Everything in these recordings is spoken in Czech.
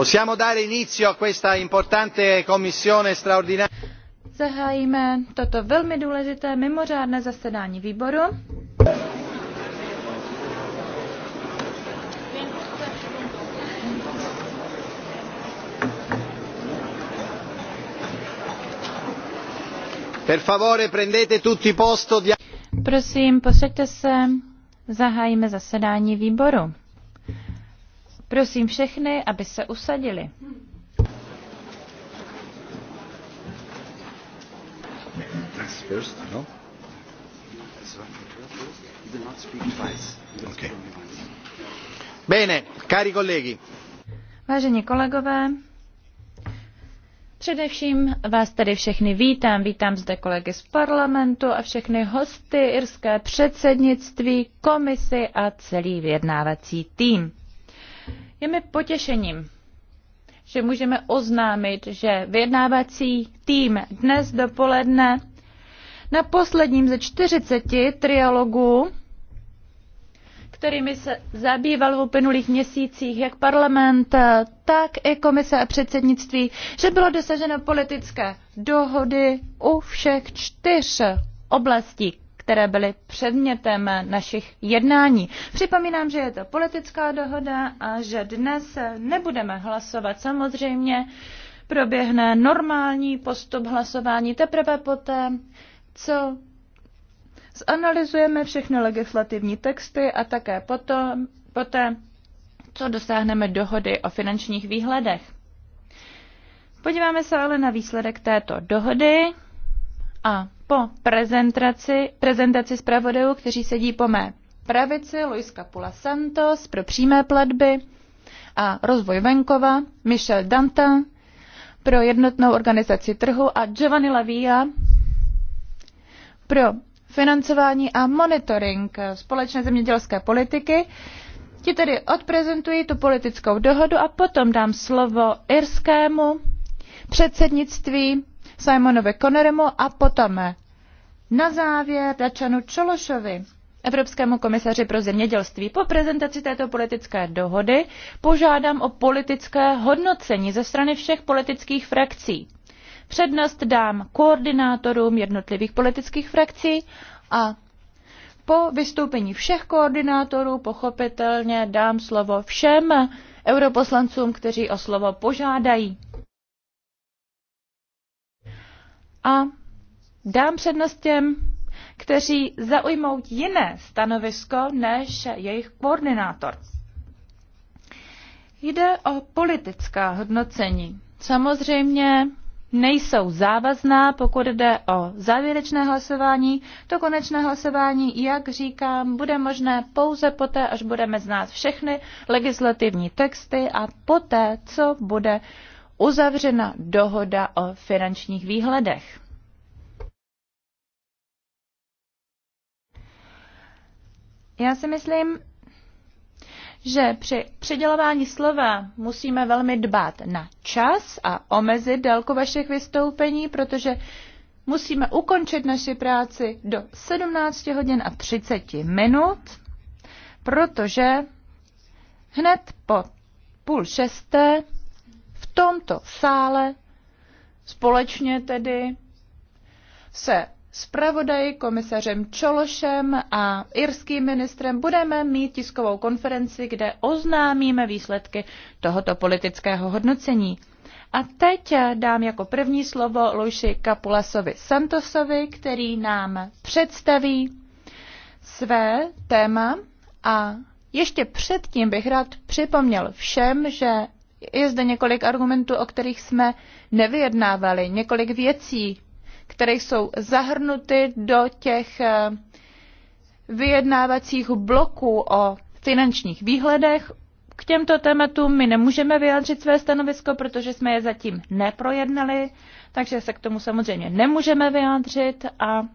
Possiamo dare inizio a questa importante commissione straordinaria. Zahájíme toto velmi důležité mimořádné zasedání výboru. Per favore, prendete tutti posto. di... Prosím, posaďte se. Zahájíme zasedání výboru. Prosím všechny, aby se usadili. No? Bene, cari colleghi. Vážení kolegové, Především vás tady všechny vítám. Vítám zde kolegy z parlamentu a všechny hosty, irské předsednictví, komisy a celý vyjednávací tým. Je mi potěšením, že můžeme oznámit, že vyjednávací tým dnes dopoledne na posledním ze 40 trialogů, kterými se zabýval v uplynulých měsících jak parlament, tak i komise a předsednictví, že bylo dosaženo politické dohody u všech čtyř oblastí které byly předmětem našich jednání. Připomínám, že je to politická dohoda a že dnes nebudeme hlasovat. Samozřejmě proběhne normální postup hlasování teprve poté, co zanalizujeme všechny legislativní texty a také potom, poté, co dosáhneme dohody o finančních výhledech. Podíváme se ale na výsledek této dohody a po prezentaci, prezentaci zpravodajů, kteří sedí po mé pravici, Luis Capula Santos pro přímé platby a rozvoj venkova, Michel Dantin pro jednotnou organizaci trhu a Giovanni Lavia pro financování a monitoring společné zemědělské politiky. Ti tedy odprezentují tu politickou dohodu a potom dám slovo irskému předsednictví Simonovi Conneremu a potom na závěr Dačanu Čološovi. Evropskému komisaři pro zemědělství. Po prezentaci této politické dohody požádám o politické hodnocení ze strany všech politických frakcí. Přednost dám koordinátorům jednotlivých politických frakcí a po vystoupení všech koordinátorů pochopitelně dám slovo všem europoslancům, kteří o slovo požádají. a dám přednost těm, kteří zaujmou jiné stanovisko než jejich koordinátor. Jde o politická hodnocení. Samozřejmě nejsou závazná, pokud jde o závěrečné hlasování. To konečné hlasování, jak říkám, bude možné pouze poté, až budeme znát všechny legislativní texty a poté, co bude uzavřena dohoda o finančních výhledech. Já si myslím, že při předělování slova musíme velmi dbát na čas a omezit délku vašich vystoupení, protože musíme ukončit naši práci do 17 hodin a 30 minut, protože hned po půl šesté tomto sále společně tedy se zpravodaji, komisařem Čološem a irským ministrem budeme mít tiskovou konferenci, kde oznámíme výsledky tohoto politického hodnocení. A teď dám jako první slovo Luši Kapulasovi Santosovi, který nám představí své téma a ještě předtím bych rád připomněl všem, že je zde několik argumentů, o kterých jsme nevyjednávali, několik věcí, které jsou zahrnuty do těch eh, vyjednávacích bloků o finančních výhledech. K těmto tématům my nemůžeme vyjádřit své stanovisko, protože jsme je zatím neprojednali, takže se k tomu samozřejmě nemůžeme vyjádřit a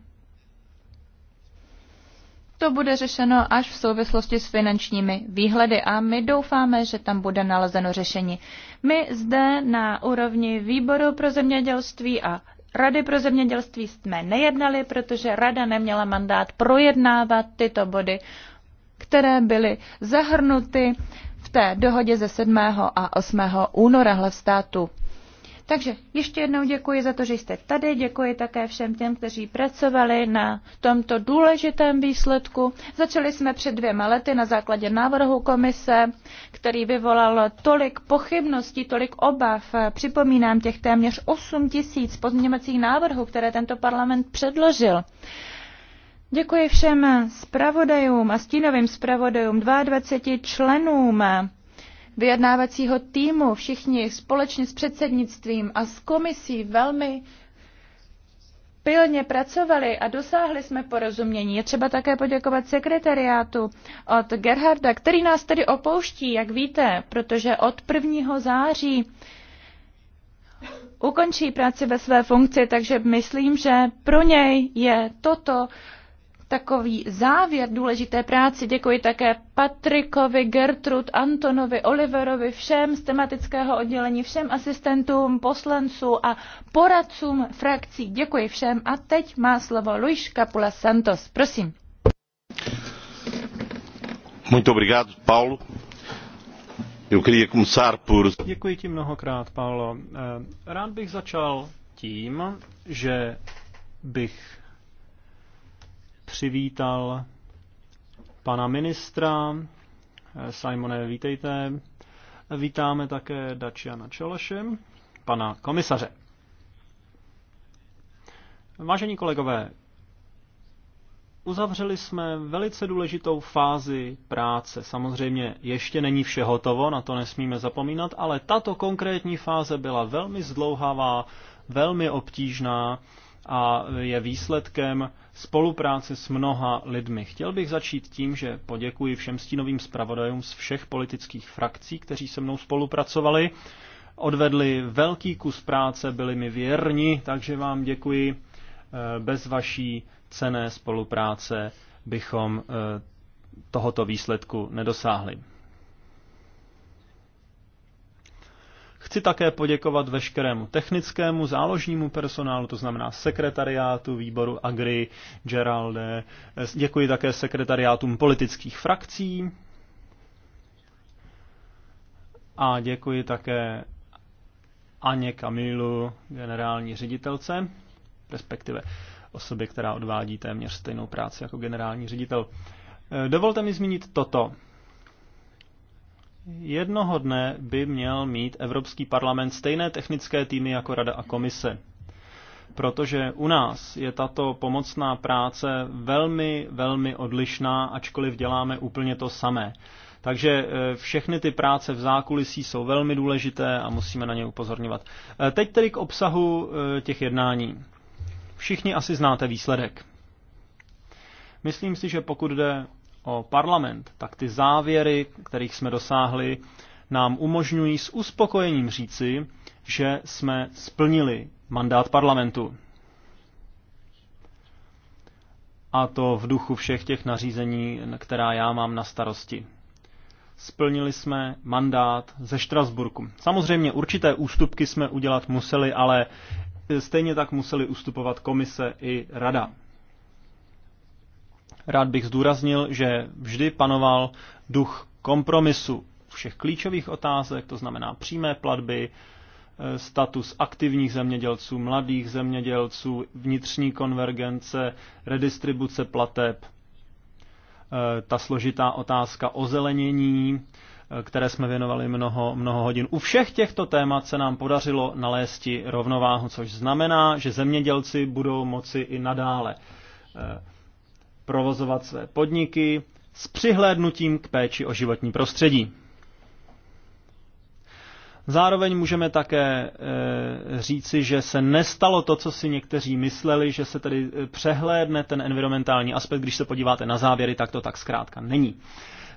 to bude řešeno až v souvislosti s finančními výhledy a my doufáme, že tam bude nalezeno řešení. My zde na úrovni výboru pro zemědělství a Rady pro zemědělství jsme nejednali, protože rada neměla mandát projednávat tyto body, které byly zahrnuty v té dohodě ze 7. a 8. února hlav státu takže ještě jednou děkuji za to, že jste tady, děkuji také všem těm, kteří pracovali na tomto důležitém výsledku. Začali jsme před dvěma lety na základě návrhu komise, který vyvolal tolik pochybností, tolik obav. Připomínám těch téměř 8 tisíc pozměňovacích návrhů, které tento parlament předložil. Děkuji všem zpravodajům a stínovým zpravodajům, 22 členům vyjednávacího týmu, všichni společně s předsednictvím a s komisí velmi pilně pracovali a dosáhli jsme porozumění. Je třeba také poděkovat sekretariátu od Gerharda, který nás tedy opouští, jak víte, protože od 1. září ukončí práci ve své funkci, takže myslím, že pro něj je toto takový závěr důležité práci. Děkuji také Patrikovi, Gertrud, Antonovi, Oliverovi, všem z tematického oddělení, všem asistentům, poslancům a poradcům frakcí. Děkuji všem a teď má slovo Luis Capula Santos. Prosím. Muito obrigado, Paulo. Eu queria começar por... Děkuji ti mnohokrát, Paulo. Eh, rád bych začal tím, že bych přivítal pana ministra. Simone, vítejte. Vítáme také Dačiana Čološe, pana komisaře. Vážení kolegové, uzavřeli jsme velice důležitou fázi práce. Samozřejmě ještě není vše hotovo, na to nesmíme zapomínat, ale tato konkrétní fáze byla velmi zdlouhavá, velmi obtížná a je výsledkem spolupráce s mnoha lidmi. Chtěl bych začít tím, že poděkuji všem stínovým zpravodajům z všech politických frakcí, kteří se mnou spolupracovali. Odvedli velký kus práce, byli mi věrni, takže vám děkuji. Eh, bez vaší cené spolupráce bychom eh, tohoto výsledku nedosáhli. Chci také poděkovat veškerému technickému záložnímu personálu, to znamená sekretariátu výboru Agri, Geralde. Děkuji také sekretariátům politických frakcí. A děkuji také Aně Kamilu, generální ředitelce, respektive osobě, která odvádí téměř stejnou práci jako generální ředitel. Dovolte mi zmínit toto. Jednoho dne by měl mít Evropský parlament stejné technické týmy jako Rada a Komise, protože u nás je tato pomocná práce velmi, velmi odlišná, ačkoliv děláme úplně to samé. Takže eh, všechny ty práce v zákulisí jsou velmi důležité a musíme na ně upozorňovat. Eh, teď tedy k obsahu eh, těch jednání. Všichni asi znáte výsledek. Myslím si, že pokud jde o parlament, tak ty závěry, kterých jsme dosáhli, nám umožňují s uspokojením říci, že jsme splnili mandát parlamentu. A to v duchu všech těch nařízení, která já mám na starosti. Splnili jsme mandát ze Štrasburku. Samozřejmě určité ústupky jsme udělat museli, ale stejně tak museli ustupovat komise i rada. Rád bych zdůraznil, že vždy panoval duch kompromisu všech klíčových otázek, to znamená přímé platby, e, status aktivních zemědělců, mladých zemědělců, vnitřní konvergence, redistribuce plateb, e, ta složitá otázka ozelenění, e, které jsme věnovali mnoho, mnoho hodin. U všech těchto témat se nám podařilo nalézti rovnováhu, což znamená, že zemědělci budou moci i nadále provozovat své podniky s přihlédnutím k péči o životní prostředí. Zároveň můžeme také e, říci, že se nestalo to, co si někteří mysleli, že se tedy e, přehlédne ten environmentální aspekt, když se podíváte na závěry, tak to tak zkrátka není.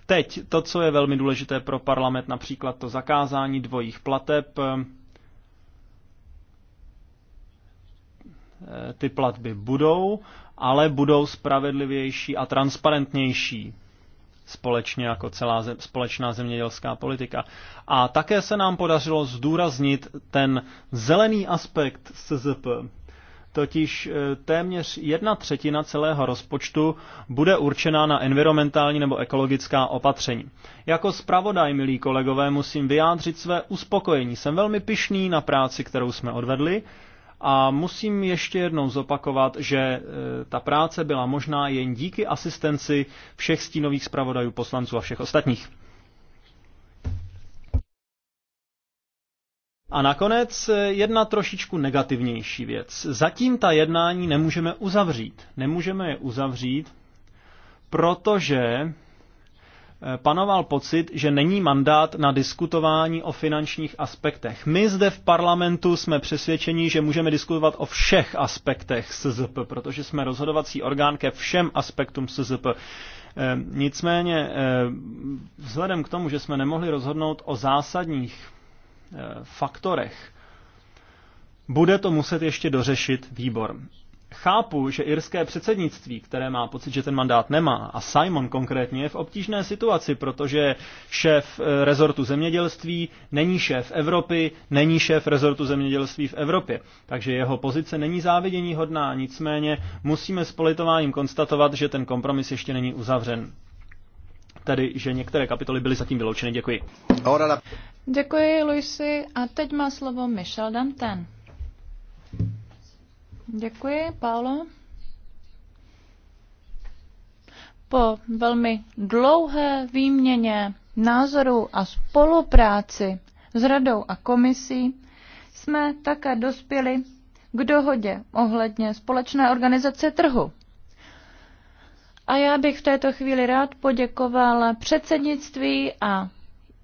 Teď to, co je velmi důležité pro parlament, například to zakázání dvojích plateb, e, ty platby budou ale budou spravedlivější a transparentnější společně jako celá zem, společná zemědělská politika. A také se nám podařilo zdůraznit ten zelený aspekt SZP. Totiž e, téměř jedna třetina celého rozpočtu bude určená na environmentální nebo ekologická opatření. Jako zpravodaj, milí kolegové, musím vyjádřit své uspokojení. Jsem velmi pišný na práci, kterou jsme odvedli a musím ještě jednou zopakovat, že e, ta práce byla možná jen díky asistenci všech stínových zpravodajů, poslanců a všech ostatních. A nakonec e, jedna trošičku negativnější věc. Zatím ta jednání nemůžeme uzavřít. Nemůžeme je uzavřít, protože Eh, panoval pocit, že není mandát na diskutování o finančních aspektech. My zde v parlamentu jsme přesvědčeni, že můžeme diskutovat o všech aspektech SZP, protože jsme rozhodovací orgán ke všem aspektům SZP. Eh, nicméně, eh, vzhledem k tomu, že jsme nemohli rozhodnout o zásadních faktorech, bude to muset ještě dořešit výbor. Chápu, že irské předsednictví, které má pocit, že ten mandát nemá, a Simon konkrétně je v obtížné situaci, protože šéf eh, rezortu zemědělství není šéf Evropy, není šéf rezortu zemědělství v Evropě. Takže jeho pozice není závidění hodná, nicméně musíme s politováním konstatovat, že ten kompromis ještě není uzavřen. Tedy, že některé kapitoly byly zatím vyloučeny. Děkuji. Děkuji, Luisi. A teď má slovo Michel Danten. Děkuji, Paolo. Po velmi dlouhé výměně názorů a spolupráci s radou a komisí jsme také dospěli k dohodě ohledně společné organizace trhu. A já bych v této chvíli rád poděkoval předsednictví a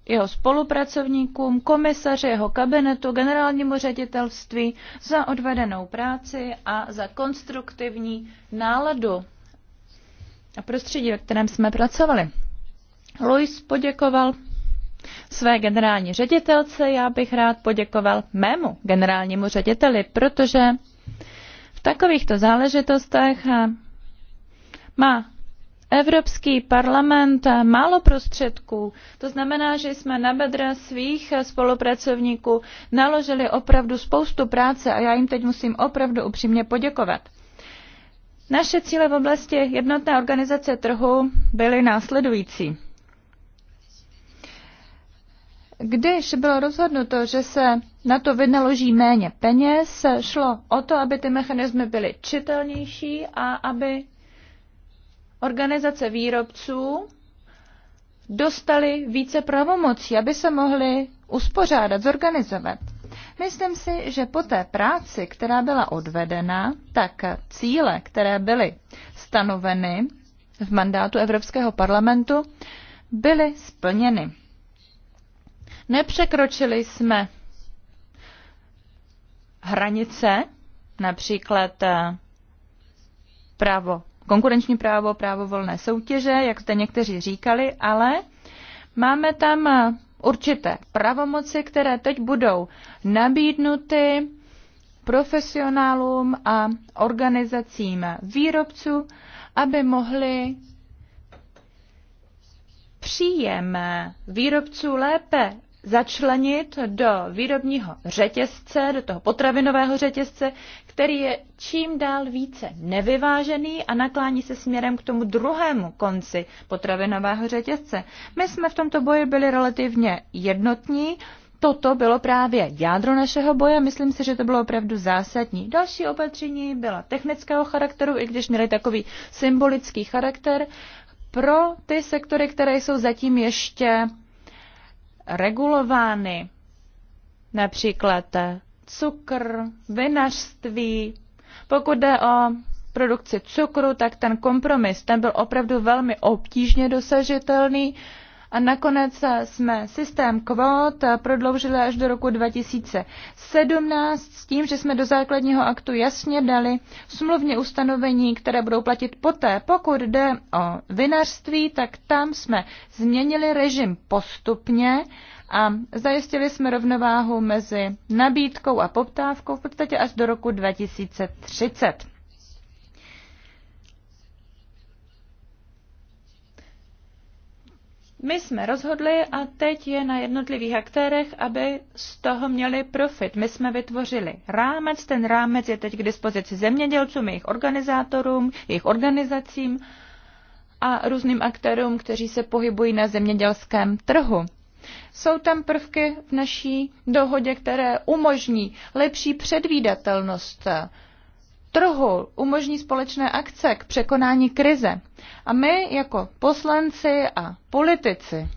jeho spolupracovníkům, komisaři, jeho kabinetu, generálnímu ředitelství za odvedenou práci a za konstruktivní náladu a prostředí, ve kterém jsme pracovali. Louis poděkoval své generální ředitelce, já bych rád poděkoval mému generálnímu řediteli, protože v takovýchto záležitostech má Evropský parlament málo prostředků. To znamená, že jsme na bedra svých spolupracovníků naložili opravdu spoustu práce a já jim teď musím opravdu upřímně poděkovat. Naše cíle v oblasti jednotné organizace trhu byly následující. Když bylo rozhodnuto, že se na to vynaloží méně peněz, šlo o to, aby ty mechanismy byly čitelnější a aby organizace výrobců dostali více pravomocí, aby se mohli uspořádat, zorganizovat. Myslím si, že po té práci, která byla odvedena, tak cíle, které byly stanoveny v mandátu Evropského parlamentu, byly splněny. Nepřekročili jsme hranice, například právo konkurenční právo, právo volné soutěže, jak zde někteří říkali, ale máme tam eh, určité pravomoci, které teď budou nabídnuty profesionálům a organizacím výrobců, aby mohli příjem výrobců lépe začlenit do výrobního řetězce, do toho potravinového řetězce, který je čím dál více nevyvážený a naklání se směrem k tomu druhému konci potravinového řetězce. My jsme v tomto boji byli relativně jednotní, toto bylo právě jádro našeho boje, myslím si, že to bylo opravdu zásadní. Další opatření byla technického charakteru, i když měly takový symbolický charakter pro ty sektory, které jsou zatím ještě regulovány, například cukr, vinařství. Pokud jde o produkci cukru, tak ten kompromis ten byl opravdu velmi obtížně dosažitelný a nakonec jsme systém kvót prodloužili až do roku 2017 s tím, že jsme do základního aktu jasně dali smluvně ustanovení, které budou platit poté. Pokud jde o vinařství, tak tam jsme změnili režim postupně a zajistili jsme rovnováhu mezi nabídkou a poptávkou v podstatě až do roku 2030. My jsme rozhodli a teď je na jednotlivých aktérech, aby z toho měli profit. My jsme vytvořili rámec, ten rámec je teď k dispozici zemědělcům, jejich organizátorům, jejich organizacím a různým aktérům, kteří se pohybují na zemědělském trhu. Jsou tam prvky v naší dohodě, které umožní lepší předvídatelnost trhu umožní společné akce k překonání krize. A my jako poslanci a politici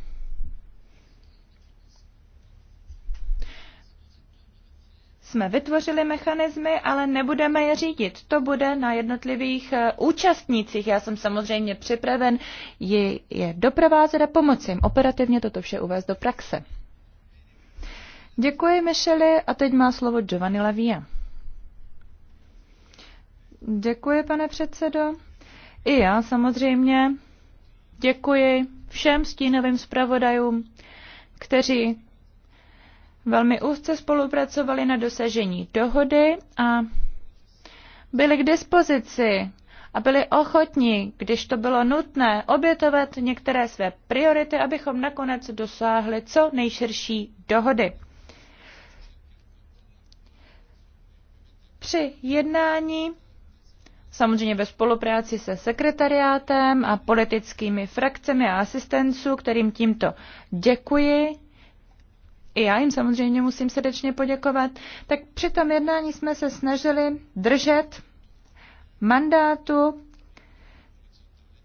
jsme vytvořili mechanismy, ale nebudeme je řídit. To bude na jednotlivých eh, účastnících. Já jsem samozřejmě připraven ji je doprovázet a pomoci jim operativně toto vše uvést do praxe. Děkuji, Michely, a teď má slovo Giovanni Lavia. Děkuji, pane předsedo. I já samozřejmě děkuji všem stínovým zpravodajům, kteří velmi úzce spolupracovali na dosažení dohody a byli k dispozici a byli ochotní, když to bylo nutné, obětovat některé své priority, abychom nakonec dosáhli co nejširší dohody. Při jednání samozřejmě ve spolupráci se sekretariátem a politickými frakcemi a asistenců, kterým tímto děkuji. I já jim samozřejmě musím srdečně poděkovat. Tak při tom jednání jsme se snažili držet mandátu,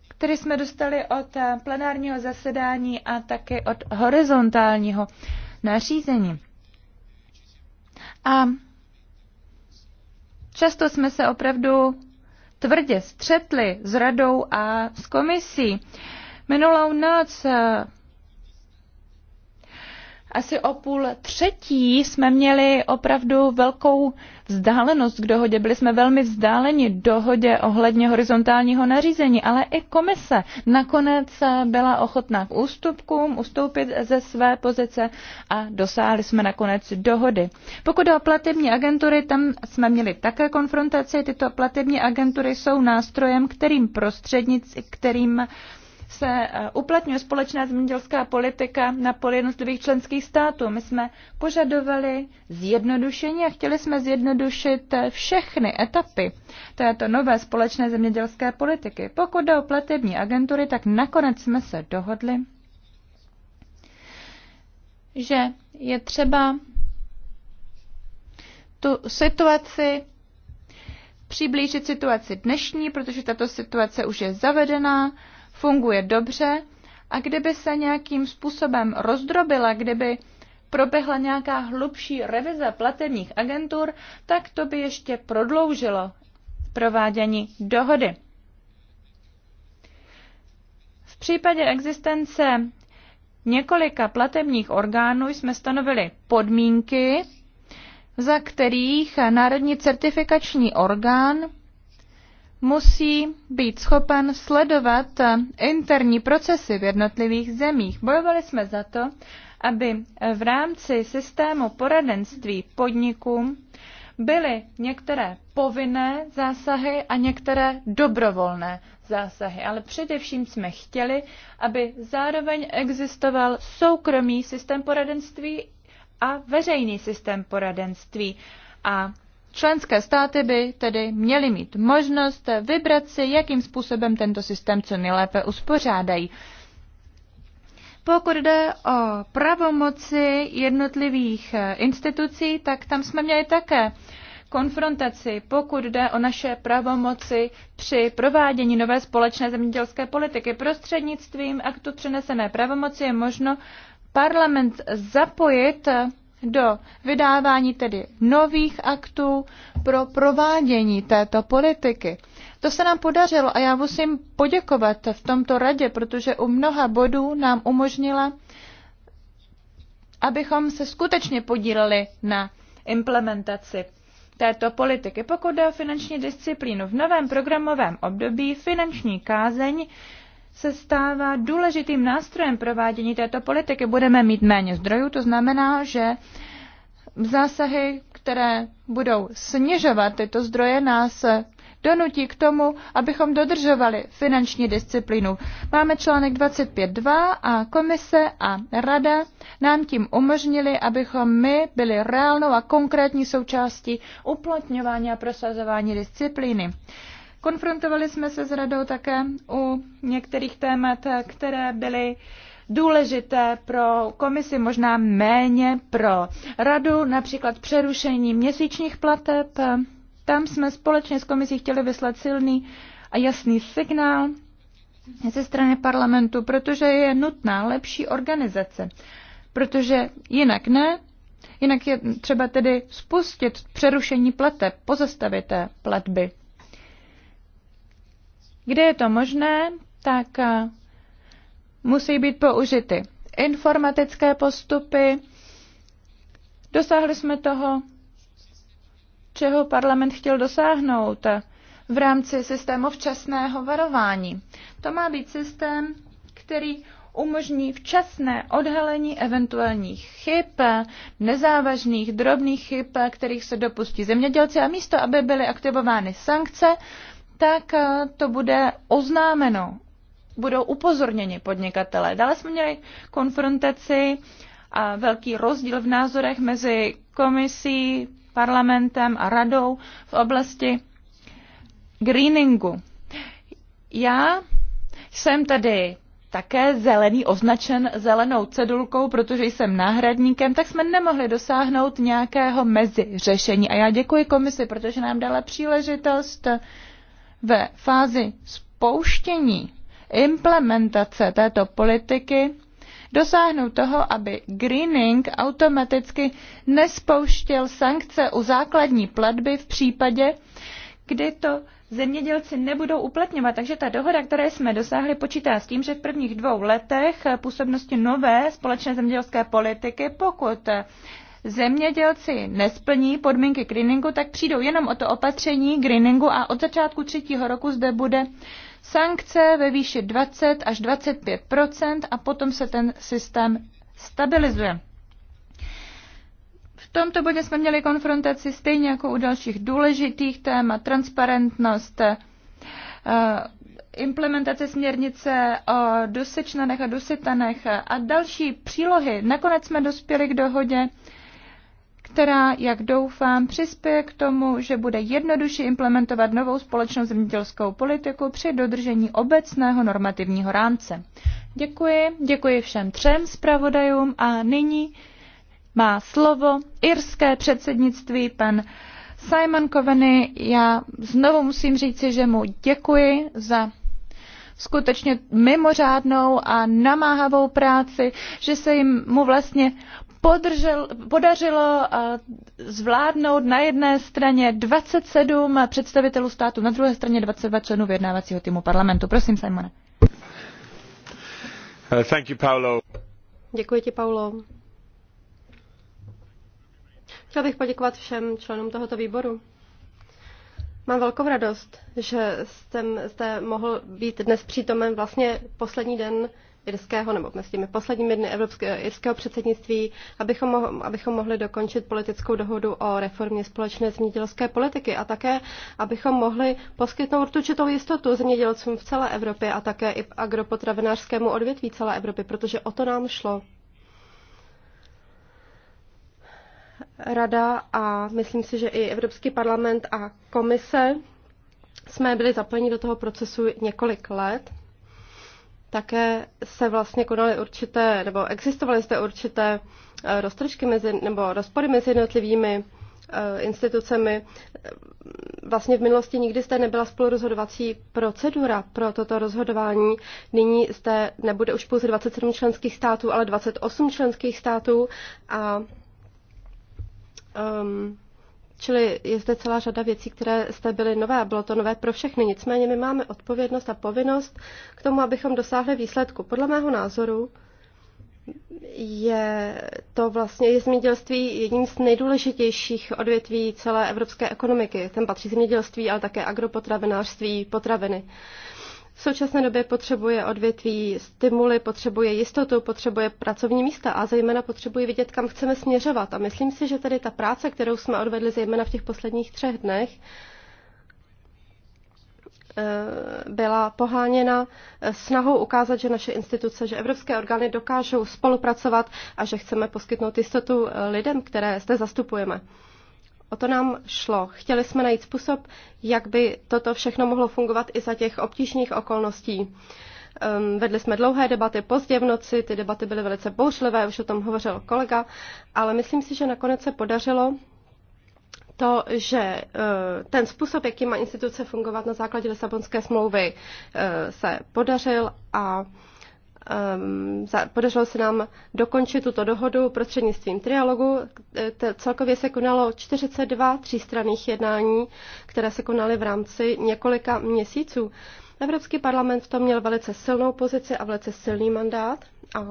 který jsme dostali od plenárního zasedání a také od horizontálního nařízení. A často jsme se opravdu tvrdě střetli s radou a s komisí. Minulou noc eh, asi o půl třetí jsme měli opravdu velkou vzdálenost k dohodě. Byli jsme velmi vzdáleni dohodě ohledně horizontálního nařízení, ale i komise nakonec byla ochotná k ústupkům, ustoupit ze své pozice a dosáhli jsme nakonec dohody. Pokud o platební agentury, tam jsme měli také konfrontaci. Tyto platební agentury jsou nástrojem, kterým prostřednic, kterým se eh, uplatňuje společná zemědělská politika na poli jednotlivých členských států. My jsme požadovali zjednodušení a chtěli jsme zjednodušit eh, všechny etapy této nové společné zemědělské politiky. Pokud jde o platební agentury, tak nakonec jsme se dohodli, že je třeba tu situaci přiblížit situaci dnešní, protože tato situace už je zavedená funguje dobře a kdyby se nějakým způsobem rozdrobila, kdyby proběhla nějaká hlubší revize platebních agentur, tak to by ještě prodloužilo provádění dohody. V případě existence několika platebních orgánů jsme stanovili podmínky, za kterých národní certifikační orgán musí být schopen sledovat interní procesy v jednotlivých zemích. Bojovali jsme za to, aby v rámci systému poradenství podnikům byly některé povinné zásahy a některé dobrovolné zásahy, ale především jsme chtěli, aby zároveň existoval soukromý systém poradenství a veřejný systém poradenství. A Členské státy by tedy měly mít možnost vybrat si, jakým způsobem tento systém co nejlépe uspořádají. Pokud jde o pravomoci jednotlivých eh, institucí, tak tam jsme měli také konfrontaci, pokud jde o naše pravomoci při provádění nové společné zemědělské politiky. Prostřednictvím aktu přenesené pravomoci je možno parlament zapojit eh, do vydávání tedy nových aktů pro provádění této politiky. To se nám podařilo a já musím poděkovat v tomto radě, protože u mnoha bodů nám umožnila, abychom se skutečně podíleli na implementaci této politiky. Pokud jde o finanční disciplínu, v novém programovém období finanční kázeň se stává důležitým nástrojem provádění této politiky. Budeme mít méně zdrojů, to znamená, že zásahy, které budou snižovat tyto zdroje, nás donutí k tomu, abychom dodržovali finanční disciplínu. Máme článek 25.2 a komise a rada nám tím umožnili, abychom my byli reálnou a konkrétní součástí uplatňování a prosazování disciplíny. Konfrontovali jsme se s radou také u některých témat, které byly důležité pro komisi, možná méně pro radu, například přerušení měsíčních plateb. Tam jsme společně s komisí chtěli vyslat silný a jasný signál ze strany parlamentu, protože je nutná lepší organizace. Protože jinak ne, jinak je třeba tedy spustit přerušení plateb, pozastavit té platby. Kde je to možné, tak eh, musí být použity informatické postupy. Dosáhli jsme toho, čeho parlament chtěl dosáhnout eh, v rámci systému včasného varování. To má být systém, který umožní včasné odhalení eventuálních chyb, eh, nezávažných drobných chyb, kterých se dopustí zemědělci a místo, aby byly aktivovány sankce, tak eh, to bude oznámeno. Budou upozorněni podnikatelé. Dále jsme měli konfrontaci a velký rozdíl v názorech mezi komisí, parlamentem a radou v oblasti greeningu. Já jsem tady také zelený, označen zelenou cedulkou, protože jsem náhradníkem, tak jsme nemohli dosáhnout nějakého meziřešení. A já děkuji komisi, protože nám dala příležitost uh, ve fázi spouštění implementace této politiky dosáhnout toho, aby greening automaticky nespouštěl sankce u základní platby v případě, kdy to zemědělci nebudou uplatňovat. Takže ta dohoda, které jsme dosáhli, počítá s tím, že v prvních dvou letech působnosti nové společné zemědělské politiky, pokud zemědělci nesplní podmínky greeningu, tak přijdou jenom o to opatření greeningu a od začátku třetího roku zde bude sankce ve výši 20 až 25 a potom se ten systém stabilizuje. V tomto bodě jsme měli konfrontaci stejně jako u dalších důležitých témat, transparentnost, eh, implementace směrnice o dusečnanech a dusitanech a další přílohy. Nakonec jsme dospěli k dohodě která, jak doufám, přispěje k tomu, že bude jednodušší implementovat novou společnou zemědělskou politiku při dodržení obecného normativního rámce. Děkuji, děkuji všem třem zpravodajům a nyní má slovo irské předsednictví pan Simon Coveny. Já znovu musím říci, že mu děkuji za skutečně mimořádnou a namáhavou práci, že se jim mu vlastně podržel, podařilo eh, zvládnout na jedné straně 27 představitelů státu, na druhé straně 22 členů vyjednávacího týmu parlamentu. Prosím, Simone. Eh, thank you, Paolo. Děkuji ti, Paulo. Chtěl bych poděkovat všem členům tohoto výboru. Mám velkou radost, že jsem zde mohl být dnes přítomen vlastně poslední den irského nebo mezi těmi posledními dny evropského, irského předsednictví, abychom, mo, abychom mohli dokončit politickou dohodu o reformě společné zemědělské politiky a také, abychom mohli poskytnout určitou jistotu zemědělcům v celé Evropě a také i agropotravinářskému odvětví celé Evropy, protože o to nám šlo. Rada a myslím si, že i Evropský parlament a komise jsme byli zapojeni do toho procesu několik let také se vlastně konaly určité, nebo existovaly zde určité eh, roztržky mezi, nebo rozpory mezi jednotlivými eh, institucemi. Vlastně v minulosti nikdy zde nebyla spolurozhodovací procedura pro toto rozhodování. Nyní zde nebude už pouze 27 členských států, ale 28 členských států a um, Čili je zde celá řada věcí, které jste byly nové a bylo to nové pro všechny. Nicméně my máme odpovědnost a povinnost k tomu, abychom dosáhli výsledku. Podle mého názoru je to vlastně je zemědělství jedním z nejdůležitějších odvětví celé evropské ekonomiky. Ten patří zemědělství, ale také agropotravinářství, potraviny. V současné době potřebuje odvětví stimuly, potřebuje jistotu, potřebuje pracovní místa a zejména potřebuje vidět, kam chceme směřovat. A myslím si, že tady ta práce, kterou jsme odvedli zejména v těch posledních třech dnech, eh, byla poháněna snahou ukázat, že naše instituce, že evropské orgány dokážou spolupracovat a že chceme poskytnout jistotu eh, lidem, které zde zastupujeme. O to nám šlo. Chtěli jsme najít způsob, jak by toto všechno mohlo fungovat i za těch obtížných okolností. Um, vedli jsme dlouhé debaty pozdě v noci, ty debaty byly velice bouřlivé, už o tom hovořil kolega, ale myslím si, že nakonec se podařilo to, že eh, ten způsob, jaký má instituce fungovat na základě Lisabonské smlouvy, eh, se podařil a Ehm, podařilo se nám dokončit tuto dohodu prostřednictvím trialogu. Celkově se konalo 42 třístranných jednání, které se konaly v rámci několika měsíců. Evropský parlament v tom měl velice silnou pozici a velice silný mandát a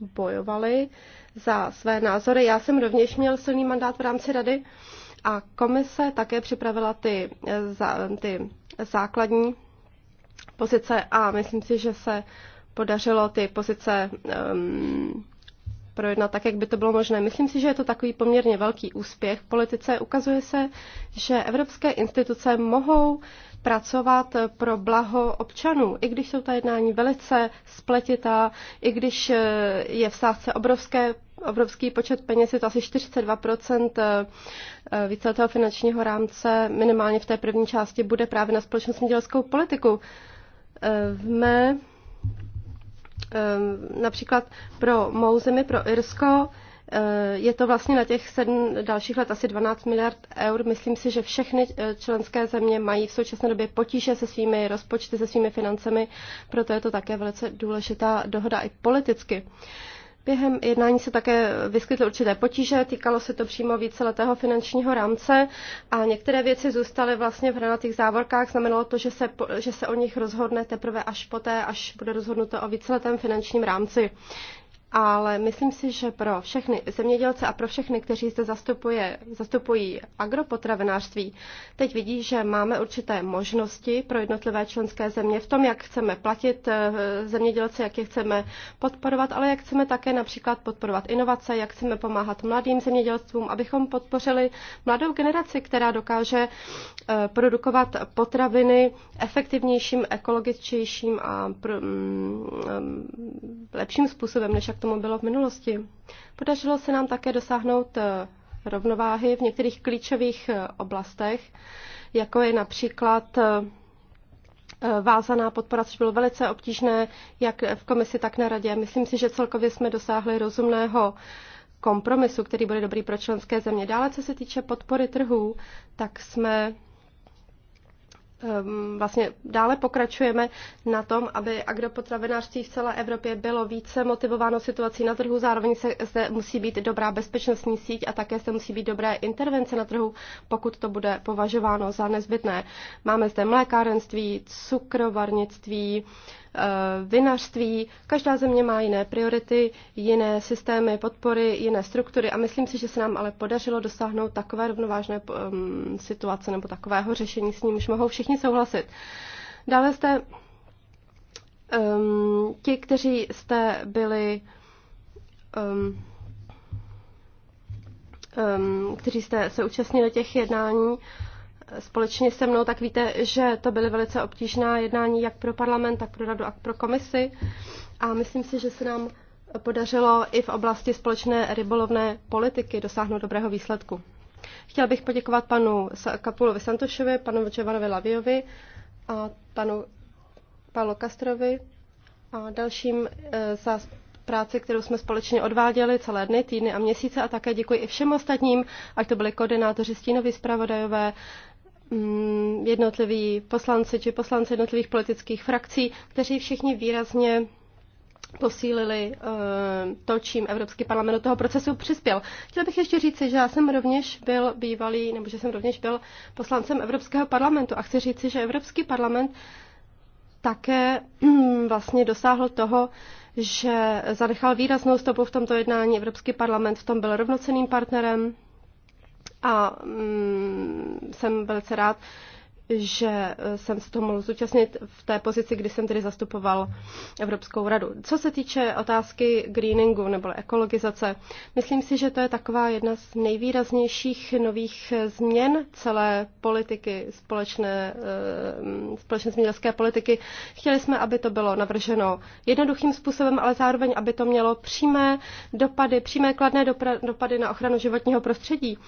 bojovali za své názory. Já jsem rovněž měl silný mandát v rámci rady a komise také připravila ty, eh, ty základní pozice a myslím si, že se podařilo ty pozice um, projednat tak, jak by to bylo možné. Myslím si, že je to takový poměrně velký úspěch v politice. Ukazuje se, že evropské instituce mohou pracovat pro blaho občanů, i když jsou ta jednání velice spletitá, i když eh, je v sázce obrovské, obrovský počet peněz, je to asi 42% eh, eh, víceletého finančního rámce, minimálně v té první části bude právě na společnou politiku. V mé Ehm, například pro mou zemi, pro Irsko, eh, je to vlastně na těch sedm dalších let asi 12 miliard eur. Myslím si, že všechny eh, členské země mají v současné době potíže se svými rozpočty, se svými financemi, proto je to také velice důležitá dohoda i politicky. Během jednání se také vyskytly určité potíže, týkalo se to přímo víceletého finančního rámce a některé věci zůstaly vlastně v hranatých závorkách. Znamenalo to, že se, že se o nich rozhodne teprve až poté, až bude rozhodnuto o víceletém finančním rámci ale myslím si, že pro všechny zemědělce a pro všechny, kteří zde zastupuje, zastupují agropotravinářství, teď vidí, že máme určité možnosti pro jednotlivé členské země v tom, jak chceme platit eh, zemědělce, jak je chceme podporovat, ale jak chceme také například podporovat inovace, jak chceme pomáhat mladým zemědělstvům, abychom podpořili mladou generaci, která dokáže eh, produkovat potraviny efektivnějším, ekologičtějším a mm, mm, lepším způsobem, než jak tomu bylo v minulosti. Podařilo se nám také dosáhnout eh, rovnováhy v některých klíčových eh, oblastech, jako je například eh, vázaná podpora, což bylo velice obtížné, jak v komisi, tak na radě. Myslím si, že celkově jsme dosáhli rozumného kompromisu, který bude dobrý pro členské země. Dále, co se týče podpory trhů, tak jsme Ehm, vlastně dále pokračujeme na tom, aby agropotravinářství v celé Evropě bylo více motivováno situací na trhu, zároveň se zde musí být dobrá bezpečnostní síť a také se musí být dobré intervence na trhu, pokud to bude považováno za nezbytné. Máme zde mlékárenství, cukrovarnictví, Eh, vinařství. Každá země má jiné priority, jiné systémy podpory, jiné struktury a myslím si, že se nám ale podařilo dosáhnout takové rovnovážné eh, situace nebo takového řešení, s nímž mohou všichni souhlasit. Dále jste um, ti, kteří jste byli um, kteří jste se účastnili těch jednání, společně se mnou, tak víte, že to byly velice obtížná jednání jak pro parlament, tak pro radu a pro komisi. A myslím si, že se nám podařilo i v oblasti společné rybolovné politiky dosáhnout dobrého výsledku. Chtěl bych poděkovat panu Kapulovi Santošovi, panu Čevanovi Laviovi a panu Paolo Kastrovi a dalším eh, za práci, kterou jsme společně odváděli celé dny, týdny a měsíce a také děkuji i všem ostatním, ať to byli koordinátoři, stínoví zpravodajové, Mm, jednotliví poslanci či poslanci jednotlivých politických frakcí, kteří všichni výrazně posílili eh, to, čím Evropský parlament do toho procesu přispěl. Chtěla bych ještě říci, že já jsem rovněž byl bývalý, nebo že jsem rovněž byl poslancem Evropského parlamentu a chci říci, že Evropský parlament také hm, vlastně dosáhl toho, že zanechal výraznou stopu v tomto jednání. Evropský parlament v tom byl rovnocenným partnerem a mm, jsem velice rád, že eh, jsem se toho mohl zúčastnit v té pozici, kdy jsem tedy zastupoval Evropskou radu. Co se týče otázky greeningu nebo ekologizace, myslím si, že to je taková jedna z nejvýraznějších nových eh, změn celé politiky, společné, eh, společné zemědělské politiky. Chtěli jsme, aby to bylo navrženo jednoduchým způsobem, ale zároveň, aby to mělo přímé dopady, přímé kladné dopady na ochranu životního prostředí.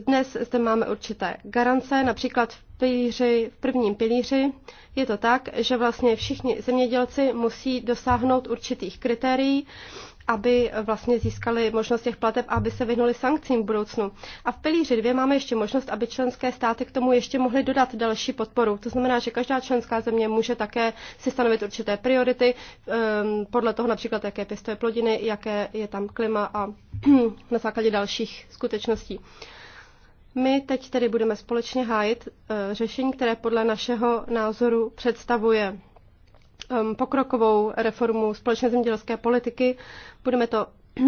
Dnes zde máme určité garance, například v, pilíři, v prvním pilíři je to tak, že vlastně všichni zemědělci musí dosáhnout určitých kritérií, aby vlastně získali možnost těch plateb a aby se vyhnuli sankcím v budoucnu. A v pilíři dvě máme ještě možnost, aby členské státy k tomu ještě mohly dodat další podporu. To znamená, že každá členská země může také si stanovit určité priority, ehm, podle toho například, jaké pěstuje plodiny, jaké je tam klima a na základě dalších skutečností. My teď tedy budeme společně hájit eh, řešení, které podle našeho názoru představuje ehm, pokrokovou reformu společné zemědělské politiky. Budeme to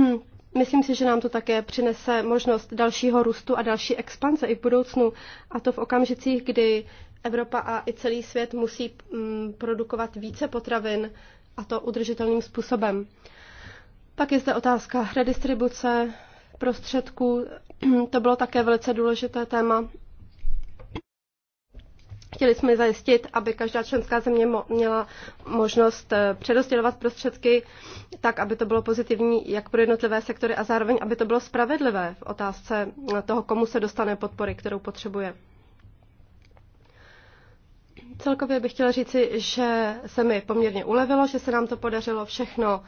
Myslím si, že nám to také přinese možnost dalšího růstu a další expanze i v budoucnu, a to v okamžicích, kdy Evropa a i celý svět musí mm, produkovat více potravin, a to udržitelným způsobem. Pak je zde otázka redistribuce prostředků To bylo také velice důležité téma. Chtěli jsme zajistit, aby každá členská země měla možnost eh, přerozdělovat prostředky tak, aby to bylo pozitivní jak pro jednotlivé sektory a zároveň, aby to bylo spravedlivé v otázce toho, komu se dostane podpory, kterou potřebuje. Celkově bych chtěla říci, že se mi poměrně ulevilo, že se nám to podařilo všechno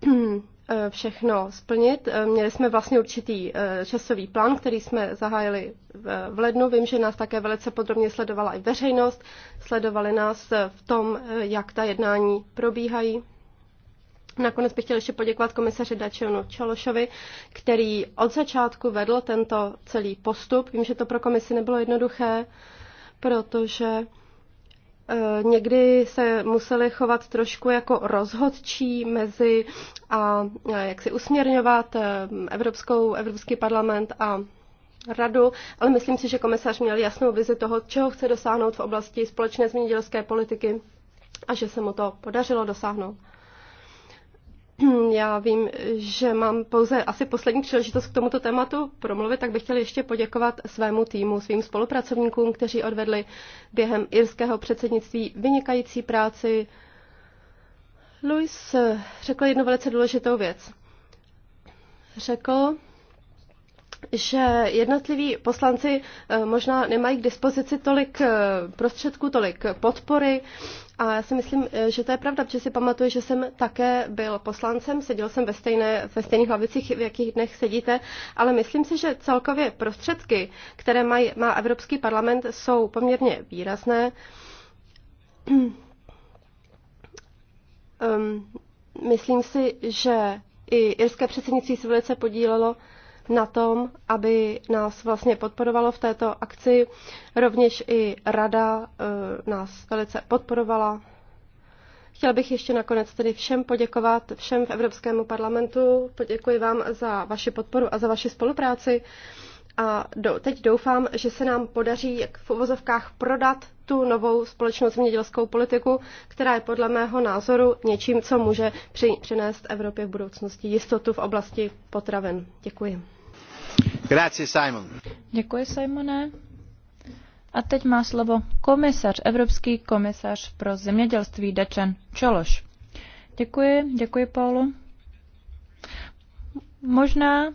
Eh, všechno splnit. Eh, měli jsme vlastně určitý eh, časový plán, který jsme zahájili v lednu. Vím, že nás také velice podrobně sledovala i veřejnost. Sledovali nás v tom, jak ta jednání probíhají. Nakonec bych chtěl ještě poděkovat komisaři Dačionu Čalošovi, který od začátku vedl tento celý postup. Vím, že to pro komisi nebylo jednoduché, protože Eh, někdy se museli chovat trošku jako rozhodčí mezi a eh, jak si usměrňovat eh, Evropskou, Evropský parlament a radu, ale myslím si, že komisař měl jasnou vizi toho, čeho chce dosáhnout v oblasti společné zemědělské politiky a že se mu to podařilo dosáhnout. Já vím, že mám pouze asi poslední příležitost k tomuto tématu promluvit, tak bych chtěl ještě poděkovat svému týmu, svým spolupracovníkům, kteří odvedli během irského předsednictví vynikající práci. Louis řekl jednu velice důležitou věc. Řekl, že jednotliví poslanci eh, možná nemají k dispozici tolik eh, prostředků, tolik podpory. A já si myslím, eh, že to je pravda, protože si pamatuju, že jsem také byl poslancem, seděl jsem ve, stejné, ve stejných hlavicích, v jakých dnech sedíte, ale myslím si, že celkově prostředky, které maj, má Evropský parlament, jsou poměrně výrazné. Um, myslím si, že i irské předsednictví se velice podílelo na tom, aby nás vlastně podporovalo v této akci. Rovněž i rada eh, nás velice podporovala. Chtěl bych ještě nakonec tedy všem poděkovat, všem v Evropskému parlamentu. Poděkuji vám za vaši podporu a za vaši spolupráci. A do, teď doufám, že se nám podaří jak v uvozovkách prodat tu novou společnou zemědělskou politiku, která je podle mého názoru něčím, co může při, přinést Evropě v budoucnosti jistotu v oblasti potravin. Děkuji. Simon. Děkuji, Simone. A teď má slovo komisař, evropský komisař pro zemědělství Dečen Čološ. Děkuji, děkuji, Paulu. Možná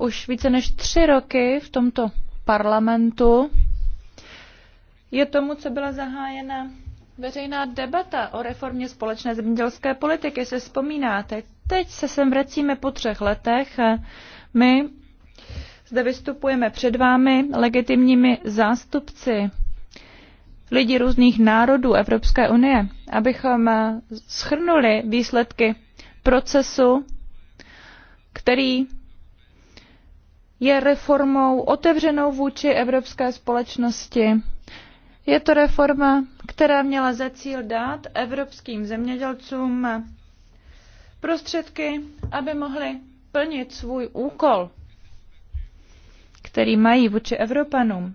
už více než tři roky v tomto parlamentu je tomu, co byla zahájena veřejná debata o reformě společné zemědělské politiky. Se vzpomínáte, teď se sem vracíme po třech letech my zde vystupujeme před vámi legitimními zástupci lidí různých národů Evropské unie, abychom schrnuli výsledky procesu, který je reformou otevřenou vůči evropské společnosti. Je to reforma, která měla za cíl dát evropským zemědělcům prostředky, aby mohli plnit svůj úkol, který mají vůči Evropanům.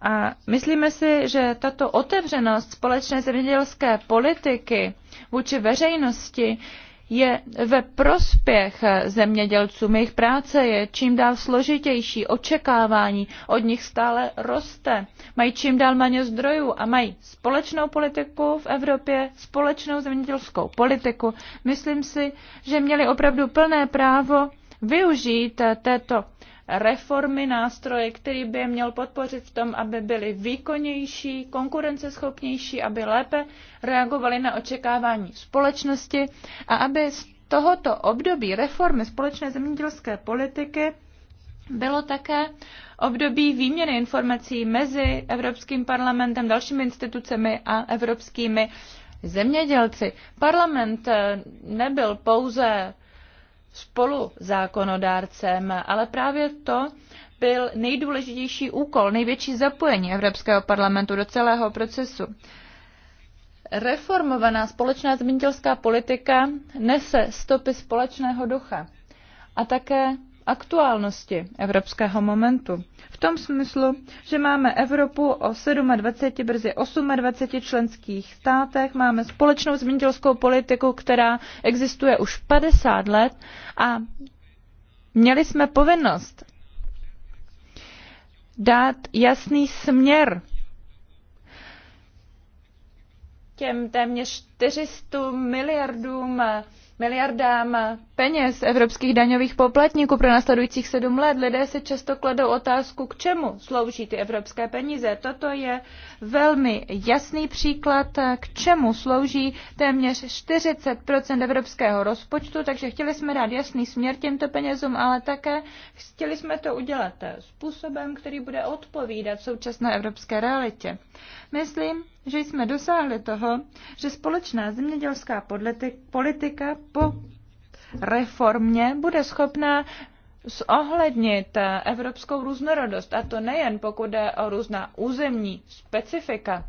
A myslíme si, že tato otevřenost společné zemědělské politiky vůči veřejnosti je ve prospěch zemědělců, Jejich práce je čím dál složitější, očekávání od nich stále roste. Mají čím dál méně zdrojů a mají společnou politiku v Evropě, společnou zemědělskou politiku. Myslím si, že měli opravdu plné právo využít této reformy nástroje, který by je měl podpořit v tom, aby byly výkonnější, konkurenceschopnější, aby lépe reagovaly na očekávání společnosti a aby z tohoto období reformy společné zemědělské politiky bylo také období výměny informací mezi Evropským parlamentem, dalšími institucemi a evropskými zemědělci. Parlament eh, nebyl pouze spolu zákonodárcem, ale právě to byl nejdůležitější úkol, největší zapojení Evropského parlamentu do celého procesu. Reformovaná společná zemědělská politika nese stopy společného ducha a také aktuálnosti evropského momentu. V tom smyslu, že máme Evropu o 27, brzy 28 členských státech, máme společnou zemědělskou politiku, která existuje už 50 let a měli jsme povinnost dát jasný směr těm téměř 400 miliardům miliardám peněz evropských daňových poplatníků pro následujících sedm let, lidé se často kladou otázku, k čemu slouží ty evropské peníze. Toto je velmi jasný příklad, k čemu slouží téměř 40 evropského rozpočtu, takže chtěli jsme dát jasný směr těmto penězům, ale také chtěli jsme to udělat způsobem, který bude odpovídat současné evropské realitě. Myslím, že jsme dosáhli toho, že společná zemědělská politika po reformě bude schopná zohlednit eh, evropskou různorodost, a to nejen pokud jde o různá územní specifika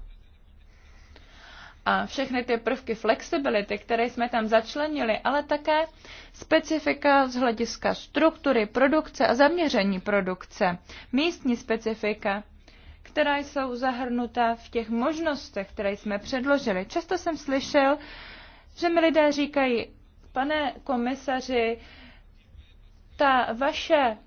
a všechny ty prvky flexibility, které jsme tam začlenili, ale také specifika z hlediska struktury produkce a zaměření produkce, místní specifika, která jsou zahrnuta v těch možnostech, které jsme předložili. Často jsem slyšel, že mi lidé říkají, pane komisaři, ta vaše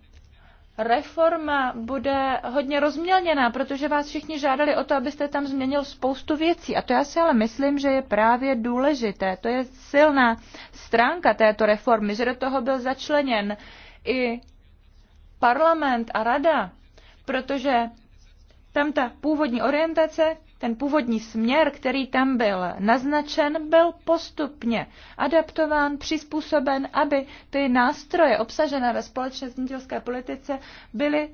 reforma bude hodně rozmělněná, protože vás všichni žádali o to, abyste tam změnil spoustu věcí. A to já si ale myslím, že je právě důležité. To je silná stránka této reformy, že do toho byl začleněn i parlament a rada, protože tam ta původní orientace, ten původní směr, který tam byl naznačen, byl postupně adaptován, přizpůsoben, aby ty nástroje obsažené ve společné zemědělské politice byly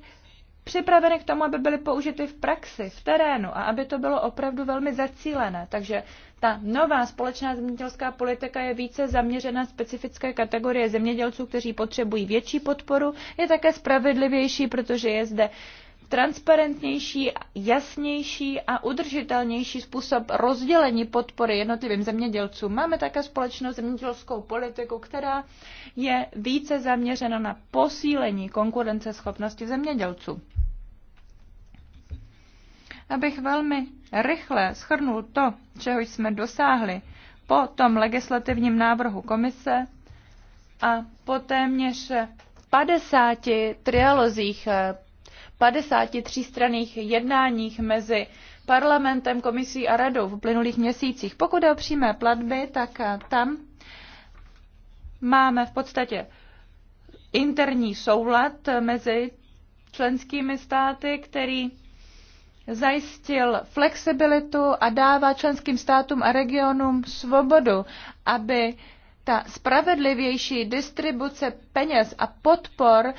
připraveny k tomu, aby byly použity v praxi, v terénu a aby to bylo opravdu velmi zacílené. Takže ta nová společná zemědělská politika je více zaměřena na specifické kategorie zemědělců, kteří potřebují větší podporu, je také spravedlivější, protože je zde transparentnější, jasnější a udržitelnější způsob rozdělení podpory jednotlivým zemědělcům. Máme také společnou zemědělskou politiku, která je více zaměřena na posílení konkurenceschopnosti zemědělců. Abych velmi rychle schrnul to, čeho jsme dosáhli po tom legislativním návrhu komise a po téměř 50 trialozích eh, 53 straných jednáních mezi parlamentem, komisí a radou v uplynulých měsících. Pokud jde o přímé platby, tak eh, tam máme v podstatě interní soulad mezi členskými státy, který zajistil flexibilitu a dává členským státům a regionům svobodu, aby ta spravedlivější distribuce peněz a podpor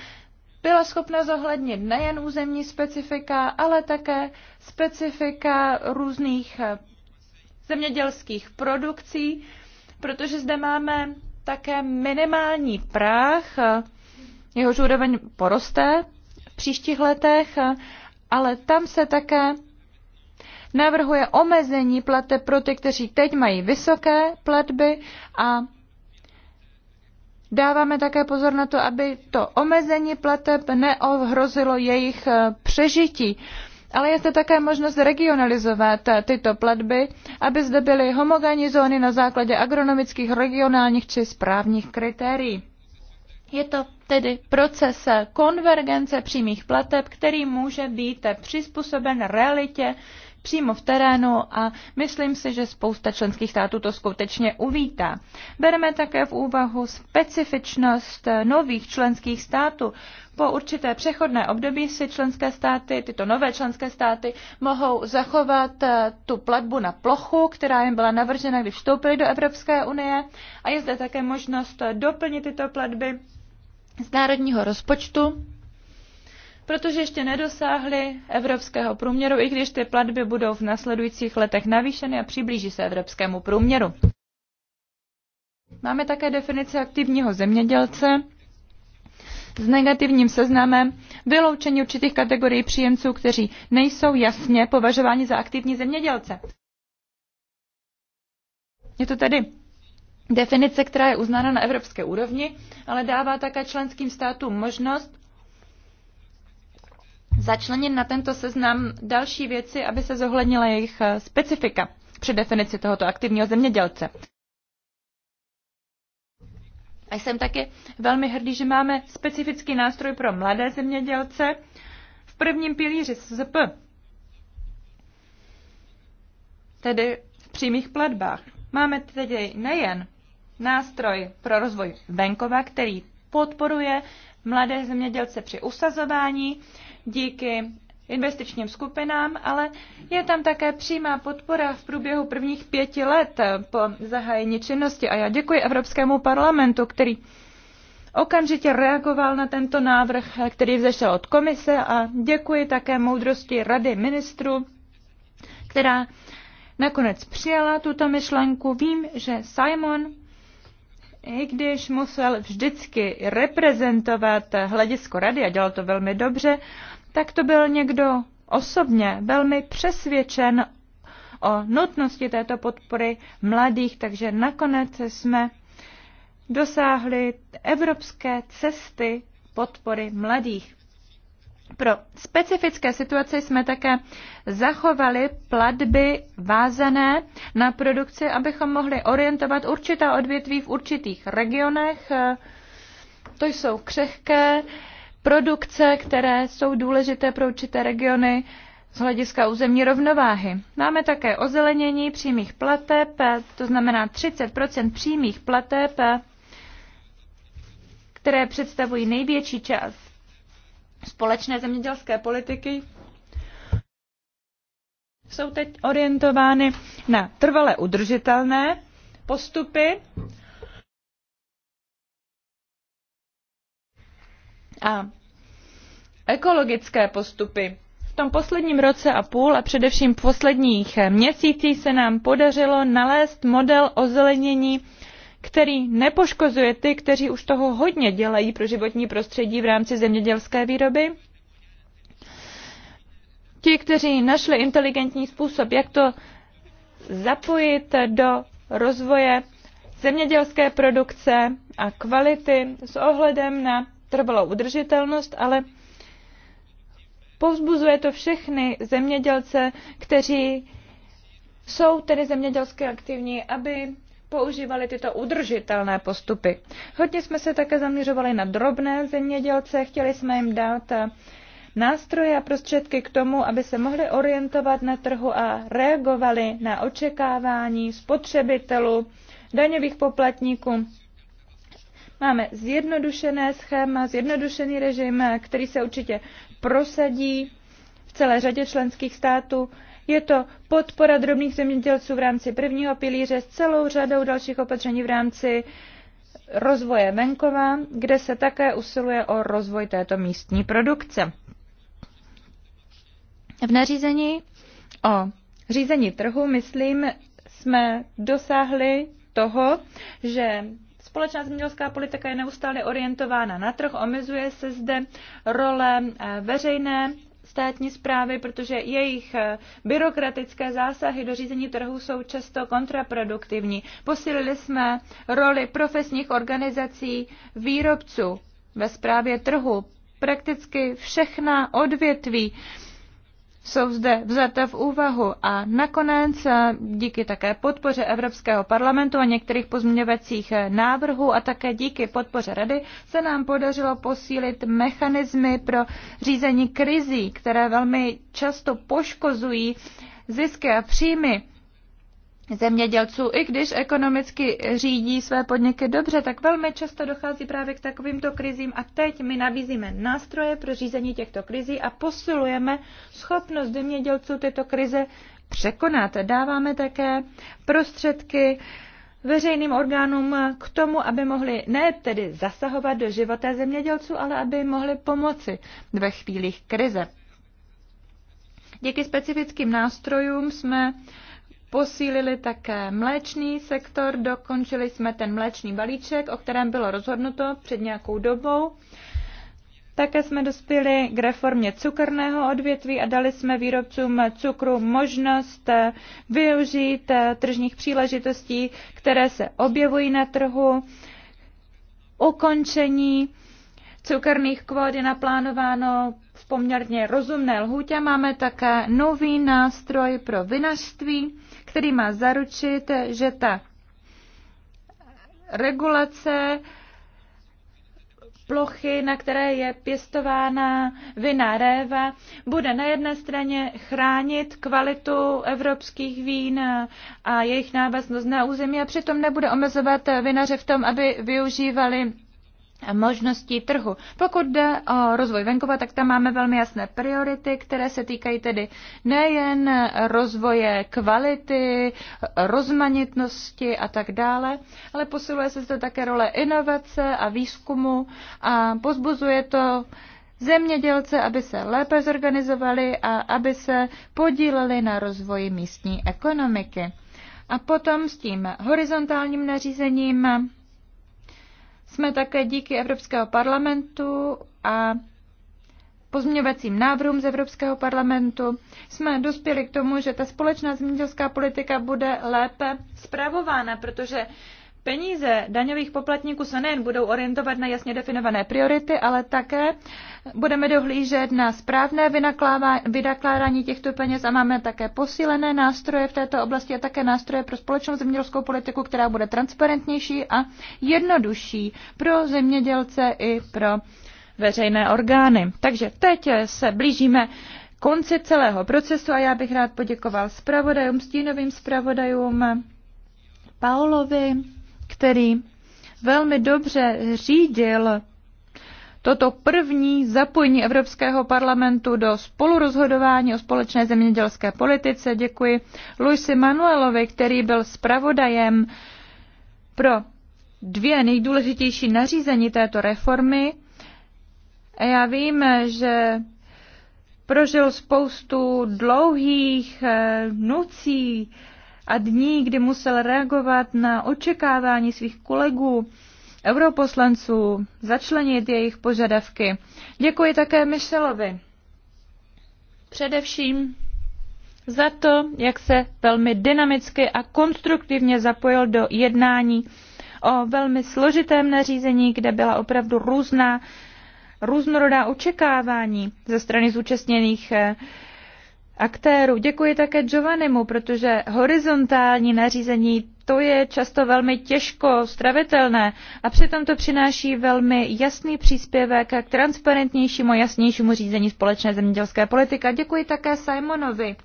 byla schopna zohlednit nejen územní specifika, ale také specifika různých eh, zemědělských produkcí, protože zde máme také minimální práh, eh, jehož úroveň poroste v příštích letech, eh, ale tam se také navrhuje omezení plate pro ty, kteří teď mají vysoké platby a Dáváme také pozor na to, aby to omezení plateb neohrozilo jejich eh, přežití. Ale je zde také možnost regionalizovat eh, tyto platby, aby zde byly homogénní zóny na základě agronomických, regionálních či správních kritérií. Je to tedy proces eh, konvergence přímých plateb, který může být přizpůsoben realitě přímo v terénu a myslím si, že spousta členských států to skutečně uvítá. Bereme také v úvahu specifičnost nových členských států. Po určité přechodné období si členské státy, tyto nové členské státy, mohou zachovat eh, tu platbu na plochu, která jim byla navržena, když vstoupili do Evropské unie. A je zde také možnost doplnit tyto platby z národního rozpočtu protože ještě nedosáhly evropského průměru, i když ty platby budou v nasledujících letech navýšeny a přiblíží se evropskému průměru. Máme také definici aktivního zemědělce s negativním seznamem vyloučení určitých kategorií příjemců, kteří nejsou jasně považováni za aktivní zemědělce. Je to tedy definice, která je uznána na evropské úrovni, ale dává také členským státům možnost začlenit na tento seznam další věci, aby se zohlednila jejich eh, specifika při definici tohoto aktivního zemědělce. A jsem taky velmi hrdý, že máme specifický nástroj pro mladé zemědělce v prvním pilíři SZP, tedy v přímých platbách. Máme tedy nejen nástroj pro rozvoj venkova, který podporuje mladé zemědělce při usazování, díky investičním skupinám, ale je tam také přímá podpora v průběhu prvních pěti let po zahájení činnosti. A já děkuji Evropskému parlamentu, který okamžitě reagoval na tento návrh, který vzešel od komise a děkuji také moudrosti Rady ministrů, která nakonec přijala tuto myšlenku. Vím, že Simon, i když musel vždycky reprezentovat hledisko Rady a dělal to velmi dobře, tak to byl někdo osobně velmi přesvědčen o nutnosti této podpory mladých, takže nakonec jsme dosáhli evropské cesty podpory mladých. Pro specifické situace jsme také zachovali platby vázané na produkci, abychom mohli orientovat určitá odvětví v určitých regionech. To jsou křehké produkce, které jsou důležité pro určité regiony z hlediska územní rovnováhy. Máme také ozelenění přímých plateb, to znamená 30 přímých plateb, které představují největší část společné zemědělské politiky, jsou teď orientovány na trvale udržitelné postupy a ekologické postupy. V tom posledním roce a půl a především v posledních měsících se nám podařilo nalézt model ozelenění, který nepoškozuje ty, kteří už toho hodně dělají pro životní prostředí v rámci zemědělské výroby. Ti, kteří našli inteligentní způsob, jak to zapojit do rozvoje zemědělské produkce a kvality s ohledem na trvalou udržitelnost, ale povzbuzuje to všechny zemědělce, kteří jsou tedy zemědělsky aktivní, aby používali tyto udržitelné postupy. Hodně jsme se také zaměřovali na drobné zemědělce, chtěli jsme jim dát nástroje a prostředky k tomu, aby se mohli orientovat na trhu a reagovali na očekávání spotřebitelů, daňových poplatníků. Máme zjednodušené schéma, zjednodušený režim, který se určitě prosadí v celé řadě členských států. Je to podpora drobných zemědělců v rámci prvního pilíře s celou řadou dalších opatření v rámci rozvoje venkova, kde se také usiluje o rozvoj této místní produkce. V nařízení o řízení trhu, myslím, jsme dosáhli toho, že Společná zemědělská politika je neustále orientována na trh, omezuje se zde role eh, veřejné státní zprávy, protože jejich eh, byrokratické zásahy do řízení trhu jsou často kontraproduktivní. Posílili jsme roli profesních organizací výrobců ve správě trhu. Prakticky všechna odvětví jsou zde vzata v úvahu a nakonec eh, díky také podpoře Evropského parlamentu a některých pozměňovacích eh, návrhů a také díky podpoře Rady se nám podařilo posílit mechanismy pro řízení krizí, které velmi často poškozují zisky a příjmy zemědělců, i když ekonomicky řídí své podniky dobře, tak velmi často dochází právě k takovýmto krizím a teď my nabízíme nástroje pro řízení těchto krizí a posilujeme schopnost zemědělců tyto krize překonat. Dáváme také prostředky veřejným orgánům k tomu, aby mohli ne tedy zasahovat do života zemědělců, ale aby mohli pomoci ve chvílích krize. Díky specifickým nástrojům jsme uh, posílili také mléčný sektor, dokončili jsme ten mléčný balíček, o kterém bylo rozhodnuto před nějakou dobou. Také jsme dospěli k reformě cukerného odvětví a dali jsme výrobcům cukru možnost využít tržních příležitostí, které se objevují na trhu. Ukončení cukerných kvót je naplánováno v poměrně rozumné lhůtě. Máme také nový nástroj pro vinařství který má zaručit, že ta regulace plochy, na které je pěstována vina réva, bude na jedné straně chránit kvalitu evropských vín a jejich návaznost na území a přitom nebude omezovat vinaře v tom, aby využívali možností trhu. Pokud jde o rozvoj venkova, tak tam máme velmi jasné priority, které se týkají tedy nejen rozvoje kvality, rozmanitnosti a tak dále, ale posiluje se zde také role inovace a výzkumu a pozbuzuje to zemědělce, aby se lépe zorganizovali a aby se podíleli na rozvoji místní ekonomiky. A potom s tím horizontálním nařízením jsme také díky Evropského parlamentu a pozměňovacím návrhům z Evropského parlamentu jsme dospěli k tomu, že ta společná zemědělská politika bude lépe zpravována, protože peníze daňových poplatníků se nejen budou orientovat na jasně definované priority, ale také budeme dohlížet na správné vynakládání těchto peněz a máme také posílené nástroje v této oblasti a také nástroje pro společnou zemědělskou politiku, která bude transparentnější a jednodušší pro zemědělce i pro veřejné orgány. Takže teď se blížíme konci celého procesu a já bych rád poděkoval zpravodajům, stínovým zpravodajům, Paolovi, který velmi dobře řídil toto první zapojení Evropského parlamentu do spolurozhodování o společné zemědělské politice. Děkuji Luisi Manuelovi, který byl zpravodajem pro dvě nejdůležitější nařízení této reformy. A já vím, že prožil spoustu dlouhých eh, nucí, a dní, kdy musel reagovat na očekávání svých kolegů, europoslanců, začlenit jejich požadavky. Děkuji také Michelovi. Především za to, jak se velmi dynamicky a konstruktivně zapojil do jednání o velmi složitém nařízení, kde byla opravdu různá, různorodá očekávání ze strany zúčastněných eh, aktérů. Děkuji také Giovannimu, protože horizontální nařízení to je často velmi těžko stravitelné a přitom to přináší velmi jasný příspěvek k transparentnějšímu a jasnějšímu řízení společné zemědělské politiky. Děkuji také Simonovi.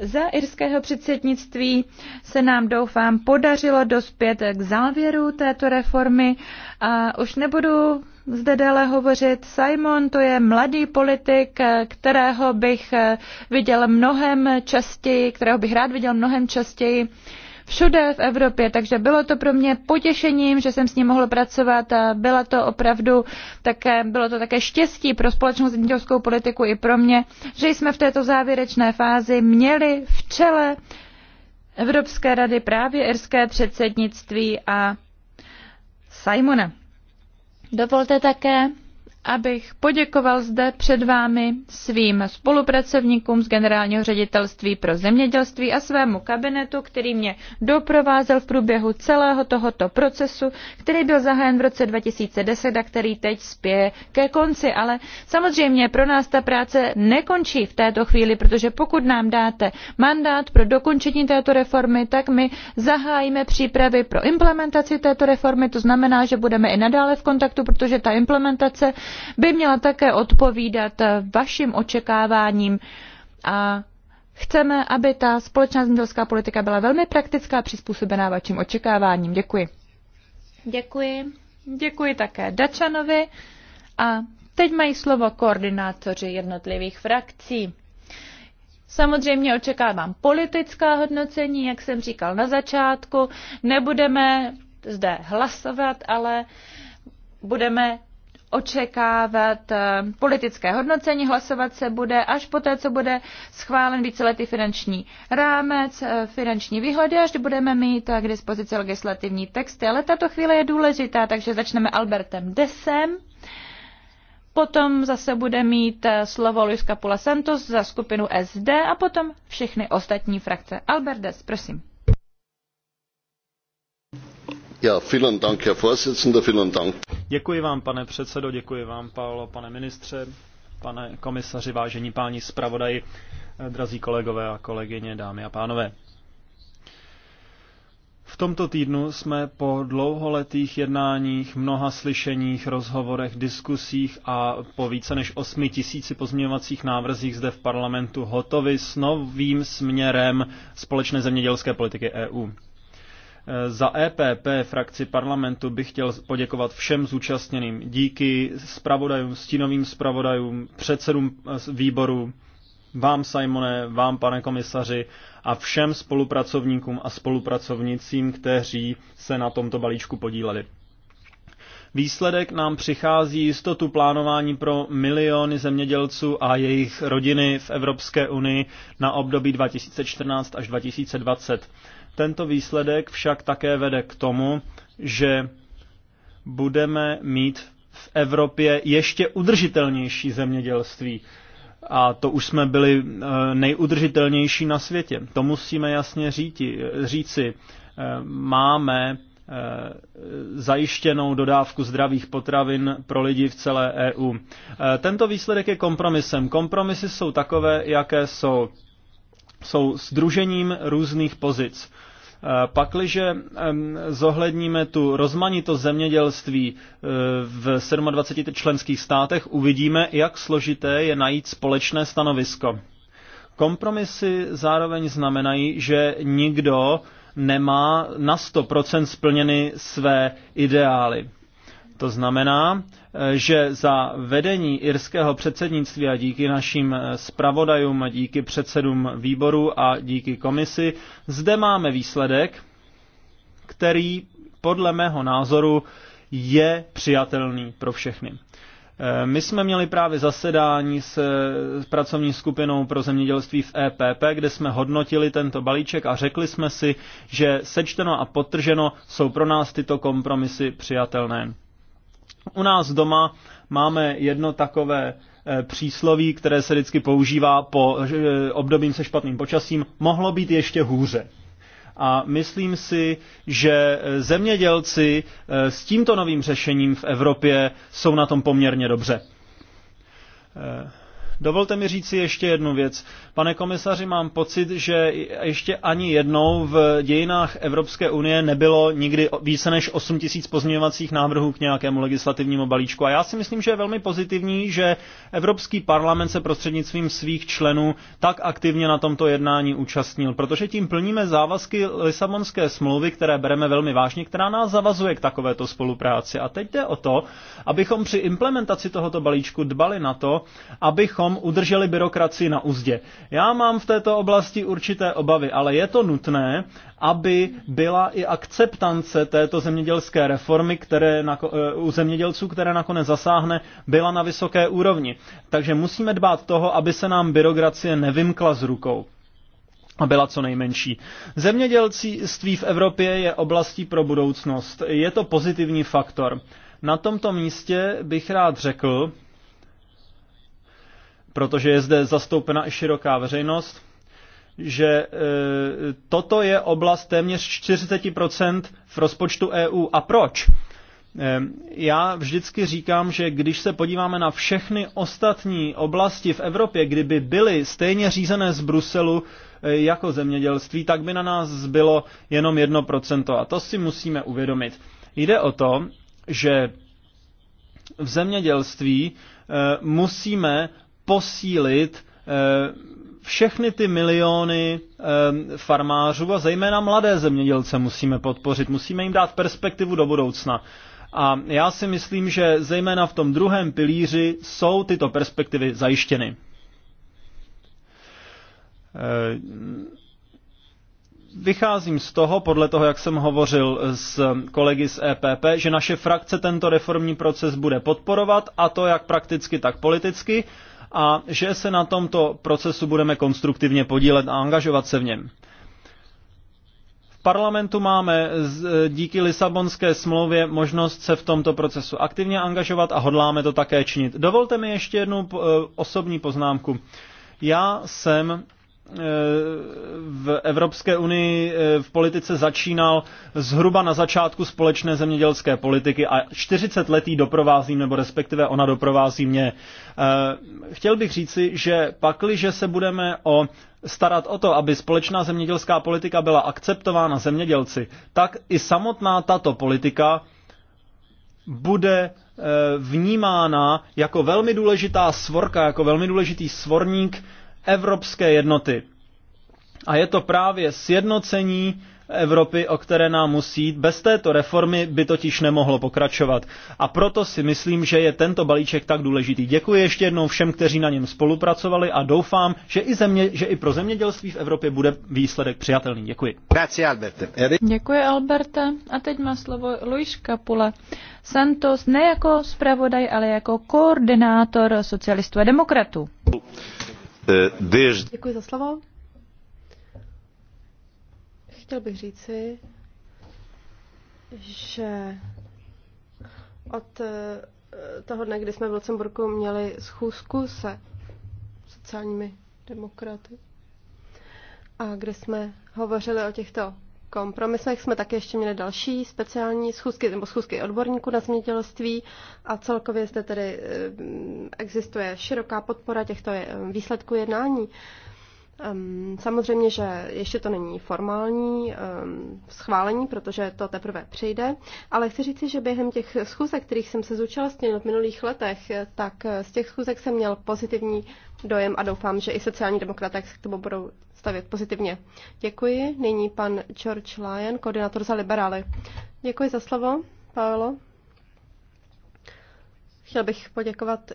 Za irského předsednictví se nám, doufám, podařilo dospět k závěru této reformy a už nebudu zde dále hovořit. Simon to je mladý politik, kterého bych viděl mnohem častěji, kterého bych rád viděl mnohem častěji všude v Evropě, takže bylo to pro mě potěšením, že jsem s ním mohl pracovat a byla to opravdu také, bylo to také štěstí pro společnou zemědělskou politiku i pro mě, že jsme v této závěrečné fázi měli v čele Evropské rady právě irské předsednictví a Simona. Dovolte také, abych poděkoval zde před vámi svým spolupracovníkům z Generálního ředitelství pro zemědělství a svému kabinetu, který mě doprovázel v průběhu celého tohoto procesu, který byl zahájen v roce 2010 a který teď spěje ke konci. Ale samozřejmě pro nás ta práce nekončí v této chvíli, protože pokud nám dáte mandát pro dokončení této reformy, tak my zahájíme přípravy pro implementaci této reformy. To znamená, že budeme i nadále v kontaktu, protože ta implementace by měla také odpovídat eh, vašim očekáváním a chceme, aby ta společná zemědělská politika byla velmi praktická a přizpůsobená vašim očekáváním. Děkuji. Děkuji. Děkuji také Dačanovi a teď mají slovo koordinátoři jednotlivých frakcí. Samozřejmě očekávám politická hodnocení, jak jsem říkal na začátku. Nebudeme zde hlasovat, ale budeme očekávat eh, politické hodnocení, hlasovat se bude až poté, co bude schválen víceletý finanční rámec, eh, finanční výhledy, až budeme mít eh, k dispozici legislativní texty. Ale tato chvíle je důležitá, takže začneme Albertem Desem. Potom zase bude mít slovo Luis Capula Santos za skupinu SD a potom všechny ostatní frakce. Albert Des, prosím. Děkuji vám, pane předsedo, děkuji vám, Paolo, pane ministře, pane komisaři, vážení páni zpravodaji, eh, drazí kolegové a kolegyně, dámy a pánové. V tomto týdnu jsme po dlouholetých jednáních, mnoha slyšeních, rozhovorech, diskusích a po více než 8 tisíci pozměňovacích návrzích zde v parlamentu hotovi s novým směrem společné zemědělské politiky EU. Eh, za EPP frakci parlamentu bych chtěl poděkovat všem zúčastněným. Díky spravodajům, stínovým spravodajům, předsedům eh, výboru, vám Simone, vám pane komisaři a všem spolupracovníkům a spolupracovnicím, kteří se na tomto balíčku podíleli. Výsledek nám přichází jistotu plánování pro miliony zemědělců a jejich rodiny v Evropské unii na období 2014 až 2020. Tento výsledek však také vede k tomu, že budeme mít v Evropě ještě udržitelnější zemědělství. A to už jsme byli eh, nejudržitelnější na světě. To musíme jasně říti, říci. Eh, máme eh, zajištěnou dodávku zdravých potravin pro lidi v celé EU. Tento výsledek je kompromisem. Kompromisy jsou takové, jaké jsou. Jsou združením různých pozic. Eh, pakliže zohledníme tu rozmanitost zemědělství eh, v 27 členských státech, uvidíme, jak složité je najít společné stanovisko. Kompromisy zároveň znamenají, že nikdo nemá na 100% splněny své ideály. To znamená, eh, že za vedení irského předsednictví a díky našim eh, zpravodajům a díky předsedům výboru a díky komisi zde máme výsledek, který podle mého názoru je přijatelný pro všechny. Eh, my jsme měli právě zasedání s pracovní skupinou pro zemědělství v EPP, kde jsme hodnotili tento balíček a řekli jsme si, že sečteno a potrženo jsou pro nás tyto kompromisy přijatelné. U nás doma máme jedno takové eh, přísloví, které se vždycky používá po eh, obdobím se špatným počasím, mohlo být ještě hůře. A myslím si, že eh, zemědělci s tímto novým řešením v Evropě jsou na tom poměrně dobře. Dovolte mi říci ještě jednu věc. Pane komisaři, mám pocit, že ještě ani jednou v dějinách Evropské unie nebylo nikdy více než 8 tisíc pozměňovacích návrhů k nějakému legislativnímu balíčku. A já si myslím, že je velmi pozitivní, že Evropský parlament se prostřednictvím svých členů tak aktivně na tomto jednání účastnil, protože tím plníme závazky Lisabonské smlouvy, které bereme velmi vážně, která nás zavazuje k takovéto spolupráci. A teď jde o to, abychom při implementaci tohoto balíčku dbali na to, abychom abychom udrželi byrokracii na úzdě. Já mám v této oblasti určité obavy, ale je to nutné, aby byla i akceptance této zemědělské reformy které nako, eh, u zemědělců, které nakonec zasáhne, byla na vysoké úrovni. Takže musíme dbát toho, aby se nám byrokracie nevymkla z rukou a byla co nejmenší. Zemědělství v Evropě je oblastí pro budoucnost. Je to pozitivní faktor. Na tomto místě bych rád řekl, protože je zde zastoupena i široká veřejnost, že e, toto je oblast téměř 40% v rozpočtu EU. A proč? E, já vždycky říkám, že když se podíváme na všechny ostatní oblasti v Evropě, kdyby byly stejně řízené z Bruselu e, jako zemědělství, tak by na nás zbylo jenom 1%. A to si musíme uvědomit. Jde o to, že v zemědělství e, musíme posílit eh, všechny ty miliony eh, farmářů a zejména mladé zemědělce musíme podpořit. Musíme jim dát perspektivu do budoucna. A já si myslím, že zejména v tom druhém pilíři jsou tyto perspektivy zajištěny. Eh, vycházím z toho, podle toho, jak jsem hovořil s kolegy z EPP, že naše frakce tento reformní proces bude podporovat, a to jak prakticky, tak politicky, a že se na tomto procesu budeme konstruktivně podílet a angažovat se v něm. V parlamentu máme díky Lisabonské smlouvě možnost se v tomto procesu aktivně angažovat a hodláme to také činit. Dovolte mi ještě jednu e, osobní poznámku. Já jsem v Evropské unii eh, v politice začínal zhruba na začátku společné zemědělské politiky a 40 letý doprovází, nebo respektive ona doprovází mě. Eh, chtěl bych říci, že pakliže se budeme o starat o to, aby společná zemědělská politika byla akceptována zemědělci, tak i samotná tato politika bude eh, vnímána jako velmi důležitá svorka, jako velmi důležitý svorník evropské jednoty. A je to právě sjednocení Evropy, o které nám musí jít. Bez této reformy by totiž nemohlo pokračovat. A proto si myslím, že je tento balíček tak důležitý. Děkuji ještě jednou všem, kteří na něm spolupracovali a doufám, že i, země, že i pro zemědělství v Evropě bude výsledek přijatelný. Děkuji. Grazie, Alberte. Děkuji, Alberte. A teď má slovo Luis Capula Santos, ne jako zpravodaj, ale jako koordinátor socialistů a demokratů. Eh, Děkuji za slovo. Chtěl bych říci, že od eh, toho dne, kdy jsme v Lucemburku měli schůzku se sociálními demokraty a kde jsme hovořili o těchto kompromisech jsme také ještě měli další speciální schůzky nebo schůzky odborníků na zemědělství a celkově zde tedy eh, existuje široká podpora těchto eh, výsledků jednání. Ehm, samozřejmě, že ještě to není formální ehm, schválení, protože to teprve přijde, ale chci říci, že během těch schůzek, kterých jsem se zúčastnil v minulých letech, eh, tak z těch schůzek jsem měl pozitivní dojem a doufám, že i sociální demokraté se k tomu budou stavět pozitivně. Děkuji. Nyní pan George Lyon, koordinátor za liberály. Děkuji za slovo, Paolo. Chtěl bych poděkovat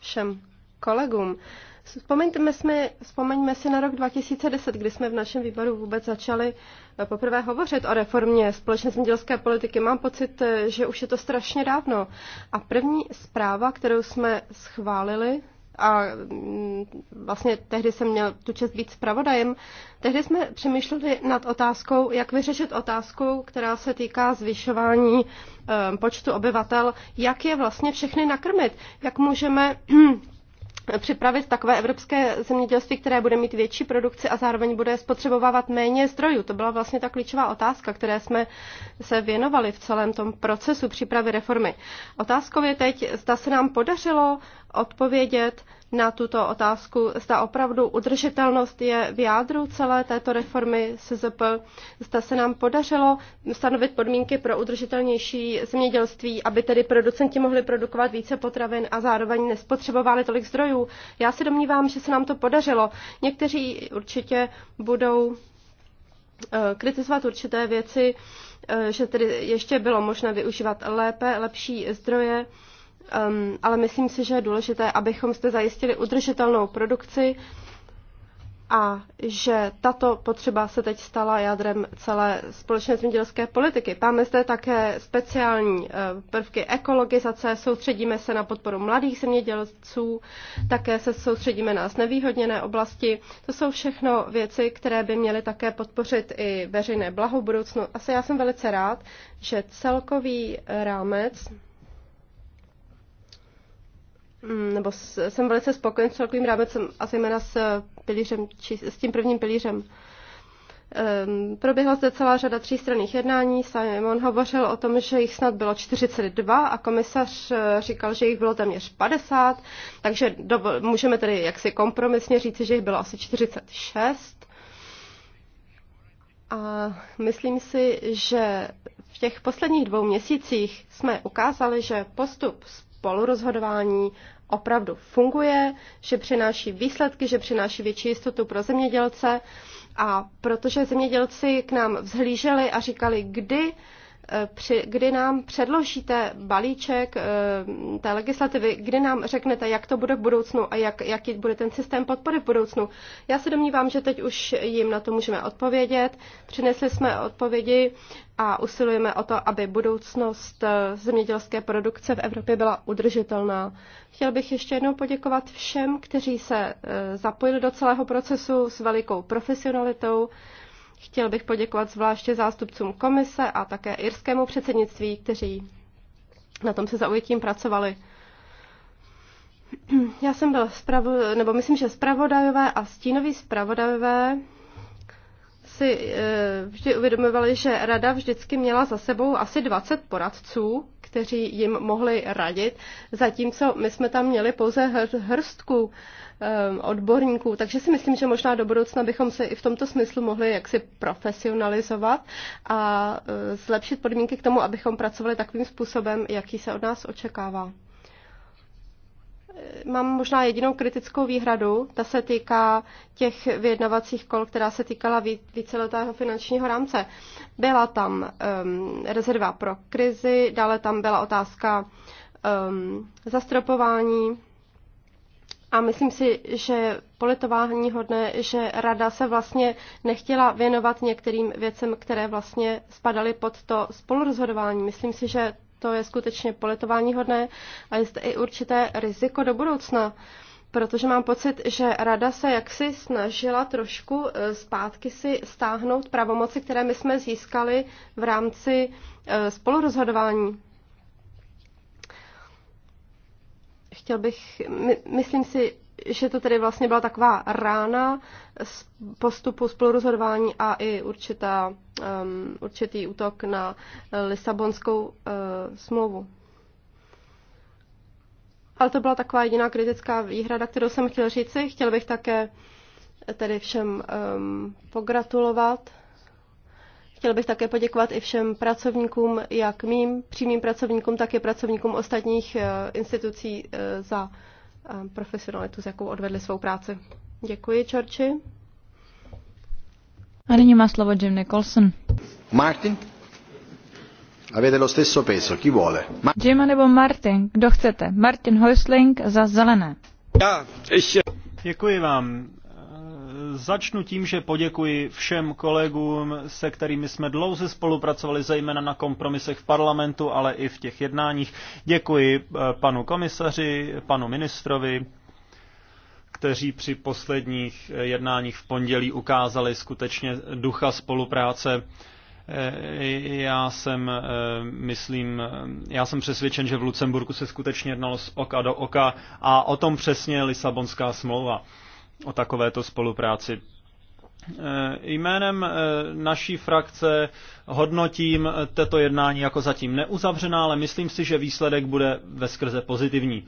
všem kolegům. Vzpomeňme jsme, vzpomeňme si na rok 2010, kdy jsme v našem výboru vůbec začali eh, poprvé hovořit o reformě společné zemědělské politiky. Mám pocit, eh, že už je to strašně dávno. A první zpráva, kterou jsme schválili, a mm, vlastně tehdy jsem měl tu čest být zpravodajem, tehdy jsme přemýšleli nad otázkou, jak vyřešit otázku, která se týká zvyšování eh, počtu obyvatel, jak je vlastně všechny nakrmit, jak můžeme připravit takové evropské zemědělství, které bude mít větší produkci a zároveň bude spotřebovávat méně zdrojů. To byla vlastně ta klíčová otázka, které jsme se věnovali v celém tom procesu přípravy reformy. Otázkou je teď, zda se nám podařilo odpovědět na tuto otázku, zda opravdu udržitelnost je v jádru celé této reformy SZP, zda se nám podařilo stanovit podmínky pro udržitelnější zemědělství, aby tedy producenti mohli produkovat více potravin a zároveň nespotřebovali tolik zdrojů. Já se domnívám, že se nám to podařilo. Někteří určitě budou eh, kritizovat určité věci, eh, že tedy ještě bylo možné využívat lépe, lepší zdroje, um, ale myslím si, že je důležité, abychom zde zajistili udržitelnou produkci a že tato potřeba se teď stala jádrem celé společné zemědělské politiky. Máme zde také speciální eh, prvky ekologizace, soustředíme se na podporu mladých zemědělců, také se soustředíme na znevýhodněné oblasti. To jsou všechno věci, které by měly také podpořit i veřejné blaho budoucnu. Asi já jsem velice rád, že celkový rámec Mm, nebo jsem velice spokojen s celkovým rámecem a zejména s, pilířem, či, s tím prvním pilířem. Um, proběhla zde celá řada třístranných jednání. Simon hovořil o tom, že jich snad bylo 42 a komisař eh, říkal, že jich bylo téměř 50, takže do, můžeme tedy jaksi kompromisně říci, že jich bylo asi 46. A myslím si, že v těch posledních dvou měsících jsme ukázali, že postup z spolurozhodování opravdu funguje, že přináší výsledky, že přináší větší jistotu pro zemědělce. A protože zemědělci k nám vzhlíželi a říkali, kdy při, kdy nám předložíte balíček eh, té legislativy, kdy nám řeknete, jak to bude v budoucnu a jak, jaký bude ten systém podpory v budoucnu. Já se domnívám, že teď už jim na to můžeme odpovědět. Přinesli jsme odpovědi a usilujeme o to, aby budoucnost eh, zemědělské produkce v Evropě byla udržitelná. Chtěl bych ještě jednou poděkovat všem, kteří se eh, zapojili do celého procesu s velikou profesionalitou. Chtěl bych poděkovat zvláště zástupcům komise a také irskému předsednictví, kteří na tom se zaujetím pracovali. Já jsem byl zpravo, nebo myslím, že zpravodajové a stínoví zpravodajové si eh, vždy uvědomovali, že rada vždycky měla za sebou asi 20 poradců, kteří jim mohli radit, zatímco my jsme tam měli pouze hr, hrstku Ehm, odborníků, takže si myslím, že možná do budoucna bychom se i v tomto smyslu mohli jaksi profesionalizovat a eh, zlepšit podmínky k tomu, abychom pracovali takovým způsobem, jaký se od nás očekává. Eh, mám možná jedinou kritickou výhradu, ta se týká těch vyjednavacích kol, která se týkala víceletého finančního rámce. Byla tam um, rezerva pro krizi, dále tam byla otázka um, zastropování a myslím si, že politování hodné, že rada se vlastně nechtěla věnovat některým věcem, které vlastně spadaly pod to spolurozhodování. Myslím si, že to je skutečně politování hodné a je zde i určité riziko do budoucna, protože mám pocit, že rada se jaksi snažila trošku e, zpátky si stáhnout pravomoci, které my jsme získali v rámci e, spolurozhodování. Chtěl bych, my, myslím si, že to tedy vlastně byla taková rána z postupu spolurozhodování a i určitá, um, určitý útok na Lisabonskou uh, smlouvu. Ale to byla taková jediná kritická výhrada, kterou jsem chtěl říci. Chtěl bych také tedy všem um, pogratulovat Chtěl bych také poděkovat i všem pracovníkům, jak mým přímým pracovníkům, tak i pracovníkům ostatních eh, institucí eh, za eh, profesionalitu, s jakou odvedli svou práci. Děkuji, Čorči. A nyní má slovo Jim Nicholson. Martin? Avete lo stesso peso, chi vuole? Ma... Jim nebo Martin, kdo chcete? Martin Häusling za zelené. Já, ještě. Děkuji vám. Začnu tím, že poděkuji všem kolegům, se kterými jsme dlouze spolupracovali, zejména na kompromisech v parlamentu, ale i v těch jednáních. Děkuji eh, panu komisaři, panu ministrovi, kteří při posledních eh, jednáních v pondělí ukázali skutečně ducha spolupráce. Eh, já jsem, myslím, já jsem přesvědčen, že v Lucemburku se skutečně jednalo z oka do oka a o tom přesně Lisabonská smlouva o takovéto spolupráci. Eh, jménem eh, naší frakce hodnotím eh, tato jednání jako zatím neuzavřená, ale myslím si, že výsledek bude ve skrze pozitivní.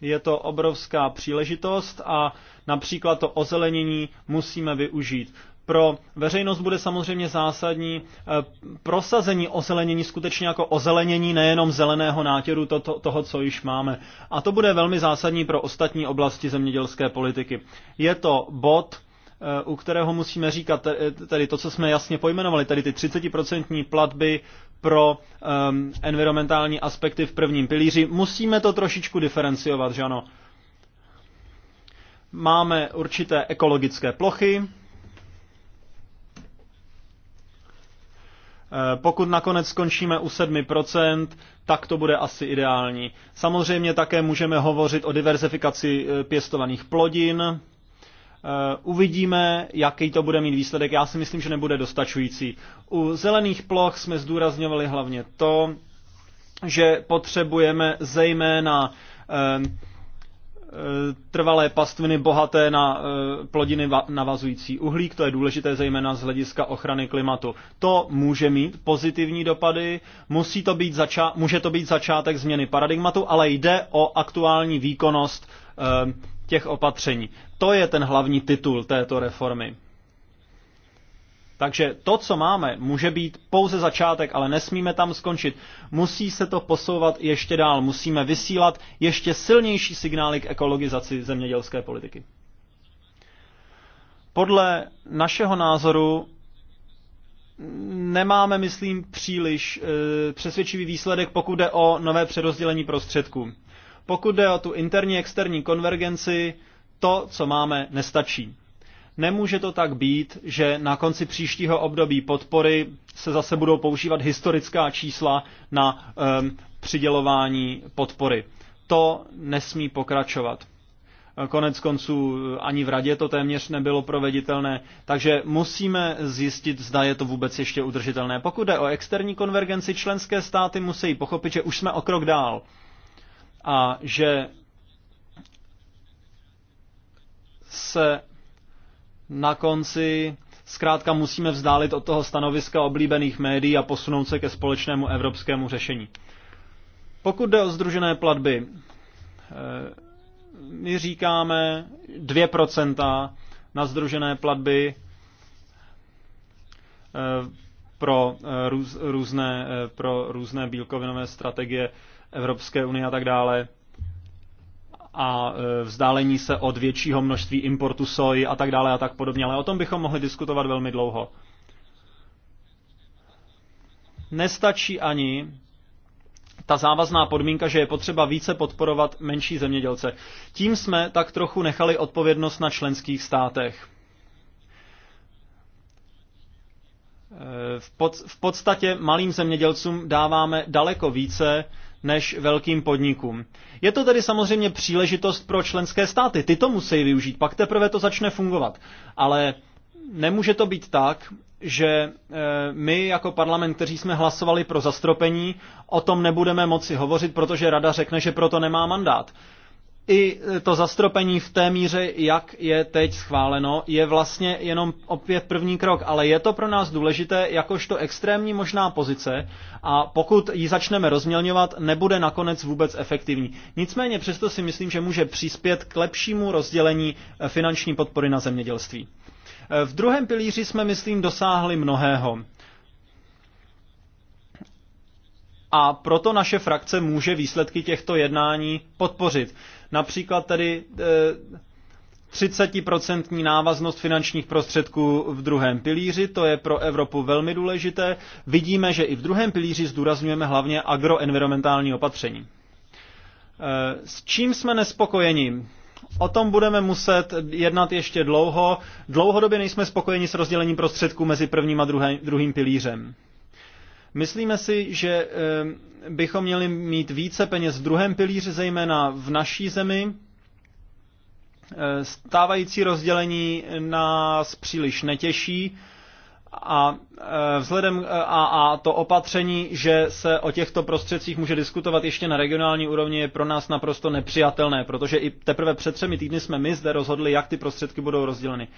Je to obrovská příležitost a například to ozelenění musíme využít. Pro veřejnost bude samozřejmě zásadní eh, prosazení ozelenění skutečně jako ozelenění nejenom zeleného nátěru to, to, toho, co již máme. A to bude velmi zásadní pro ostatní oblasti zemědělské politiky. Je to bod, eh, u kterého musíme říkat eh, tedy to, co jsme jasně pojmenovali, tedy ty 30% platby pro um, environmentální aspekty v prvním pilíři. Musíme to trošičku diferenciovat, že ano? Máme určité ekologické plochy, Eh, pokud nakonec skončíme u 7%, tak to bude asi ideální. Samozřejmě také můžeme hovořit o diverzifikaci eh, pěstovaných plodin. Eh, uvidíme, jaký to bude mít výsledek. Já si myslím, že nebude dostačující. U zelených ploch jsme zdůrazňovali hlavně to, že potřebujeme zejména eh, Eh, trvalé pastviny bohaté na eh, plodiny navazující uhlík, to je důležité zejména z hlediska ochrany klimatu. To může mít pozitivní dopady, musí to být zača- může to být začátek změny paradigmatu, ale jde o aktuální výkonnost eh, těch opatření. To je ten hlavní titul této reformy. Takže to, co máme, může být pouze začátek, ale nesmíme tam skončit. Musí se to posouvat ještě dál. Musíme vysílat ještě silnější signály k ekologizaci zemědělské politiky. Podle našeho názoru nemáme, myslím, příliš e, přesvědčivý výsledek, pokud jde o nové přerozdělení prostředků. Pokud jde o tu interní externí konvergenci, to, co máme, nestačí. Nemůže to tak být, že na konci příštího období podpory se zase budou používat historická čísla na um, přidělování podpory. To nesmí pokračovat. Konec konců ani v radě to téměř nebylo proveditelné, takže musíme zjistit, zda je to vůbec ještě udržitelné. Pokud jde o externí konvergenci, členské státy musí pochopit, že už jsme o krok dál a že se na konci zkrátka musíme vzdálit od toho stanoviska oblíbených médií a posunout se ke společnému evropskému řešení. Pokud jde o združené platby, eh, my říkáme 2% na združené platby eh, pro eh, různé, pro různé bílkovinové strategie Evropské unie a tak dále a e, vzdálení se od většího množství importu soji a tak dále a tak podobně, ale o tom bychom mohli diskutovat velmi dlouho. Nestačí ani ta závazná podmínka, že je potřeba více podporovat menší zemědělce. Tím jsme tak trochu nechali odpovědnost na členských státech. E, v, pod, v podstatě malým zemědělcům dáváme daleko více než velkým podnikům. Je to tedy samozřejmě příležitost pro členské státy. Ty to musí využít, pak teprve to začne fungovat. Ale nemůže to být tak, že e, my jako parlament, kteří jsme hlasovali pro zastropení, o tom nebudeme moci hovořit, protože rada řekne, že proto nemá mandát i to zastropení v té míře, jak je teď schváleno, je vlastně jenom opět první krok, ale je to pro nás důležité jakožto extrémní možná pozice a pokud ji začneme rozmělňovat, nebude nakonec vůbec efektivní. Nicméně přesto si myslím, že může přispět k lepšímu rozdělení eh, finanční podpory na zemědělství. Eh, v druhém pilíři jsme, myslím, dosáhli mnohého. A proto naše frakce může výsledky těchto jednání podpořit. Například tedy 30% eh, návaznost finančních prostředků v druhém pilíři, to je pro Evropu velmi důležité. Vidíme, že i v druhém pilíři zdůrazňujeme hlavně agroenvironmentální opatření. Eh, s čím jsme nespokojeni? O tom budeme muset jednat ještě dlouho. Dlouhodobě nejsme spokojeni s rozdělením prostředků mezi prvním a druhý, druhým pilířem. Myslíme si, že eh, bychom měli mít více peněz v druhém pilíři, zejména v naší zemi. Eh, stávající rozdělení nás příliš netěší a eh, vzhledem a, a to opatření, že se o těchto prostředcích může diskutovat ještě na regionální úrovni, je pro nás naprosto nepřijatelné, protože i teprve před třemi týdny jsme my zde rozhodli, jak ty prostředky budou rozděleny.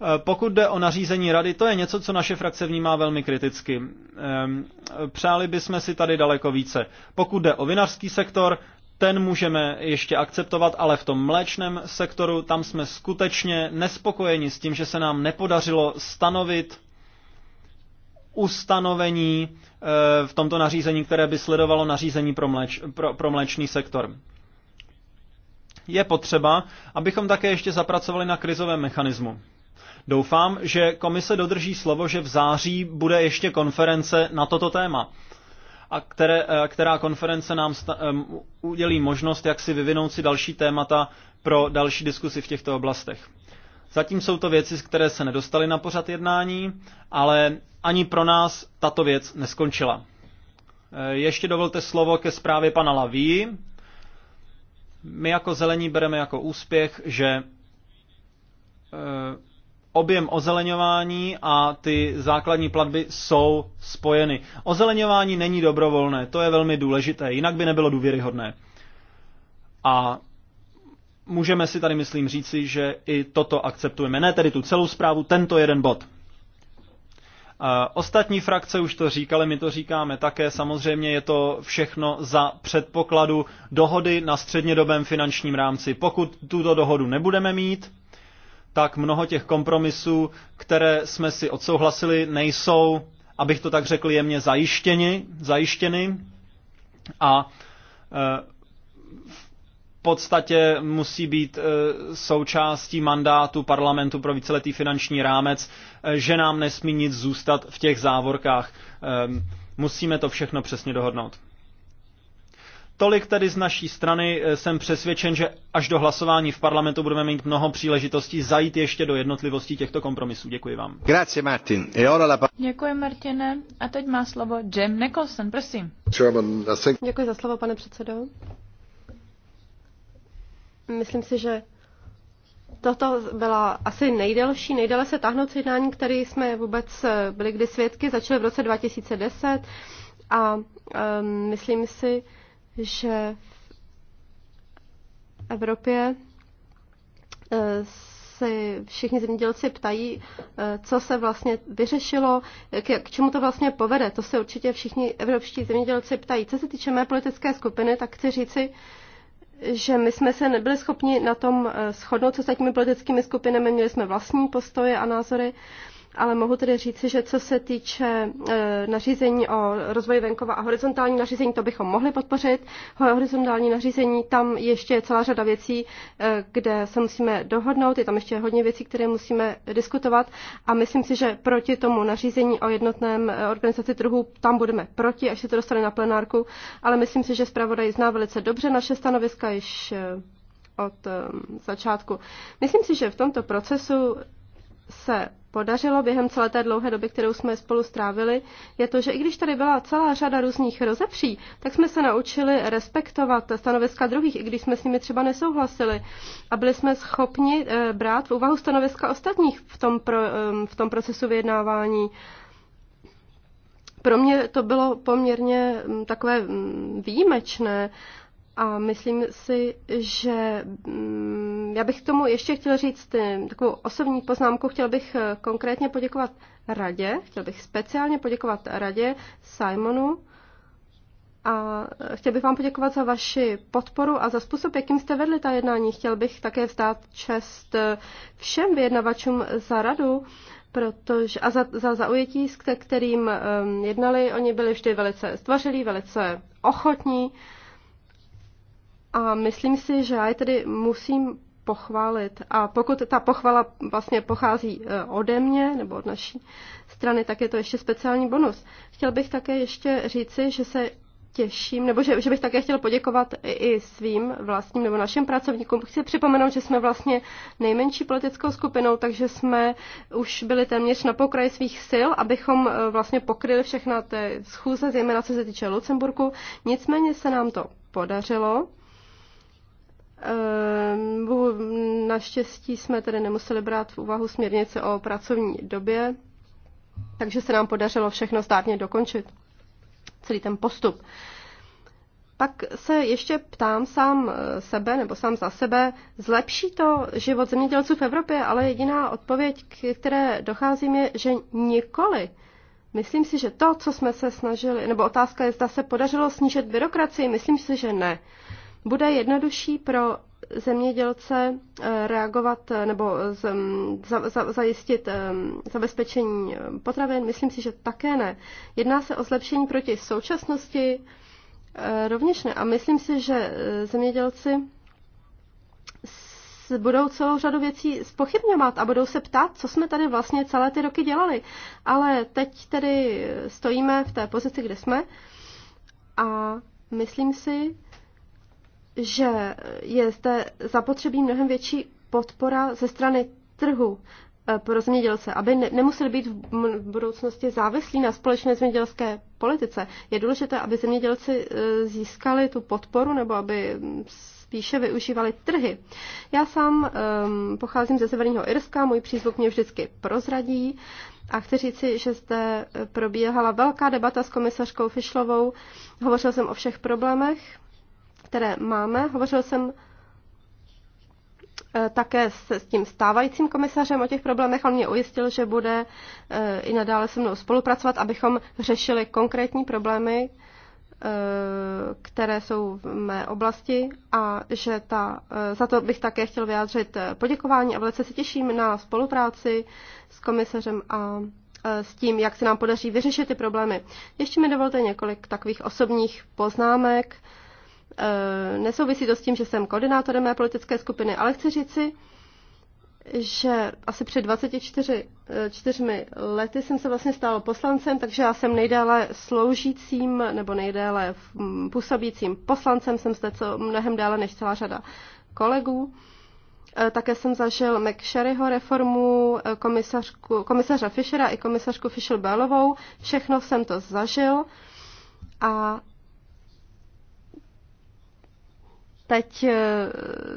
Eh, pokud jde o nařízení rady, to je něco, co naše frakce vnímá velmi kriticky. Ehm, přáli bychom si tady daleko více. Pokud jde o vinařský sektor, ten můžeme ještě akceptovat, ale v tom mléčném sektoru tam jsme skutečně nespokojeni s tím, že se nám nepodařilo stanovit ustanovení eh, v tomto nařízení, které by sledovalo nařízení pro, mléč, pro, pro mléčný sektor. Je potřeba, abychom také ještě zapracovali na krizovém mechanismu. Doufám, že komise dodrží slovo, že v září bude ještě konference na toto téma a které, e, která konference nám sta, um, udělí možnost, jak si vyvinout si další témata pro další diskusy v těchto oblastech. Zatím jsou to věci, které se nedostaly na pořad jednání, ale ani pro nás tato věc neskončila. E, ještě dovolte slovo ke zprávě pana Laví. My jako zelení bereme jako úspěch, že objem ozeleňování a ty základní platby jsou spojeny. Ozeleňování není dobrovolné, to je velmi důležité, jinak by nebylo důvěryhodné. A můžeme si tady, myslím, říci, že i toto akceptujeme. Ne tedy tu celou zprávu, tento jeden bod. E, ostatní frakce už to říkali, my to říkáme také. Samozřejmě je to všechno za předpokladu dohody na střednědobém finančním rámci. Pokud tuto dohodu nebudeme mít, tak mnoho těch kompromisů, které jsme si odsouhlasili, nejsou, abych to tak řekl, jemně zajištěni, zajištěny a e, v podstatě musí být e, součástí mandátu parlamentu pro víceletý finanční rámec, e, že nám nesmí nic zůstat v těch závorkách. Musíme to všechno přesně dohodnout. Tolik tedy z naší strany. Eh, Jsem přesvědčen, že až do hlasování v parlamentu budeme mít mnoho příležitostí zajít ještě do jednotlivostí těchto kompromisů. Děkuji vám. Grazie, Martin. E ora la... Děkuji, Martine. A teď má slovo Jim Nicholson, prosím. Uh, Děkuji za slovo, pane předsedo. Myslím si, že toto byla asi nejdelší, nejdéle se tahnoucí jednání, které jsme vůbec eh, byli kdy svědky. Začaly v roce 2010 a um, myslím si, že v Evropě eh, si všichni zemědělci ptají, eh, co se vlastně vyřešilo, k, k čemu to vlastně povede. To se určitě všichni evropští zemědělci ptají. Co se týče mé politické skupiny, tak chci říci, že my jsme se nebyli schopni na tom eh, shodnout s těmi politickými skupinami, měli jsme vlastní postoje a názory. Uh, ale mohu tedy říci, že co se týče eh, nařízení o rozvoji venkova a horizontální nařízení, to bychom mohli podpořit. Horizontální nařízení, tam ještě je celá řada věcí, eh, kde se musíme dohodnout, je tam ještě hodně věcí, které musíme diskutovat a myslím si, že proti tomu nařízení o jednotném eh, organizaci trhu tam budeme proti, až se to dostane na plenárku, ale myslím si, že zpravodaj zná velice dobře naše stanoviska již od začátku. Myslím si, že v tomto procesu se podařilo během celé té dlouhé doby, kterou jsme spolu strávili, je to, že i když tady byla celá řada různých rozepří, tak jsme se naučili respektovat stanoviska druhých, i když jsme s nimi třeba nesouhlasili. A byli jsme schopni eh, brát v úvahu stanoviska ostatních v tom, pro, v tom procesu vyjednávání. Pro mě to bylo poměrně takové výjimečné a myslím si, že mm, já bych k tomu ještě chtěl říct eh, takovou osobní poznámku. Chtěl bych eh, konkrétně poděkovat radě, chtěl bych speciálně poděkovat radě Simonu a eh, chtěl bych vám poděkovat za vaši podporu a za způsob, jakým jste vedli ta jednání. Chtěl bych také vzdát čest všem vyjednavačům za radu, protože, a za, za zaujetí, s kterým um, jednali, oni byli vždy velice stvořilí, velice ochotní. Uh, a myslím si, že já je tedy musím pochválit. A pokud ta pochvala vlastně pochází e, ode mě nebo od naší strany, tak je to ještě speciální bonus. Chtěl bych také ještě říci, že se těším, nebo že, že bych také chtěl poděkovat i svým vlastním nebo našim pracovníkům. Chci připomenout, že jsme vlastně nejmenší politickou skupinou, takže jsme už byli téměř na pokraji svých sil, abychom e, vlastně pokryli všechna ty schůze, zejména co se týče Lucemburku. Nicméně se nám to podařilo. Ehm, naštěstí jsme tedy nemuseli brát v úvahu směrnice o pracovní době, takže se nám podařilo všechno státně dokončit, celý ten postup. Pak se ještě ptám sám eh, sebe nebo sám za sebe, zlepší to život zemědělců v Evropě, ale jediná odpověď, k které docházím, je, že nikoli. Myslím si, že to, co jsme se snažili, nebo otázka je, zda se podařilo snížit byrokracii, myslím si, že ne. Bude jednodušší pro zemědělce eh, reagovat eh, nebo eh, mm, zajistit zabezpečení potravin? Myslím si, že také ne. Jedná se o zlepšení proti současnosti? Rovněž ne. A myslím si, že zemědělci budou celou řadu věcí spochybňovat a budou se ptát, co jsme tady vlastně celé ty roky dělali. Ale teď tedy stojíme v té pozici, kde jsme a myslím si, že je zde zapotřebí mnohem větší podpora ze strany trhu eh, pro zemědělce, aby ne, nemuseli být v budoucnosti závislí na společné zemědělské politice. Je důležité, aby zemědělci eh, získali tu podporu nebo aby mm, spíše využívali trhy. Já sám um, pocházím ze Severního Irska, můj přízvuk mě vždycky prozradí a chci říci, že zde eh, probíhala velká debata s komisařkou Fišlovou. Hovořil jsem o všech problémech, které máme. Hovořil jsem eh, také s, s tím stávajícím komisařem o těch problémech. On mě ujistil, že bude eh, i nadále se mnou spolupracovat, abychom řešili konkrétní problémy, eh, které jsou v mé oblasti a že ta, za to bych také chtěl vyjádřit poděkování a velice se těším na spolupráci s komisařem a s tím, jak se nám podaří vyřešit ty problémy. Ještě mi dovolte několik takových osobních poznámek. Eh, nesouvisí to s tím, že jsem koordinátorem mé politické skupiny, ale chci říci, že asi před 24 eh, čtyřmi lety jsem se vlastně stal poslancem, takže já jsem nejdéle sloužícím nebo nejdéle mm, působícím poslancem, jsem zde co mnohem déle než celá řada kolegů. Eh, také jsem zažil McSherryho reformu, komisařku, komisaře Fischera i komisařku Fischel-Bellovou. Všechno jsem to zažil a Teď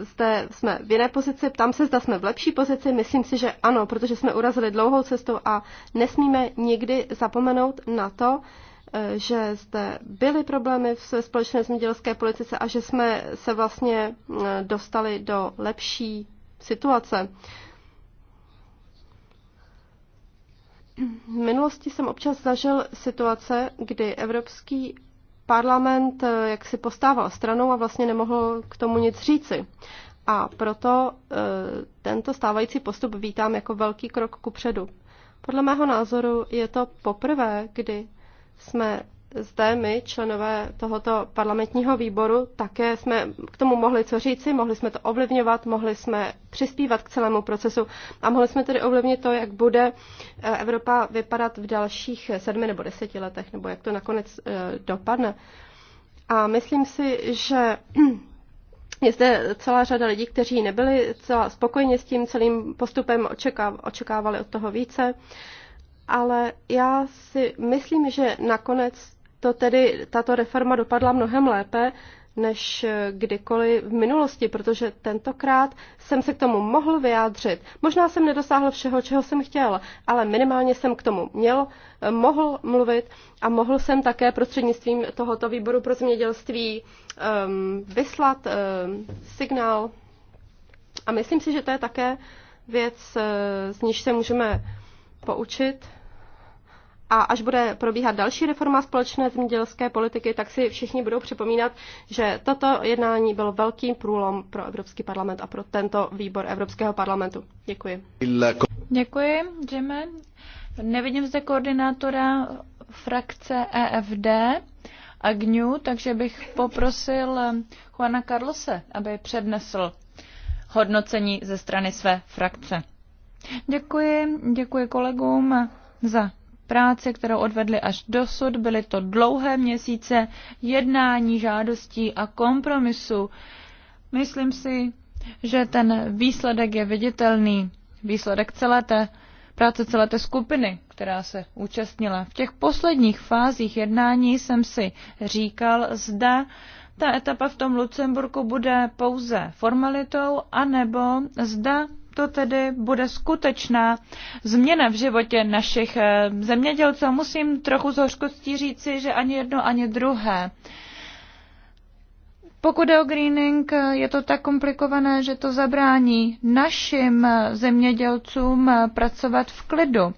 jste, eh, jsme v jiné pozici, ptám se, zda jsme v lepší pozici, myslím si, že ano, protože jsme urazili dlouhou cestou a nesmíme nikdy zapomenout na to, eh, že zde byly problémy v společné zemědělské politice a že jsme se vlastně eh, dostali do lepší situace. V minulosti jsem občas zažil situace, kdy Evropský parlament eh, jak si postával stranou a vlastně nemohl k tomu nic říci. A proto eh, tento stávající postup vítám jako velký krok ku předu. Podle mého názoru je to poprvé, kdy jsme zde my, členové tohoto parlamentního výboru, také jsme k tomu mohli co říci, mohli jsme to ovlivňovat, mohli jsme přispívat k celému procesu a mohli jsme tedy ovlivnit to, jak bude eh, Evropa vypadat v dalších eh, sedmi nebo deseti letech, nebo jak to nakonec eh, dopadne. A myslím si, že je zde celá řada lidí, kteří nebyli celá spokojeni s tím celým postupem, očekávali od toho více ale já si myslím, že nakonec to tedy tato reforma dopadla mnohem lépe než eh, kdykoliv v minulosti, protože tentokrát jsem se k tomu mohl vyjádřit. Možná jsem nedosáhl všeho, čeho jsem chtěl, ale minimálně jsem k tomu měl, eh, mohl mluvit a mohl jsem také prostřednictvím tohoto výboru pro zemědělství um, vyslat um, signál. A myslím si, že to je také věc, z níž se můžeme poučit a až bude probíhat další reforma společné zemědělské politiky, tak si všichni budou připomínat, že toto jednání bylo velkým průlom pro Evropský parlament a pro tento výbor Evropského parlamentu. Děkuji. Děkuji, Jimmy. Nevidím zde koordinátora frakce EFD a GNU, takže bych poprosil Juana Carlose, aby přednesl hodnocení ze strany své frakce. Děkuji, děkuji kolegům za práci, kterou odvedli až dosud. Byly to dlouhé měsíce jednání, žádostí a kompromisu. Myslím si, že ten výsledek je viditelný. Výsledek celé té práce celé té skupiny, která se účastnila. V těch posledních fázích jednání jsem si říkal, zda ta etapa v tom Lucemburku bude pouze formalitou, anebo zda to tedy bude skutečná změna v životě našich eh, zemědělců. Musím trochu z hořkostí říci, že ani jedno, ani druhé. Pokud je o greening, je to tak komplikované, že to zabrání našim zemědělcům pracovat v klidu.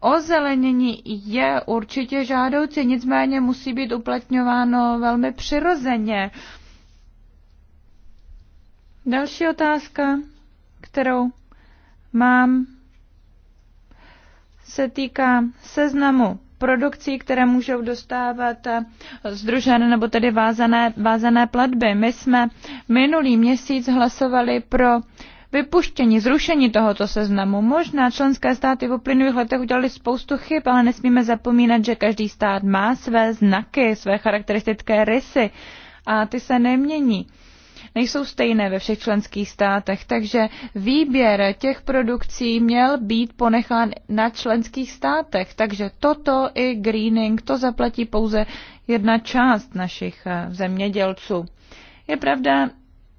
Ozelenění je určitě žádoucí, nicméně musí být uplatňováno velmi přirozeně. Další otázka kterou mám, se týká seznamu produkcí, které můžou dostávat eh, združené nebo tedy vázané, vázané platby. My jsme minulý měsíc hlasovali pro vypuštění, zrušení tohoto seznamu. Možná členské státy v uplynulých letech udělali spoustu chyb, ale nesmíme zapomínat, že každý stát má své znaky, své charakteristické rysy a ty se nemění nejsou stejné ve všech členských státech, takže výběr těch produkcí měl být ponechán na členských státech. Takže toto i greening, to zaplatí pouze jedna část našich eh, zemědělců. Je pravda,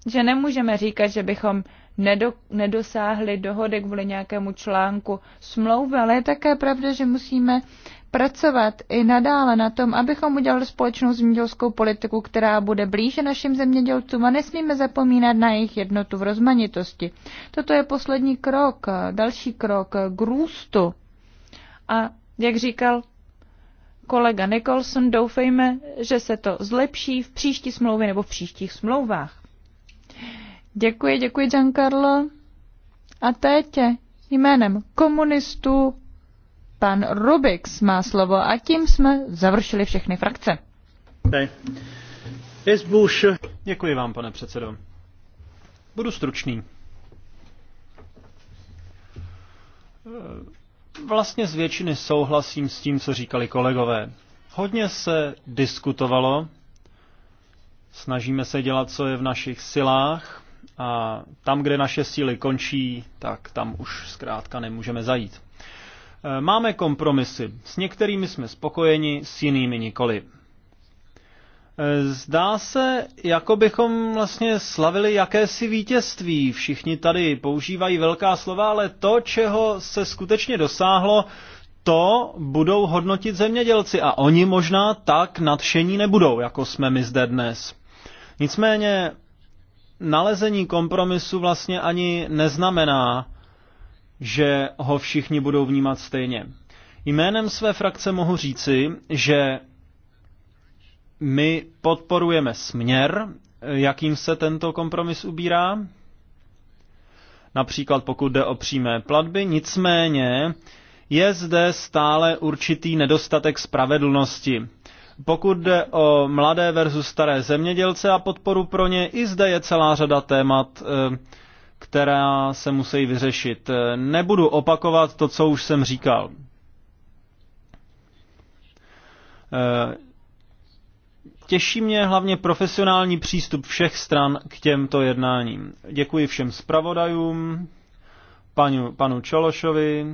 že nemůžeme říkat, že bychom nedo, nedosáhli dohody kvůli nějakému článku smlouvy, ale je také pravda, že musíme pracovat i nadále na tom, abychom udělali společnou zemědělskou politiku, která bude blíže našim zemědělcům a nesmíme zapomínat na jejich jednotu v rozmanitosti. Toto je poslední krok, další krok k růstu. A jak říkal kolega Nicholson, doufejme, že se to zlepší v příští smlouvě nebo v příštích smlouvách. Děkuji, děkuji Giancarlo. A teď jménem komunistů Pan Rubix má slovo a tím jsme završili všechny frakce. Děkuji vám, pane předsedo. Budu stručný. E, vlastně z většiny souhlasím s tím, co říkali kolegové. Hodně se diskutovalo, snažíme se dělat, co je v našich silách a tam, kde naše síly končí, tak tam už zkrátka nemůžeme zajít. Eh, máme kompromisy. S některými jsme spokojeni, s jinými nikoli. Eh, zdá se, jako bychom vlastně slavili jakési vítězství. Všichni tady používají velká slova, ale to, čeho se skutečně dosáhlo, to budou hodnotit zemědělci a oni možná tak nadšení nebudou, jako jsme my zde dnes. Nicméně nalezení kompromisu vlastně ani neznamená, že ho všichni budou vnímat stejně. Jménem své frakce mohu říci, že my podporujeme směr, jakým se tento kompromis ubírá, například pokud jde o přímé platby, nicméně je zde stále určitý nedostatek spravedlnosti. Pokud jde o mladé versus staré zemědělce a podporu pro ně, i zde je celá řada témat, eh, která se musí vyřešit. Nebudu opakovat to, co už jsem říkal. Eh, těší mě hlavně profesionální přístup všech stran k těmto jednáním. Děkuji všem zpravodajům, panu, panu Čološovi.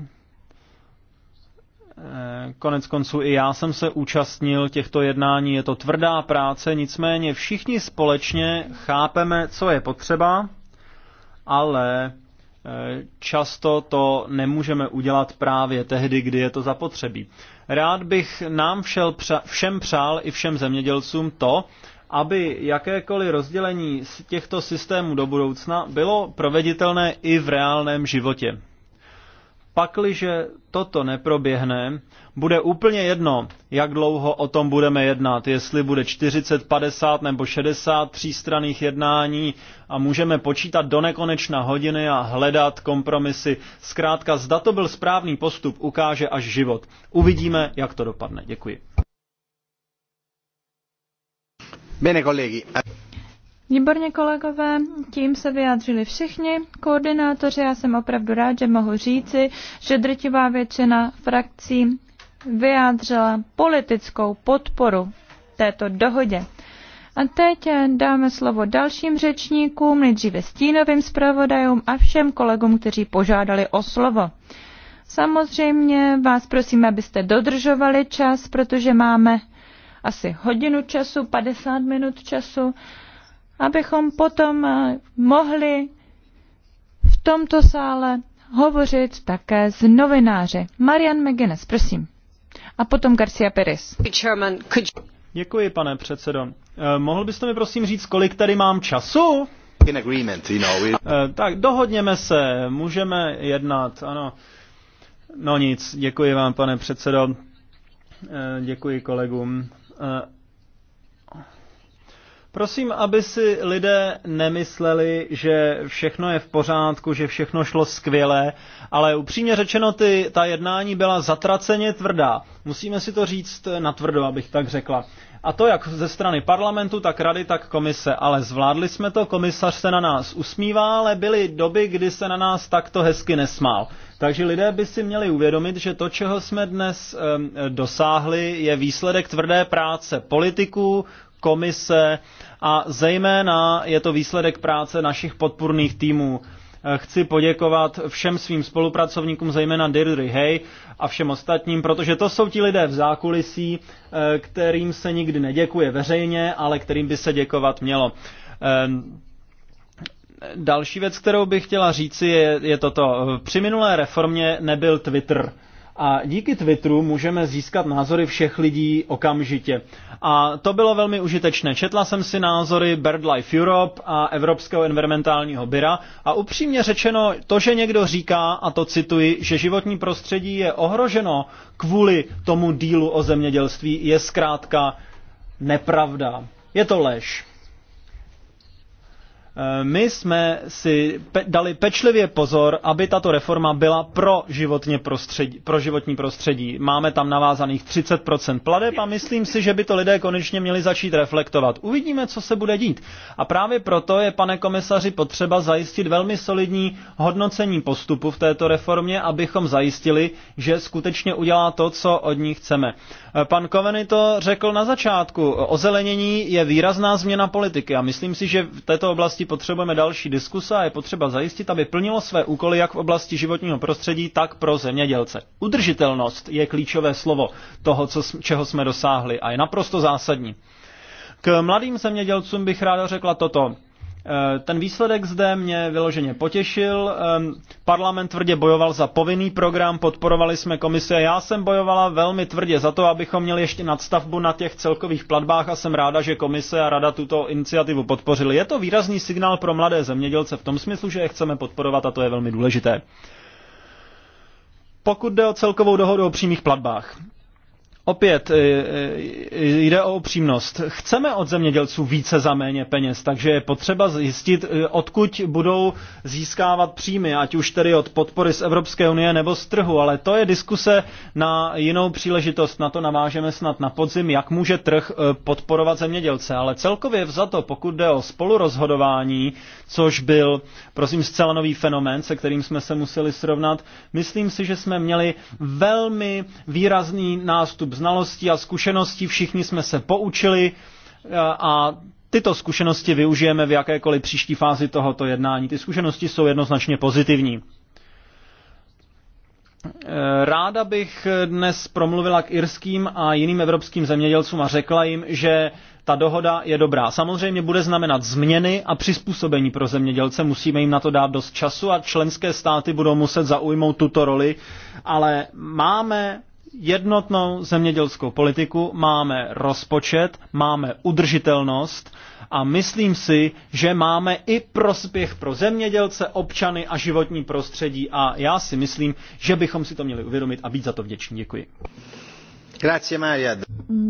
Eh, konec konců i já jsem se účastnil těchto jednání, je to tvrdá práce, nicméně všichni společně chápeme, co je potřeba ale eh, často to nemůžeme udělat právě tehdy, kdy je to zapotřebí. Rád bych nám všem přál i všem zemědělcům to, aby jakékoliv rozdělení těchto systémů do budoucna bylo proveditelné i v reálném životě. Pakliže toto neproběhne, bude úplně jedno, jak dlouho o tom budeme jednat, jestli bude 40, 50 nebo 60 třístraných jednání a můžeme počítat do nekonečna hodiny a hledat kompromisy. Zkrátka, zda to byl správný postup, ukáže až život. Uvidíme, jak to dopadne. Děkuji. Bene, kolegy. Výborně kolegové, tím se vyjádřili všichni koordinátoři. Já jsem opravdu rád, že mohu říci, že drtivá většina frakcí vyjádřila politickou podporu této dohodě. A teď dáme slovo dalším řečníkům, nejdříve stínovým zpravodajům a všem kolegům, kteří požádali o slovo. Samozřejmě vás prosím, abyste dodržovali čas, protože máme asi hodinu času, 50 minut času abychom potom eh, mohli v tomto sále hovořit také s novináři. Marian McGuinness, prosím. A potom Garcia Perez. Děkuji, pane předsedo. Eh, mohl byste mi prosím říct, kolik tady mám času? In agreement, you know, it... eh, tak dohodněme se, můžeme jednat, ano. No nic, děkuji vám, pane předsedo. Eh, děkuji kolegům. Eh, Prosím, aby si lidé nemysleli, že všechno je v pořádku, že všechno šlo skvěle, ale upřímně řečeno, ty, ta jednání byla zatraceně tvrdá. Musíme si to říct natvrdo, abych tak řekla. A to jak ze strany parlamentu, tak rady, tak komise. Ale zvládli jsme to, komisař se na nás usmívá, ale byly doby, kdy se na nás takto hezky nesmál. Takže lidé by si měli uvědomit, že to, čeho jsme dnes e, dosáhli, je výsledek tvrdé práce politiků, komise a zejména je to výsledek práce našich podpůrných týmů. Eh, chci poděkovat všem svým spolupracovníkům, zejména Dirdry Hay a všem ostatním, protože to jsou ti lidé v zákulisí, eh, kterým se nikdy neděkuje veřejně, ale kterým by se děkovat mělo. Eh, další věc, kterou bych chtěla říci, je, je toto. Při minulé reformě nebyl Twitter. A díky Twitteru můžeme získat názory všech lidí okamžitě. A to bylo velmi užitečné. Četla jsem si názory BirdLife Europe a Evropského environmentálního byra a upřímně řečeno to, že někdo říká, a to cituji, že životní prostředí je ohroženo kvůli tomu dílu o zemědělství, je zkrátka nepravda. Je to lež. Eh, my jsme si pe- dali pečlivě pozor, aby tato reforma byla pro, životně prostředí, pro životní prostředí. Máme tam navázaných 30% pladeb a myslím si, že by to lidé konečně měli začít reflektovat. Uvidíme, co se bude dít. A právě proto je, pane komisaři, potřeba zajistit velmi solidní hodnocení postupu v této reformě, abychom zajistili, že skutečně udělá to, co od ní chceme. Eh, pan Koveny to řekl na začátku. Ozelenění je výrazná změna politiky a myslím si, že v této oblasti oblasti potřebujeme další diskuse a je potřeba zajistit, aby plnilo své úkoly jak v oblasti životního prostředí, tak pro zemědělce. Udržitelnost je klíčové slovo toho, co, čeho jsme dosáhli a je naprosto zásadní. K mladým zemědělcům bych ráda řekla toto. Eh, ten výsledek zde mě vyloženě potěšil. Parlament tvrdě bojoval za povinný program, podporovali jsme komise. Já jsem bojovala velmi tvrdě za to, abychom měli ještě nadstavbu na těch celkových platbách a jsem ráda, že komise a rada tuto iniciativu podpořili. Je to výrazný signál pro mladé zemědělce v tom smyslu, že je chceme podporovat a to je velmi důležité. Pokud jde o celkovou dohodu o přímých platbách, Opět e, e, jde o upřímnost. Chceme od zemědělců více za méně peněz, takže je potřeba zjistit, e, odkud budou získávat příjmy, ať už tedy od podpory z Evropské unie nebo z trhu, ale to je diskuse na jinou příležitost. Na to navážeme snad na podzim, jak může trh podporovat zemědělce. Ale celkově vzato, pokud jde o spolurozhodování, což byl, prosím, zcela nový fenomén, se kterým jsme se museli srovnat, myslím si, že jsme měli velmi výrazný nástup znalostí a zkušeností, všichni jsme se poučili eh, a tyto zkušenosti využijeme v jakékoliv příští fázi tohoto jednání. Ty zkušenosti jsou jednoznačně pozitivní. Eh, ráda bych dnes promluvila k irským a jiným evropským zemědělcům a řekla jim, že ta dohoda je dobrá. Samozřejmě bude znamenat změny a přizpůsobení pro zemědělce, musíme jim na to dát dost času a členské státy budou muset zaujmout tuto roli, ale máme jednotnou zemědělskou politiku, máme rozpočet, máme udržitelnost a myslím si, že máme i prospěch pro zemědělce, občany a životní prostředí a já si myslím, že bychom si to měli uvědomit a být za to vděční. Děkuji. Grazie, Maria.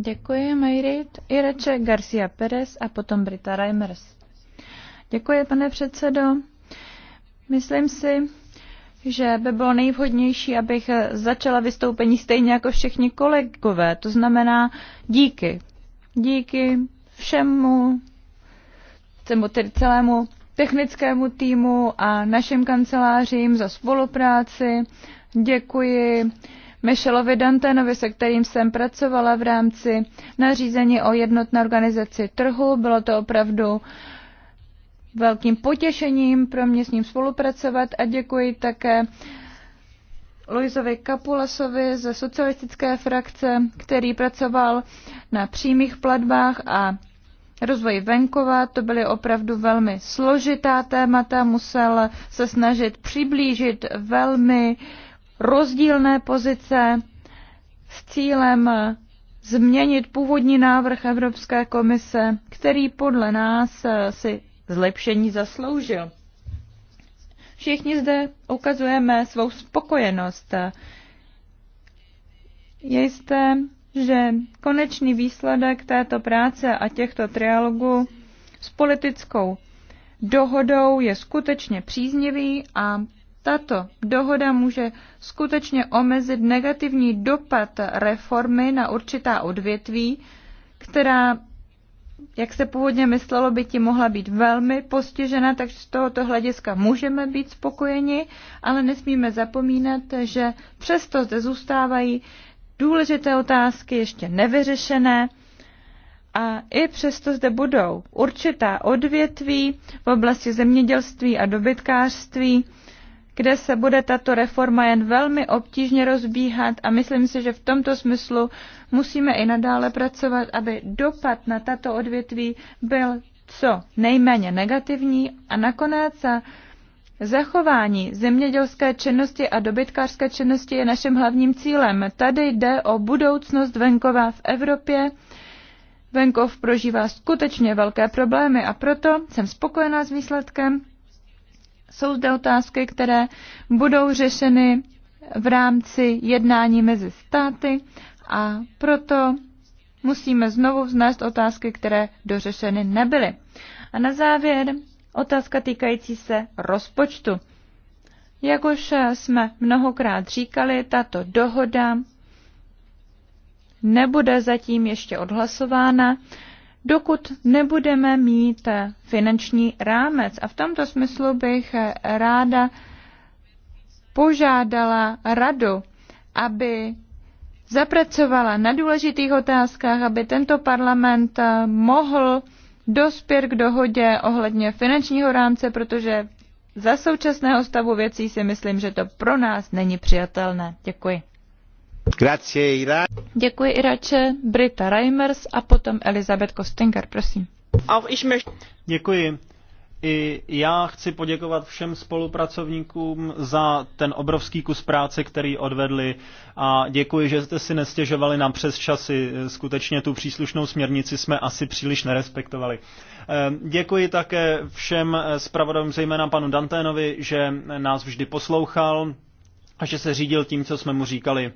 Děkuji, Mayrit. Irače Garcia Perez a potom Brita Reimers. Děkuji, pane předsedo. Myslím si, že by bylo nejvhodnější, abych začala vystoupení stejně jako všichni kolegové. To znamená díky. Díky všemu, nebo tedy celému technickému týmu a našim kancelářím za spolupráci. Děkuji Michelovi Dantenovi, se kterým jsem pracovala v rámci nařízení o jednotné organizaci trhu. Bylo to opravdu uh, velkým potěšením pro mě s ním spolupracovat a děkuji také Luizovi Kapulasovi ze socialistické frakce, který pracoval na přímých platbách a rozvoji venkova. To byly opravdu velmi složitá témata, musel se snažit přiblížit velmi rozdílné pozice s cílem změnit původní návrh Evropské komise, který podle nás si zlepšení zasloužil. Všichni zde ukazujeme svou spokojenost. Je jisté, že konečný výsledek této práce a těchto trialogů s politickou dohodou je skutečně příznivý a tato dohoda může skutečně omezit negativní dopad reformy na určitá odvětví, která jak se původně myslelo, by ti mohla být velmi postižena, tak z tohoto hlediska můžeme být spokojeni, ale nesmíme zapomínat, že přesto zde zůstávají důležité otázky ještě nevyřešené a i přesto zde budou určitá odvětví v oblasti zemědělství a dobytkářství, kde se bude tato reforma jen velmi obtížně rozbíhat a myslím si, že v tomto smyslu musíme i nadále pracovat, aby dopad na tato odvětví byl co nejméně negativní a nakonec a Zachování zemědělské činnosti a dobytkářské činnosti je naším hlavním cílem. Tady jde o budoucnost venkova v Evropě. Venkov prožívá skutečně velké problémy a proto jsem spokojená s výsledkem jsou zde otázky, které budou řešeny v rámci jednání mezi státy a proto musíme znovu vznést otázky, které dořešeny nebyly. A na závěr otázka týkající se rozpočtu. Jak už jsme mnohokrát říkali, tato dohoda nebude zatím ještě odhlasována dokud nebudeme mít finanční rámec. A v tomto smyslu bych ráda požádala radu, aby zapracovala na důležitých otázkách, aby tento parlament mohl dospět k dohodě ohledně finančního rámce, protože za současného stavu věcí si myslím, že to pro nás není přijatelné. Děkuji. Děkuji Irače, Brita Reimers a potom Elizabeth Kostinger, prosím. Děkuji. I já chci poděkovat všem spolupracovníkům za ten obrovský kus práce, který odvedli a děkuji, že jste si nestěžovali na přes časy. Skutečně tu příslušnou směrnici jsme asi příliš nerespektovali. Ehm, děkuji také všem eh, zpravodajům, zejména panu Danténovi, že nás vždy poslouchal a že se řídil tím, co jsme mu říkali.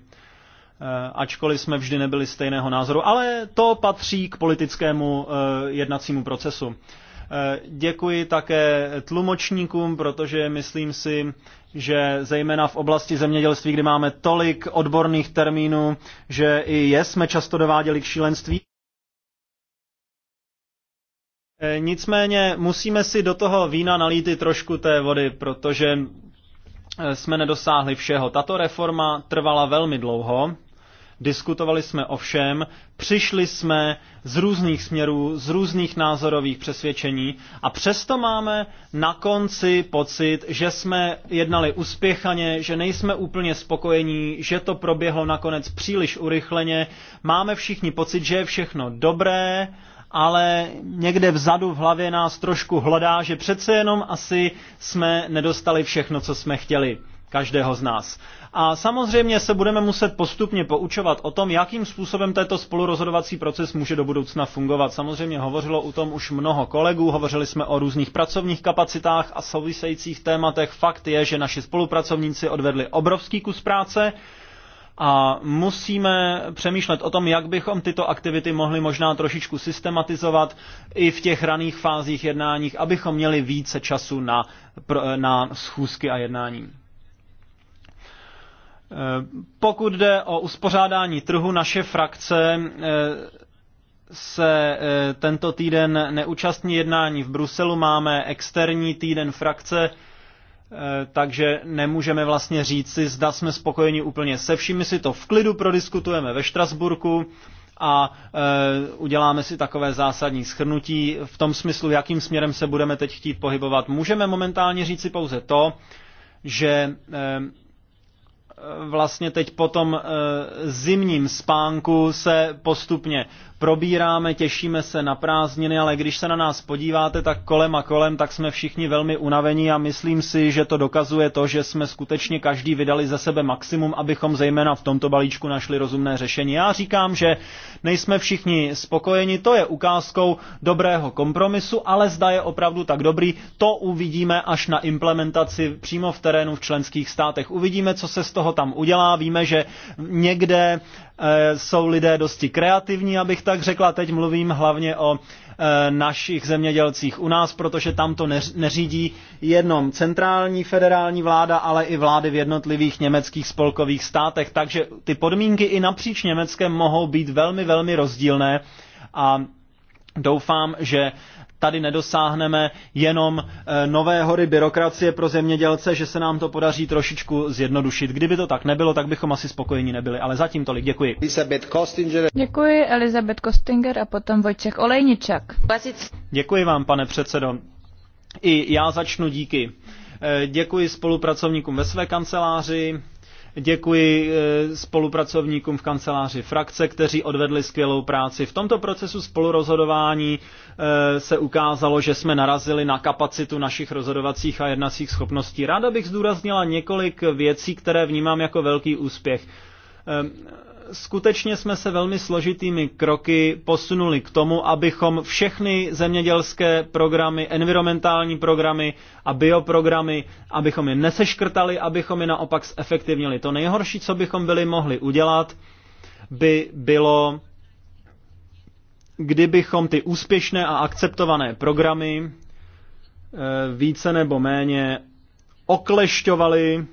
Eh, ačkoliv jsme vždy nebyli stejného názoru, ale to patří k politickému eh, jednacímu procesu. Eh, děkuji také tlumočníkům, protože myslím si, že zejména v oblasti zemědělství, kdy máme tolik odborných termínů, že i je jsme často dováděli k šílenství. Nicméně musíme si do toho vína nalít i trošku té vody, protože jsme nedosáhli všeho. Tato reforma trvala velmi dlouho Diskutovali jsme o všem, přišli jsme z různých směrů, z různých názorových přesvědčení a přesto máme na konci pocit, že jsme jednali uspěchaně, že nejsme úplně spokojení, že to proběhlo nakonec příliš urychleně. Máme všichni pocit, že je všechno dobré, ale někde vzadu v hlavě nás trošku hledá, že přece jenom asi jsme nedostali všechno, co jsme chtěli, každého z nás. A samozřejmě se budeme muset postupně poučovat o tom, jakým způsobem tento spolurozhodovací proces může do budoucna fungovat. Samozřejmě hovořilo o tom už mnoho kolegů, hovořili jsme o různých pracovních kapacitách a souvisejících tématech. Fakt je, že naši spolupracovníci odvedli obrovský kus práce a musíme přemýšlet o tom, jak bychom tyto aktivity mohli možná trošičku systematizovat i v těch raných fázích jednáních, abychom měli více času na, na schůzky a jednání. Eh, pokud jde o uspořádání trhu, naše frakce eh, se eh, tento týden neúčastní jednání v Bruselu. Máme externí týden frakce, takže nemůžeme vlastně říci, zda jsme spokojeni úplně se vším. My si to v klidu prodiskutujeme ve Štrasburku a e, uděláme si takové zásadní schrnutí v tom smyslu, jakým směrem se budeme teď chtít pohybovat. Můžeme momentálně říci pouze to, že e, vlastně teď po tom eh, zimním spánku se postupně probíráme, těšíme se na prázdniny, ale když se na nás podíváte tak kolem a kolem, tak jsme všichni velmi unavení a myslím si, že to dokazuje to, že jsme skutečně každý vydali ze sebe maximum, abychom zejména v tomto balíčku našli rozumné řešení. Já říkám, že nejsme všichni spokojeni, to je ukázkou dobrého kompromisu, ale zda je opravdu tak dobrý, to uvidíme až na implementaci přímo v terénu v členských státech. Uvidíme, co se z toho tam udělá. Víme, že někde Eh, jsou lidé dosti kreativní, abych tak řekla. Teď mluvím hlavně o eh, našich zemědělcích u nás, protože tam to neřídí jenom centrální federální vláda, ale i vlády v jednotlivých německých spolkových státech. Takže ty podmínky i napříč Německem mohou být velmi, velmi rozdílné a doufám, že tady nedosáhneme jenom eh, nové hory byrokracie pro zemědělce, že se nám to podaří trošičku zjednodušit. Kdyby to tak nebylo, tak bychom asi spokojení nebyli, ale zatím tolik. Děkuji. Elizabeth Kostinger. Děkuji Elizabeth Kostinger a potom Vojtěch Olejničak. Děkuji vám, pane předsedo. I já začnu díky. Eh, děkuji spolupracovníkům ve své kanceláři, Děkuji eh, spolupracovníkům v kanceláři frakce, kteří odvedli skvělou práci. V tomto procesu spolurozhodování eh, se ukázalo, že jsme narazili na kapacitu našich rozhodovacích a jednacích schopností. Ráda bych zdůraznila několik věcí, které vnímám jako velký úspěch ehm, skutečně jsme se velmi složitými kroky posunuli k tomu, abychom všechny zemědělské programy, environmentální programy a bioprogramy, abychom je neseškrtali, abychom je naopak zefektivnili. To nejhorší, co bychom byli mohli udělat, by bylo, kdybychom ty úspěšné a akceptované programy eh, více nebo méně oklešťovali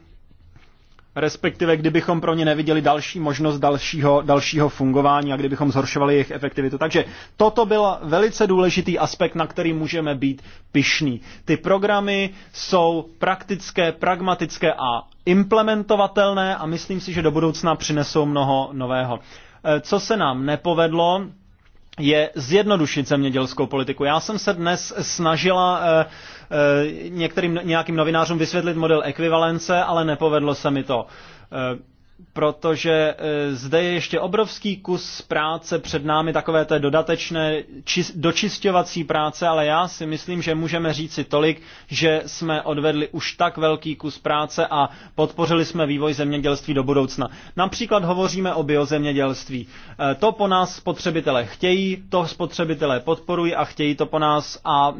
respektive kdybychom pro ně neviděli další možnost dalšího, dalšího fungování a kdybychom zhoršovali jejich efektivitu. Takže toto byl velice důležitý aspekt, na který můžeme být pyšní. Ty programy jsou praktické, pragmatické a implementovatelné a myslím si, že do budoucna přinesou mnoho nového. Eh, co se nám nepovedlo, je zjednodušit zemědělskou politiku. Já jsem se dnes snažila eh, Eh, některým, nějakým novinářům vysvětlit model ekvivalence, ale nepovedlo se mi to eh, protože eh, zde je ještě obrovský kus práce před námi, takové té dodatečné či, dočisťovací práce, ale já si myslím, že můžeme říci tolik, že jsme odvedli už tak velký kus práce a podpořili jsme vývoj zemědělství do budoucna. Například hovoříme o biozemědělství. To po nás spotřebitelé chtějí, to spotřebitelé podporují a chtějí to po nás a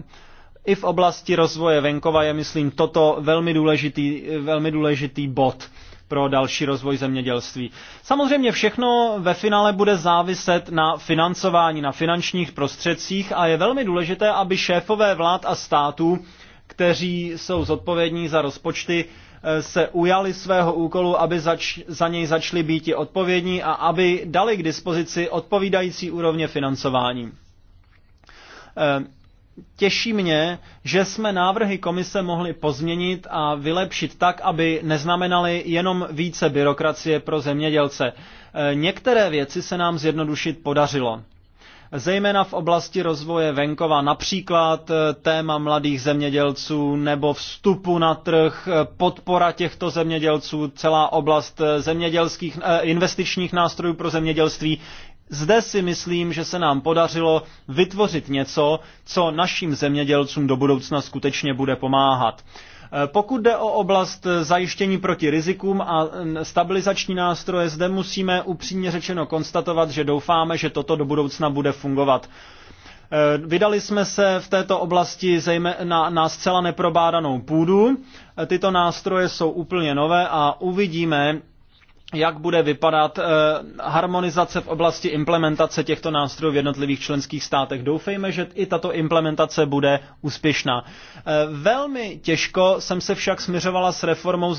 i v oblasti rozvoje venkova je, myslím, toto velmi důležitý, velmi důležitý bod pro další rozvoj zemědělství. Samozřejmě všechno ve finále bude záviset na financování, na finančních prostředcích a je velmi důležité, aby šéfové vlád a států, kteří jsou zodpovědní za rozpočty, eh, se ujali svého úkolu, aby zač, za něj začali být i odpovědní a aby dali k dispozici odpovídající úrovně financování. Eh, Těší mě, že jsme návrhy komise mohli pozměnit a vylepšit tak, aby neznamenaly jenom více byrokracie pro zemědělce. E, některé věci se nám zjednodušit podařilo zejména v oblasti rozvoje venkova, například e, téma mladých zemědělců nebo vstupu na trh, e, podpora těchto zemědělců, celá oblast zemědělských investičních nástrojů pro zemědělství. Zde si myslím, že se nám podařilo vytvořit něco, co našim zemědělcům do budoucna skutečně bude pomáhat. Eh, pokud jde o oblast zajištění proti rizikům a mm, stabilizační nástroje, zde musíme upřímně řečeno konstatovat, že doufáme, že toto do budoucna bude fungovat. Eh, vydali jsme se v této oblasti zejména na zcela neprobádanou půdu. Eh, tyto nástroje jsou úplně nové a uvidíme, jak bude vypadat eh, harmonizace v oblasti implementace těchto nástrojů v jednotlivých členských státech. Doufejme, že i tato implementace bude úspěšná. Eh, velmi těžko jsem se však směřovala s reformou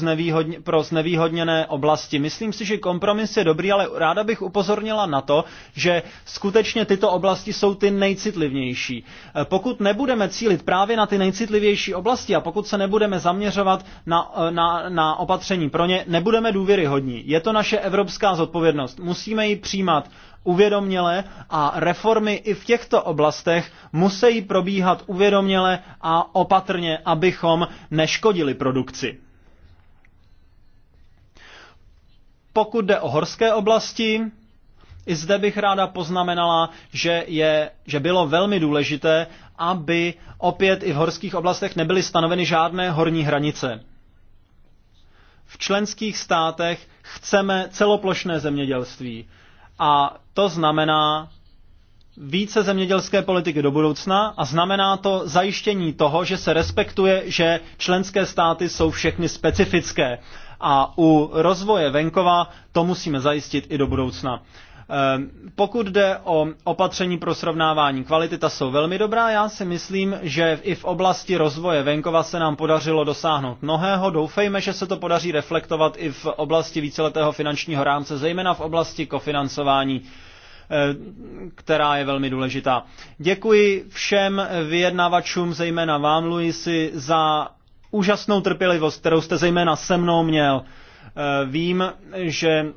pro znevýhodněné oblasti. Myslím si, že kompromis je dobrý, ale ráda bych upozornila na to, že skutečně tyto oblasti jsou ty nejcitlivější. Eh, pokud nebudeme cílit právě na ty nejcitlivější oblasti a pokud se nebudeme zaměřovat na, na, na opatření pro ně, nebudeme důvěryhodní. Je to naše evropská zodpovědnost. Musíme ji přijímat uvědoměle a reformy i v těchto oblastech musí probíhat uvědoměle a opatrně, abychom neškodili produkci. Pokud jde o horské oblasti, i zde bych ráda poznamenala, že, je, že bylo velmi důležité, aby opět i v horských oblastech nebyly stanoveny žádné horní hranice v členských státech chceme celoplošné zemědělství. A to znamená více zemědělské politiky do budoucna a znamená to zajištění toho, že se respektuje, že členské státy jsou všechny specifické. A u rozvoje venkova to musíme zajistit i do budoucna. Ehm, pokud jde o opatření pro srovnávání kvality, ta jsou velmi dobrá. Já si myslím, že i v oblasti rozvoje venkova se nám podařilo dosáhnout mnohého. Doufejme, že se to podaří reflektovat i v oblasti víceletého finančního rámce, zejména v oblasti kofinancování ehm, která je velmi důležitá. Děkuji všem vyjednavačům, zejména vám, Luisi, za úžasnou trpělivost, kterou jste zejména se mnou měl. Ehm, vím, že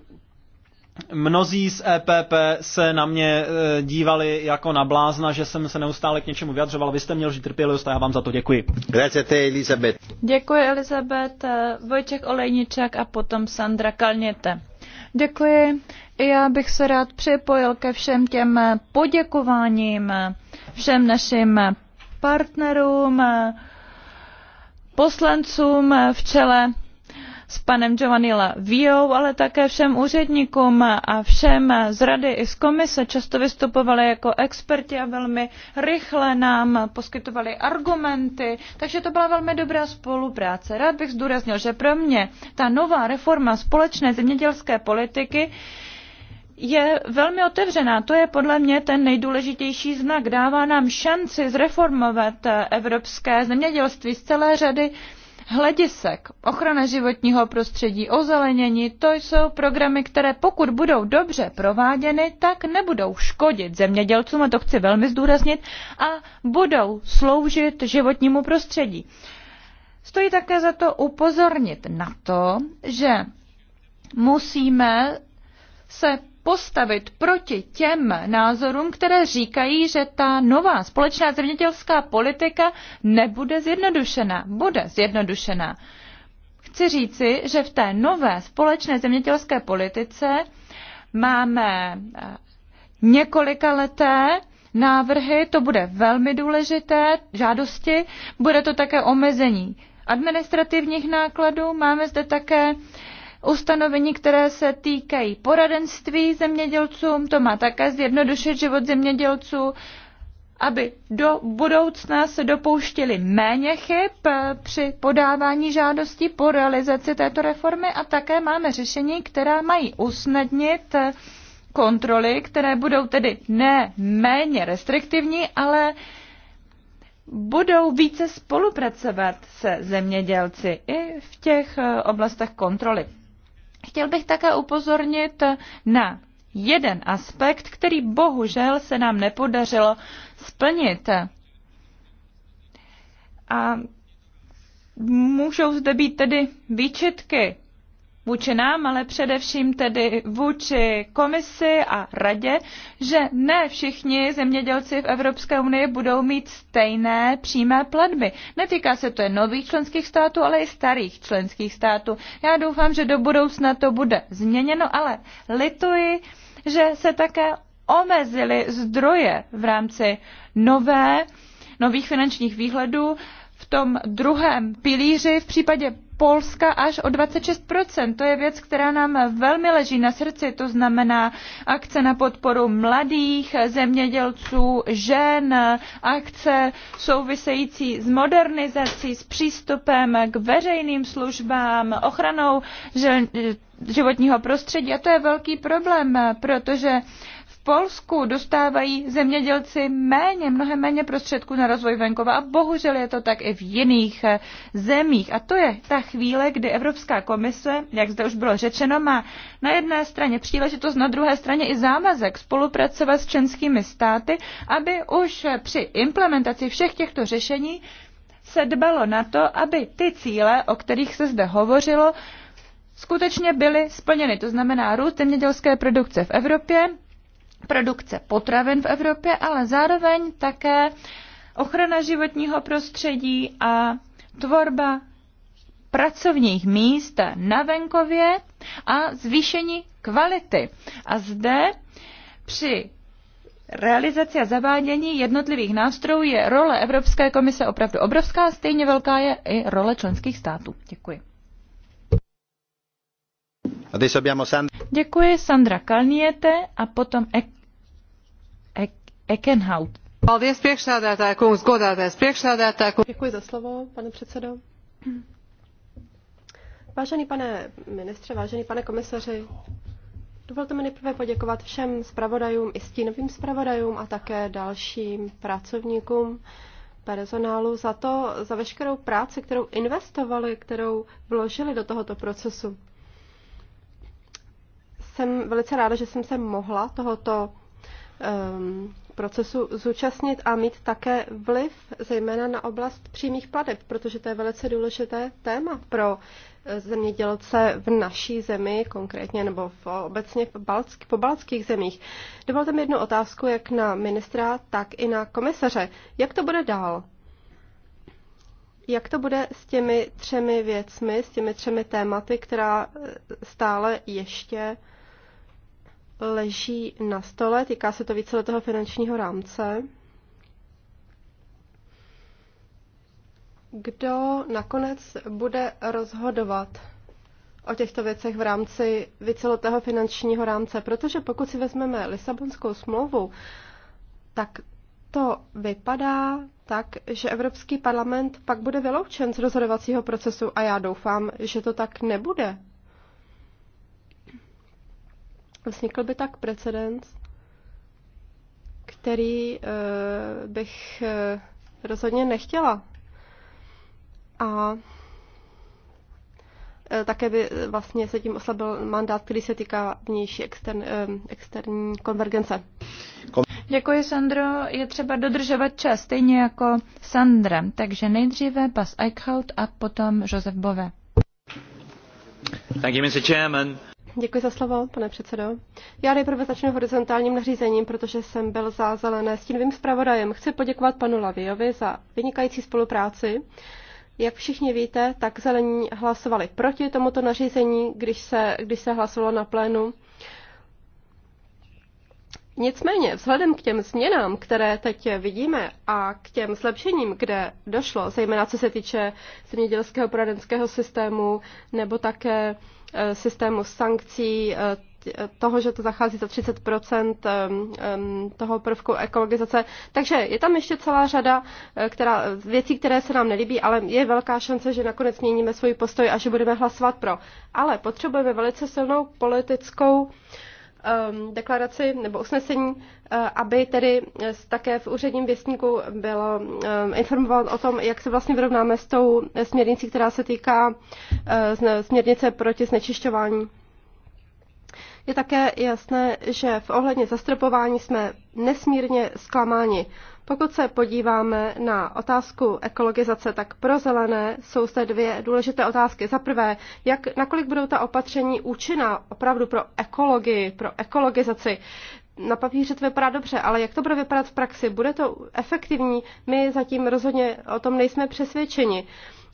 Mnozí z EPP se na mě e, dívali jako na blázna, že jsem se neustále k něčemu vyjadřoval. Vy jste měl vždy trpělivost a já vám za to děkuji. Děkuji, Elizabeth. Děkuji, Elizabeth. Vojtěch Olejniček a potom Sandra Kalněte. Děkuji. Já bych se rád připojil ke všem těm poděkováním všem našim partnerům, poslancům v čele s panem giovannim viou ale také všem úředníkům a všem z rady i z komise. Často vystupovali jako experti a velmi rychle nám poskytovali argumenty, takže to byla velmi dobrá spolupráce. Rád bych zdůraznil, že pro mě ta nová reforma společné zemědělské politiky je velmi otevřená. To je podle mě ten nejdůležitější znak. Dává nám šanci zreformovat evropské zemědělství z celé řady uh, hledisek, ochrana životního prostředí, ozelenění, to jsou programy, které pokud budou dobře prováděny, tak nebudou škodit zemědělcům, a to chci velmi zdůraznit, a budou sloužit životnímu prostředí. Stojí také za to upozornit na to, že musíme se postavit proti těm názorům, které říkají, že ta nová společná zemědělská politika nebude zjednodušena. Bude zjednodušena. Chci říci, že v té nové společné zemědělské politice máme eh, několika leté návrhy, to bude velmi důležité, žádosti, bude to také omezení administrativních nákladů, máme zde také ustanovení, které se týkají poradenství zemědělcům, to má také zjednodušit život zemědělců, aby do budoucna se dopouštili méně chyb při podávání žádosti po realizaci této reformy a také máme řešení, která mají usnadnit kontroly, které budou tedy ne méně restriktivní, ale budou více spolupracovat se zemědělci i v těch oblastech kontroly. Chtěl bych také upozornit na jeden aspekt, který bohužel se nám nepodařilo splnit. A můžou zde být tedy výčitky vůči nám, ale především tedy vůči komisi a radě, že ne všichni zemědělci v Evropské unii budou mít stejné přímé platby. Netýká se to jen nových členských států, ale i starých členských států. Já doufám, že do budoucna to bude změněno, ale lituji, že se také omezily zdroje v rámci nové, nových finančních výhledů v tom druhém pilíři v případě Polska až o 26%. To je věc, která nám velmi leží na srdci. To znamená akce na podporu mladých zemědělců, žen, akce související s modernizací, s přístupem k veřejným službám, ochranou životního prostředí. A to je velký problém, protože Polsku dostávají zemědělci méně, mnohem méně prostředků na rozvoj venkova a bohužel je to tak i v jiných eh, zemích. A to je ta chvíle, kdy Evropská komise, jak zde už bylo řečeno, má na jedné straně příležitost, na druhé straně i závazek spolupracovat s členskými státy, aby už při implementaci všech těchto řešení se dbalo na to, aby ty cíle, o kterých se zde hovořilo, skutečně byly splněny. To znamená růst zemědělské produkce v Evropě, produkce potravin v Evropě, ale zároveň také ochrana životního prostředí a tvorba pracovních míst na venkově a zvýšení kvality. A zde při realizaci a zavádění jednotlivých nástrojů je role Evropské komise opravdu obrovská, stejně velká je i role členských států. Děkuji. Děkuji Sandra Kalniete a potom Eckenhout. Děkuji za slovo, pane předsedo. Vážený pane ministře, vážený pane komisaři, dovolte mi nejprve poděkovat všem zpravodajům i stínovým zpravodajům a také dalším pracovníkům personálu za to, za veškerou práci, kterou investovali, kterou vložili do tohoto procesu. Jsem velice ráda, že jsem se mohla tohoto um, procesu zúčastnit a mít také vliv, zejména na oblast přímých plateb, protože to je velice důležité téma pro eh, zemědělce v naší zemi, konkrétně nebo v, obecně v Balcky, po balckých zemích. Dovolte mi jednu otázku, jak na ministra, tak i na komisaře. Jak to bude dál? Jak to bude s těmi třemi věcmi, s těmi třemi tématy, která eh, stále ještě leží na stole, týká se to víceletého finančního rámce. Kdo nakonec bude rozhodovat o těchto věcech v rámci víceletého finančního rámce? Protože pokud si vezmeme Lisabonskou smlouvu, tak to vypadá tak, že Evropský parlament pak bude vyloučen z rozhodovacího procesu a já doufám, že to tak nebude, Vznikl by tak precedens, který eh, bych eh, rozhodně nechtěla. A eh, také by vlastně se tím oslabil mandát, který se týká vnější extern, externí konvergence. Děkuji, Sandro. Je třeba dodržovat čas, stejně jako Sandra. Takže nejdříve pas Eichhout a potom Josef Bove. Thank you, Mr. Chairman. Děkuji za slovo, pane předsedo. Já nejprve začnu horizontálním nařízením, protože jsem byl za zelené stínovým zpravodajem. Chci poděkovat panu Laviovi za vynikající spolupráci. Jak všichni víte, tak zelení hlasovali proti tomuto nařízení, když se, když se hlasovalo na plénu. Nicméně, vzhledem k těm změnám, které teď vidíme a k těm zlepšením, kde došlo, zejména co se týče zemědělského poradenského systému nebo také Eh, systému sankcí, eh, toho, že to zachází za 30 eh, toho prvku ekologizace. Takže je tam ještě celá řada která, věcí, které se nám nelíbí, ale je velká šance, že nakonec měníme svůj postoj a že budeme hlasovat pro. Ale potřebujeme velice silnou politickou uh, Um, deklaraci nebo usnesení, uh, aby tedy eh, také v úředním věstníku bylo um, informován o tom, jak se vlastně vyrovnáme s tou eh, směrnicí, která se týká eh, směrnice proti znečišťování je také jasné, že v ohledně zastropování jsme nesmírně zklamáni. Pokud se podíváme na otázku ekologizace, tak pro zelené jsou zde dvě důležité otázky. Za prvé, jak, nakolik budou ta opatření účinná opravdu pro ekologii, pro ekologizaci? Na papíře to vypadá dobře, ale jak to bude vypadat v praxi? Bude to efektivní? My zatím rozhodně o tom nejsme přesvědčeni.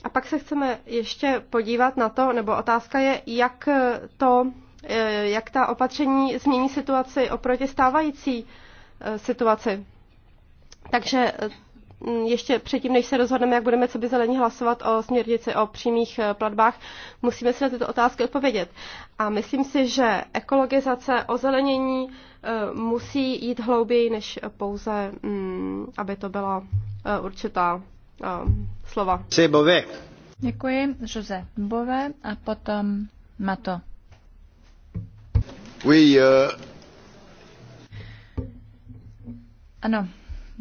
A pak se chceme ještě podívat na to, nebo otázka je, jak to Eh, jak ta opatření změní situaci oproti stávající eh, situaci. Takže eh, ještě předtím, než se rozhodneme, jak budeme co by zelení hlasovat o směrnici o přímých platbách, musíme si na tyto otázky odpovědět. A myslím si, že ekologizace, ozelenění musí jít hlouběji, než pouze, mm, aby to byla určitá slova. Děkuji, Jose Bové a potom Mato. Oui, euh, Ano,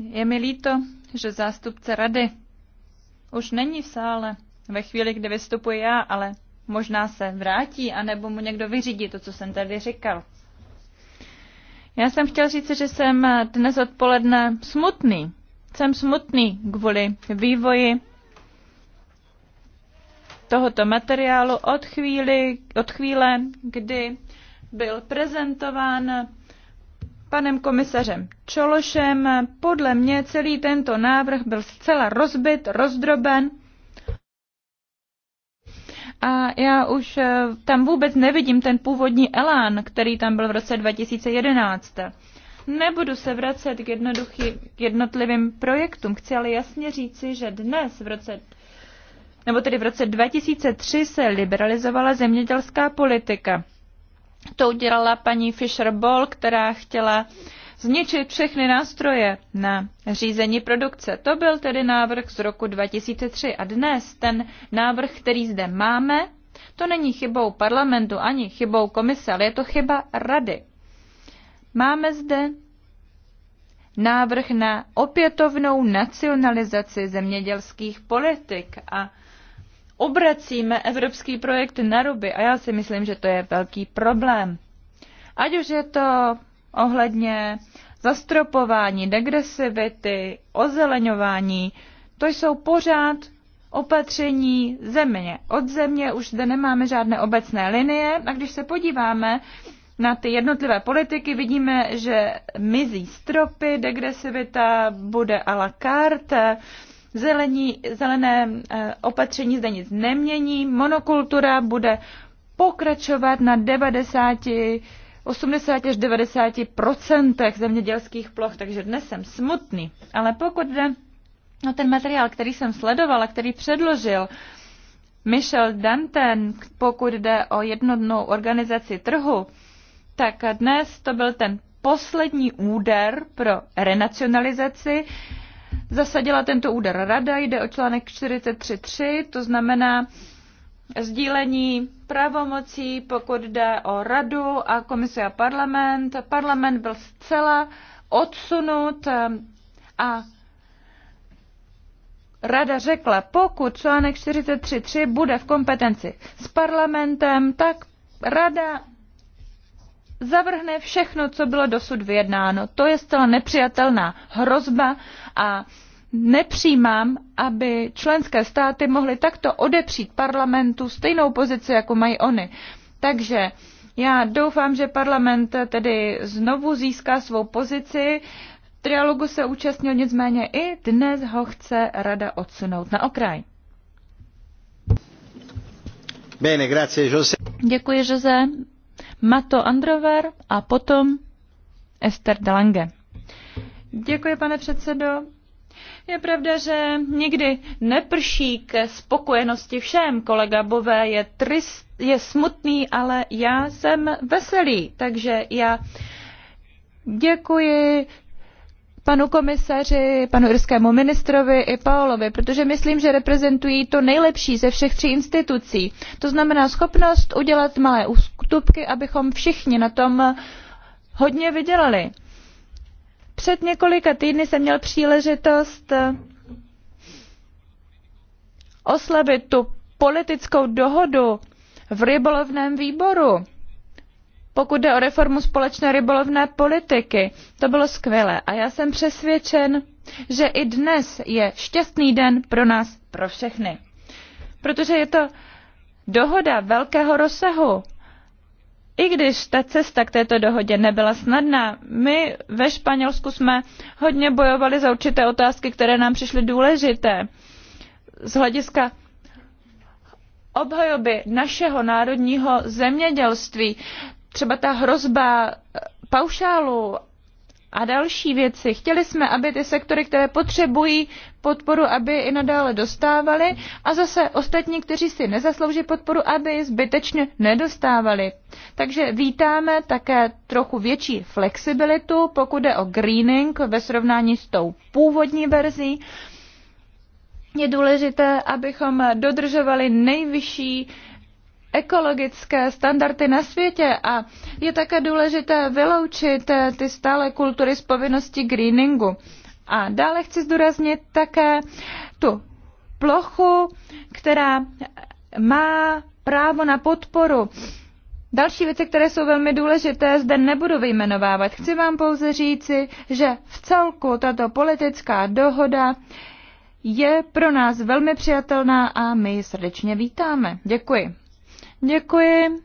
je mi líto, že zástupce rady už není v sále ve chvíli, kdy vystupuji já, ale možná se vrátí, anebo mu někdo vyřídí to, co jsem tady říkal. Já jsem chtěl říct, že jsem dnes odpoledne smutný. Jsem smutný kvůli vývoji tohoto materiálu od, chvíli, od chvíle, kdy byl prezentován panem komisařem Čološem. Podle mě celý tento návrh byl zcela rozbit, rozdroben. A já už eh, tam vůbec nevidím ten původní elán, který tam byl v roce 2011. Nebudu se vracet k, k jednotlivým projektům. Chci ale jasně říci, že dnes v roce nebo tedy v roce 2003 se liberalizovala zemědělská politika. To udělala paní Fisher Ball, která chtěla zničit všechny nástroje na řízení produkce. To byl tedy návrh z roku 2003 a dnes ten návrh, který zde máme, to není chybou parlamentu ani chybou komise, ale je to chyba rady. Máme zde návrh na opětovnou nacionalizaci zemědělských politik a obracíme evropský projekt na ruby a já si myslím, že to je velký problém. Ať už je to ohledně zastropování, degresivity, ozeleňování, to jsou pořád opatření země. Od země už zde nemáme žádné obecné linie a když se podíváme na ty jednotlivé politiky, vidíme, že mizí stropy, degresivita bude a la carte, zelení, zelené eh, opatření zde nic nemění, monokultura bude pokračovat na 90 80 až 90 procentech zemědělských ploch, takže dnes jsem smutný. Ale pokud jde o ten materiál, který jsem sledovala, který předložil Michel Danten, pokud jde o jednotnou organizaci trhu, tak dnes to byl ten poslední úder pro renacionalizaci, zasadila tento úder rada, jde o článek 43.3, to znamená sdílení pravomocí, pokud jde o radu a Komise a parlament. Parlament byl zcela odsunut ehm, a Rada řekla, pokud článek 43.3 bude v kompetenci s parlamentem, tak Rada zavrhne všechno, co bylo dosud vyjednáno. To je zcela nepřijatelná hrozba a nepřijímám, aby členské státy mohly takto odepřít parlamentu stejnou pozici, jako mají oni. Takže já doufám, že parlament tedy znovu získá svou pozici. trialogu se účastnil nicméně i dnes ho chce rada odsunout na okraj. Bene, grazie, Jose. Děkuji, Jose. Mato Androver a potom Ester Delange. Děkuji, pane předsedo. Je pravda, že nikdy neprší ke spokojenosti všem. Kolega Bové je, trist, je smutný, ale já jsem veselý, takže já děkuji panu komisaři, panu irskému ministrovi i Paolovi, protože myslím, že reprezentují to nejlepší ze všech tří institucí. To znamená schopnost udělat malé ústupky, abychom všichni na tom hodně vydělali. Před několika týdny jsem měl příležitost oslavit tu politickou dohodu v rybolovném výboru pokud jde o reformu společné rybolovné politiky. To bylo skvělé a já jsem přesvědčen, že i dnes je šťastný den pro nás, pro všechny. Protože je to dohoda velkého rozsahu. I když ta cesta k této dohodě nebyla snadná, my ve Španělsku jsme hodně bojovali za určité otázky, které nám přišly důležité. Z hlediska obhajoby našeho národního zemědělství třeba ta hrozba eh, paušálu a další věci. Chtěli jsme, aby ty sektory, které potřebují podporu, aby i nadále dostávali a zase ostatní, kteří si nezaslouží podporu, aby ji zbytečně nedostávali. Takže vítáme také trochu větší flexibilitu, pokud jde o greening ve srovnání s tou původní verzí. Je důležité, abychom dodržovali nejvyšší ekologické standardy na světě a je také důležité vyloučit eh, ty stále kultury z povinnosti greeningu. A dále chci zdůraznit také tu plochu, která má právo na podporu. Další věci, které jsou velmi důležité, zde nebudu vyjmenovávat. Chci vám pouze říci, že v celku tato politická dohoda je pro nás velmi přijatelná a my ji srdečně vítáme. Děkuji. Děkuji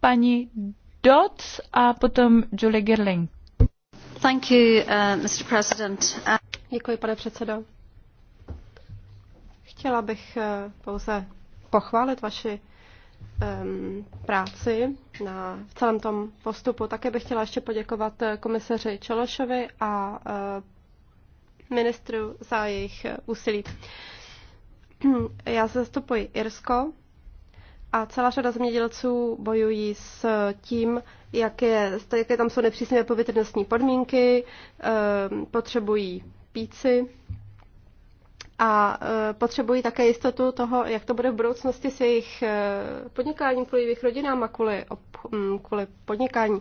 paní Dodds a potom Julie Girling. Thank you, uh, Mr. President. Uh... Děkuji, pane předsedo. Chtěla bych uh, pouze pochválit vaši um, práci na v celém tom postupu. Také bych chtěla ještě poděkovat uh, komisaři Čološovi a uh, ministru za jejich uh, úsilí. Uh, Já se zastupuji Irsko a celá řada zemědělců bojují s tím, jak je, jaké tam jsou nepřísné povětrnostní podmínky, eh, potřebují píci a eh, potřebují také jistotu toho, jak to bude v budoucnosti s jejich eh, podnikáním, kvůli jejich rodinám a kvůli, hm, kvůli podnikání.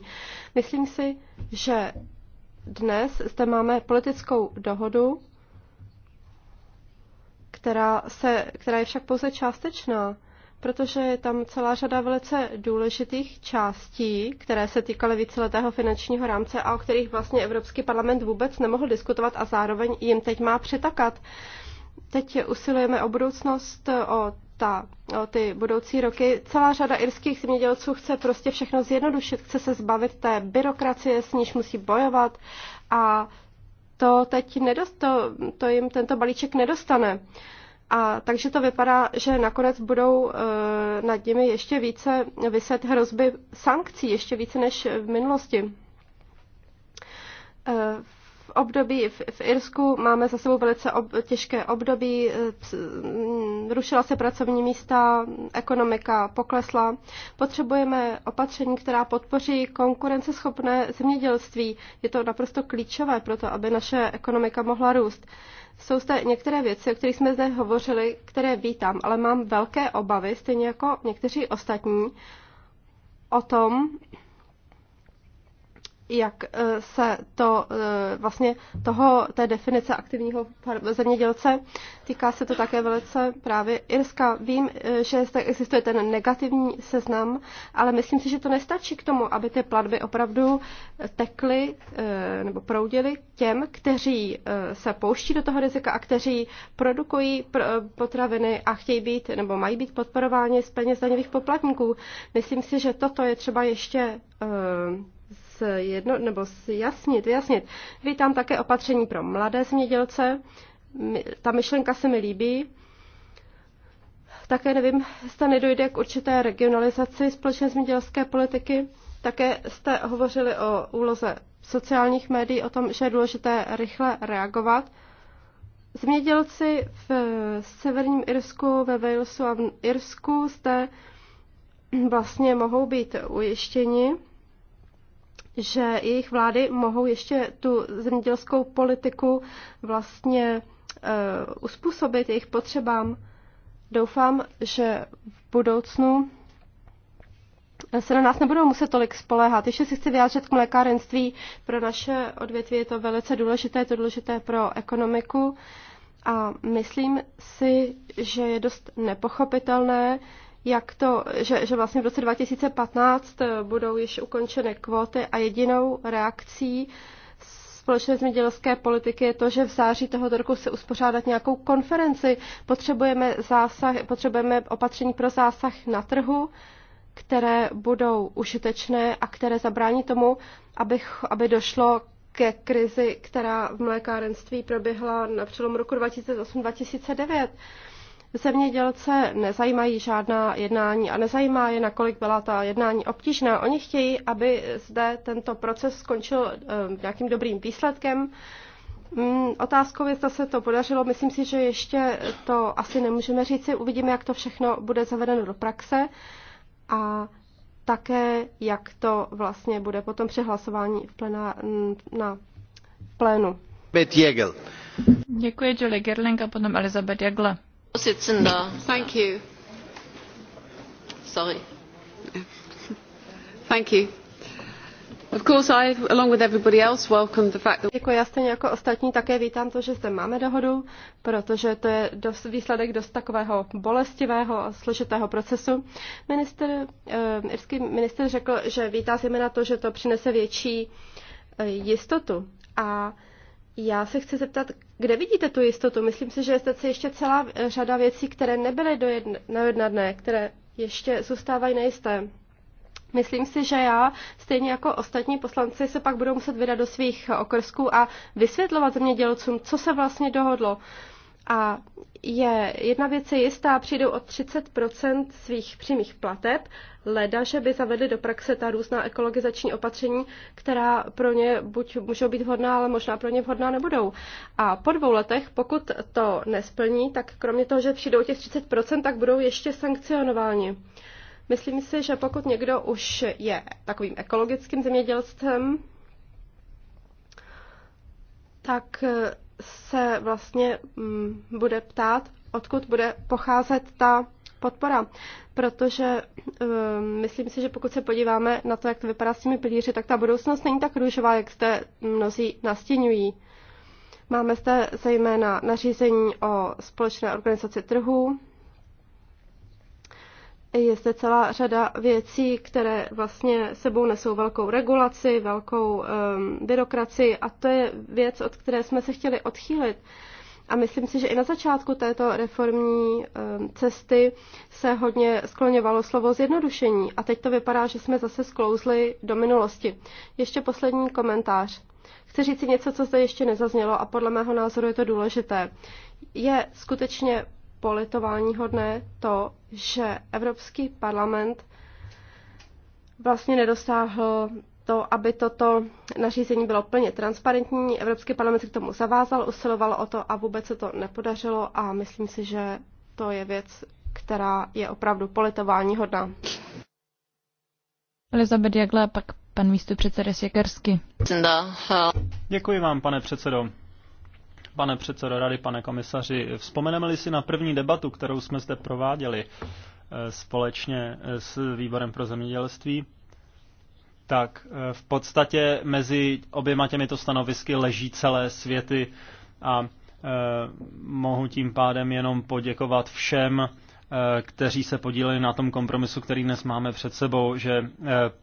Myslím si, že dnes zde máme politickou dohodu která, se, která je však pouze částečná, protože je tam celá řada velice důležitých částí, které se týkaly víceletého finančního rámce a o kterých vlastně Evropský parlament vůbec nemohl diskutovat a zároveň jim teď má přitakat. Teď usilujeme o budoucnost, o ta, o ty budoucí roky. Celá řada irských zemědělců chce prostě všechno zjednodušit, chce se zbavit té byrokracie, s níž musí bojovat a to teď nedost, to, to jim tento balíček nedostane. A takže to vypadá, že nakonec budou e, nad nimi ještě více vyset hrozby sankcí, ještě více než v minulosti. E, v období v, v Irsku máme za sebou velice ob, těžké období, e, rušila se pracovní místa, ekonomika poklesla. Potřebujeme opatření, která podpoří konkurenceschopné zemědělství. Je to naprosto klíčové pro to, aby naše ekonomika mohla růst. E, jsou zde některé věci, o kterých jsme zde hovořili, které vítám, ale mám velké obavy, stejně jako někteří ostatní, o tom, jak eh, se to eh, vlastně toho, té definice aktivního zemědělce, týká se to také velice právě Irska. Vím, eh, že zde existuje ten negativní seznam, ale myslím si, že to nestačí k tomu, aby ty platby opravdu tekly nebo proudily těm, kteří se pouští do toho rizika a kteří produkují potraviny a chtějí být nebo mají být podporováni z peněz daňových poplatníků. Myslím si, že toto je třeba ještě jedno, nebo jasnit, vyjasnit. Vítám také opatření pro mladé zemědělce. Ta myšlenka se mi líbí. Také nevím, zda nedojde k určité regionalizaci společné zemědělské politiky. Také jste hovořili o úloze sociálních médií, o tom, že je důležité rychle reagovat. Změdělci v severním Irsku, ve Walesu a v Irsku zde vlastně mohou být ujištěni, že jejich vlády mohou ještě tu zemědělskou politiku vlastně uh, eh, uspůsobit jejich potřebám. Doufám, že v budoucnu se na nás nebudou muset tolik spoléhat. Ještě si chci vyjádřit k mlékárenství. Pro naše odvětví je to velice důležité, je to důležité pro ekonomiku. A myslím si, že je dost nepochopitelné, jak to, že, že vlastně v roce 2015 eh, budou již ukončeny kvóty a jedinou reakcí společné zemědělské politiky je to, že v září tohoto roku se uspořádat nějakou konferenci. Potřebujeme, zásah, potřebujeme opatření pro zásah na trhu, které budou užitečné a které zabrání tomu, aby, aby došlo ke krizi, která v mlékárenství proběhla na přelomu roku 2008-2009 zemědělce nezajímají žádná jednání a nezajímá je, nakolik byla ta jednání obtížná. Oni chtějí, aby zde tento proces skončil eh, nějakým dobrým výsledkem. Mm, otázkou je, zda se to podařilo. Myslím si, že ještě to asi nemůžeme říci. Uvidíme, jak to všechno bude zavedeno do praxe a také, jak to vlastně bude potom přehlasování v plena, mm, na plénu. Děkuji Julie Gerling a potom Elizabeth Jagle. Sorry. Děkuji, já stejně jako ostatní také vítám to, že zde máme dohodu, protože to je dost, výsledek dost takového bolestivého a složitého procesu. Minister, uh, irský minister řekl, že vítá zejména to, že to přinese větší uh, jistotu. A já se chci zeptat, kde vidíte tu jistotu? Myslím si, že je se ještě celá eh, řada věcí, které nebyly dojednané, které ještě zůstávají nejisté. Myslím si, že já, stejně jako ostatní poslanci, se pak budou muset vydat do svých eh, okrsků a vysvětlovat zemědělcům, co se vlastně dohodlo. Uh, a je jedna věc je jistá, přijdou o 30 svých přímých plateb, leda, že by zavedly do praxe ta různá ekologizační opatření, která pro ně buď můžou být vhodná, ale možná pro ně vhodná nebudou. A po dvou letech, pokud to nesplní, tak kromě toho, že přijdou těch 30 tak budou ještě sankcionováni. Myslím si, že pokud někdo už je takovým ekologickým zemědělcem, tak se vlastně mm, bude ptát, odkud bude pocházet ta podpora, protože um, myslím si, že pokud se podíváme na to, jak to vypadá s těmi pilíři, tak ta budoucnost není tak růžová, jak jste mnozí nastěňují. Máme zde zejména nařízení o společné organizaci trhu, je zde celá řada věcí, které vlastně sebou nesou velkou regulaci, velkou um, byrokracii a to je věc, od které jsme se chtěli odchýlit. A myslím si, že i na začátku této reformní um, cesty se hodně skloněvalo slovo zjednodušení a teď to vypadá, že jsme zase sklouzli do minulosti. Ještě poslední komentář. Chci říct si něco, co zde ještě nezaznělo a podle mého názoru je to důležité. Je skutečně politováníhodné to, že Evropský parlament vlastně nedosáhl to, aby toto nařízení bylo plně transparentní. Evropský parlament se k tomu zavázal, usiloval o to a vůbec se to nepodařilo a myslím si, že to je věc, která je opravdu politování hodná. Elizabeth Jagle, pak pan místo předseda Děkuji vám, pane předsedo pane předsedo rady, pane komisaři. Vzpomeneme-li si na první debatu, kterou jsme zde prováděli eh, společně eh, s výborem pro zemědělství, tak eh, v podstatě mezi oběma těmito stanovisky leží celé světy a mohu tím pádem jenom poděkovat všem, kteří se podíleli na tom kompromisu, který dnes máme před sebou, že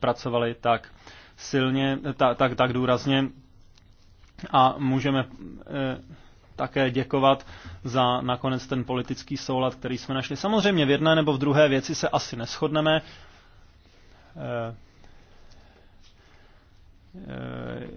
pracovali tak silně, tak, tak, tak důrazně a můžeme také děkovat za nakonec ten politický soulad, který jsme našli. Samozřejmě v jedné nebo v druhé věci se asi neschodneme. Eh, eh,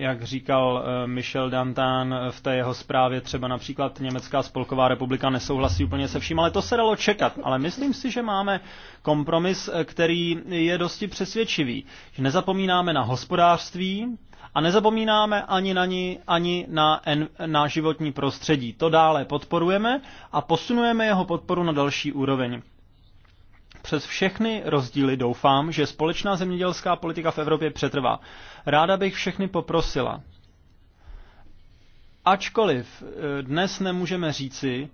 jak říkal eh, Michel Dantan v té jeho zprávě, třeba například Německá spolková republika nesouhlasí úplně se vším, ale to se dalo čekat. Ale myslím si, že máme kompromis, který je dosti přesvědčivý. Že nezapomínáme na hospodářství, a nezapomínáme ani na ní, ani na, en, na životní prostředí. To dále podporujeme a posunujeme jeho podporu na další úroveň. Přes všechny rozdíly doufám, že společná zemědělská politika v Evropě přetrvá. Ráda bych všechny poprosila. Ačkoliv eh, dnes nemůžeme říci,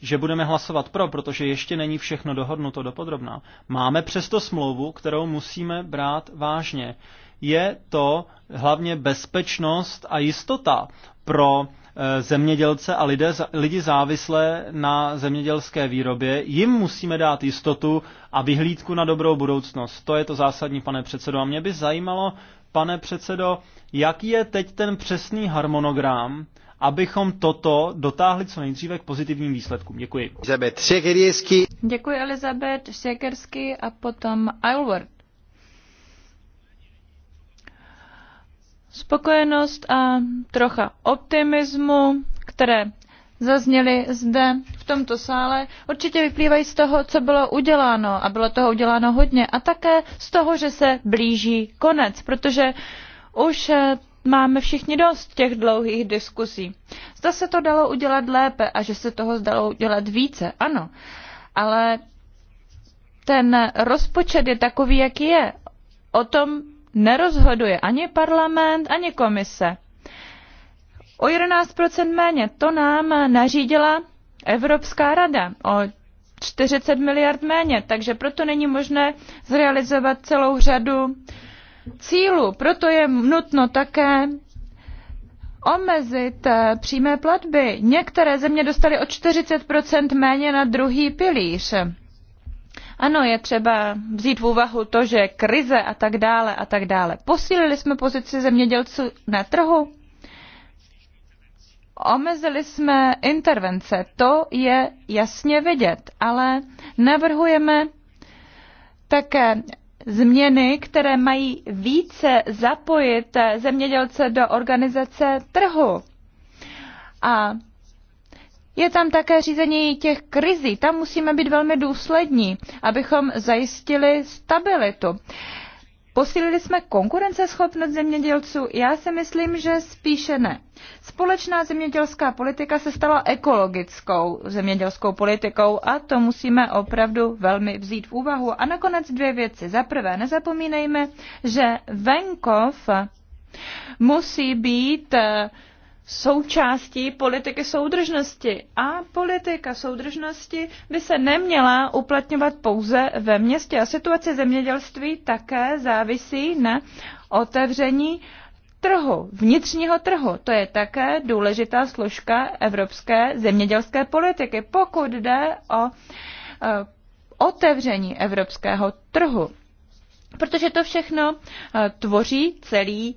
že budeme hlasovat pro, protože ještě není všechno dohodnuto do podrobná, Máme přesto smlouvu, kterou musíme brát vážně je to hlavně bezpečnost a jistota pro eh, zemědělce a lidé, lidi závislé na zemědělské výrobě. Jim musíme dát jistotu a vyhlídku na dobrou budoucnost. To je to zásadní, pane předsedo. A mě by zajímalo, pane předsedo, jaký je teď ten přesný harmonogram, abychom toto dotáhli co nejdříve k pozitivním výsledkům. Děkuji. Elizabeth Šekersky. Děkuji Elizabeth Šekersky a potom Aylward. spokojenost a trocha optimismu, které zazněly zde v tomto sále, určitě vyplývají z toho, co bylo uděláno a bylo toho uděláno hodně a také z toho, že se blíží konec, protože už eh, máme všichni dost těch dlouhých diskusí. Zda se to dalo udělat lépe a že se toho zdalo udělat více, ano. Ale ten rozpočet je takový, jaký je. O tom nerozhoduje ani parlament, ani komise. O 11% méně to nám nařídila Evropská rada. O 40 miliard méně, takže proto není možné zrealizovat celou řadu cílů. Proto je nutno také omezit eh, přímé platby. Některé země dostaly o 40 méně na druhý pilíř. Ano, je třeba vzít v úvahu to, že krize a tak dále a tak dále. Posílili jsme pozici zemědělců na trhu, omezili jsme intervence, to je jasně vidět, ale navrhujeme také změny, které mají více zapojit zemědělce do organizace trhu. A je tam také řízení těch krizí. Tam musíme být velmi důslední, abychom zajistili stabilitu. Posílili jsme konkurenceschopnost zemědělců? Já si myslím, že spíše ne. Společná zemědělská politika se stala ekologickou zemědělskou politikou a to musíme opravdu velmi vzít v úvahu. A nakonec dvě věci. Za prvé, nezapomínejme, že venkov musí být uh, součástí politiky soudržnosti. A politika soudržnosti by se neměla uplatňovat pouze ve městě. A situace zemědělství také závisí na otevření trhu, vnitřního trhu. To je také důležitá složka evropské zemědělské politiky, pokud jde o eh, otevření evropského trhu. Protože to všechno eh, tvoří celý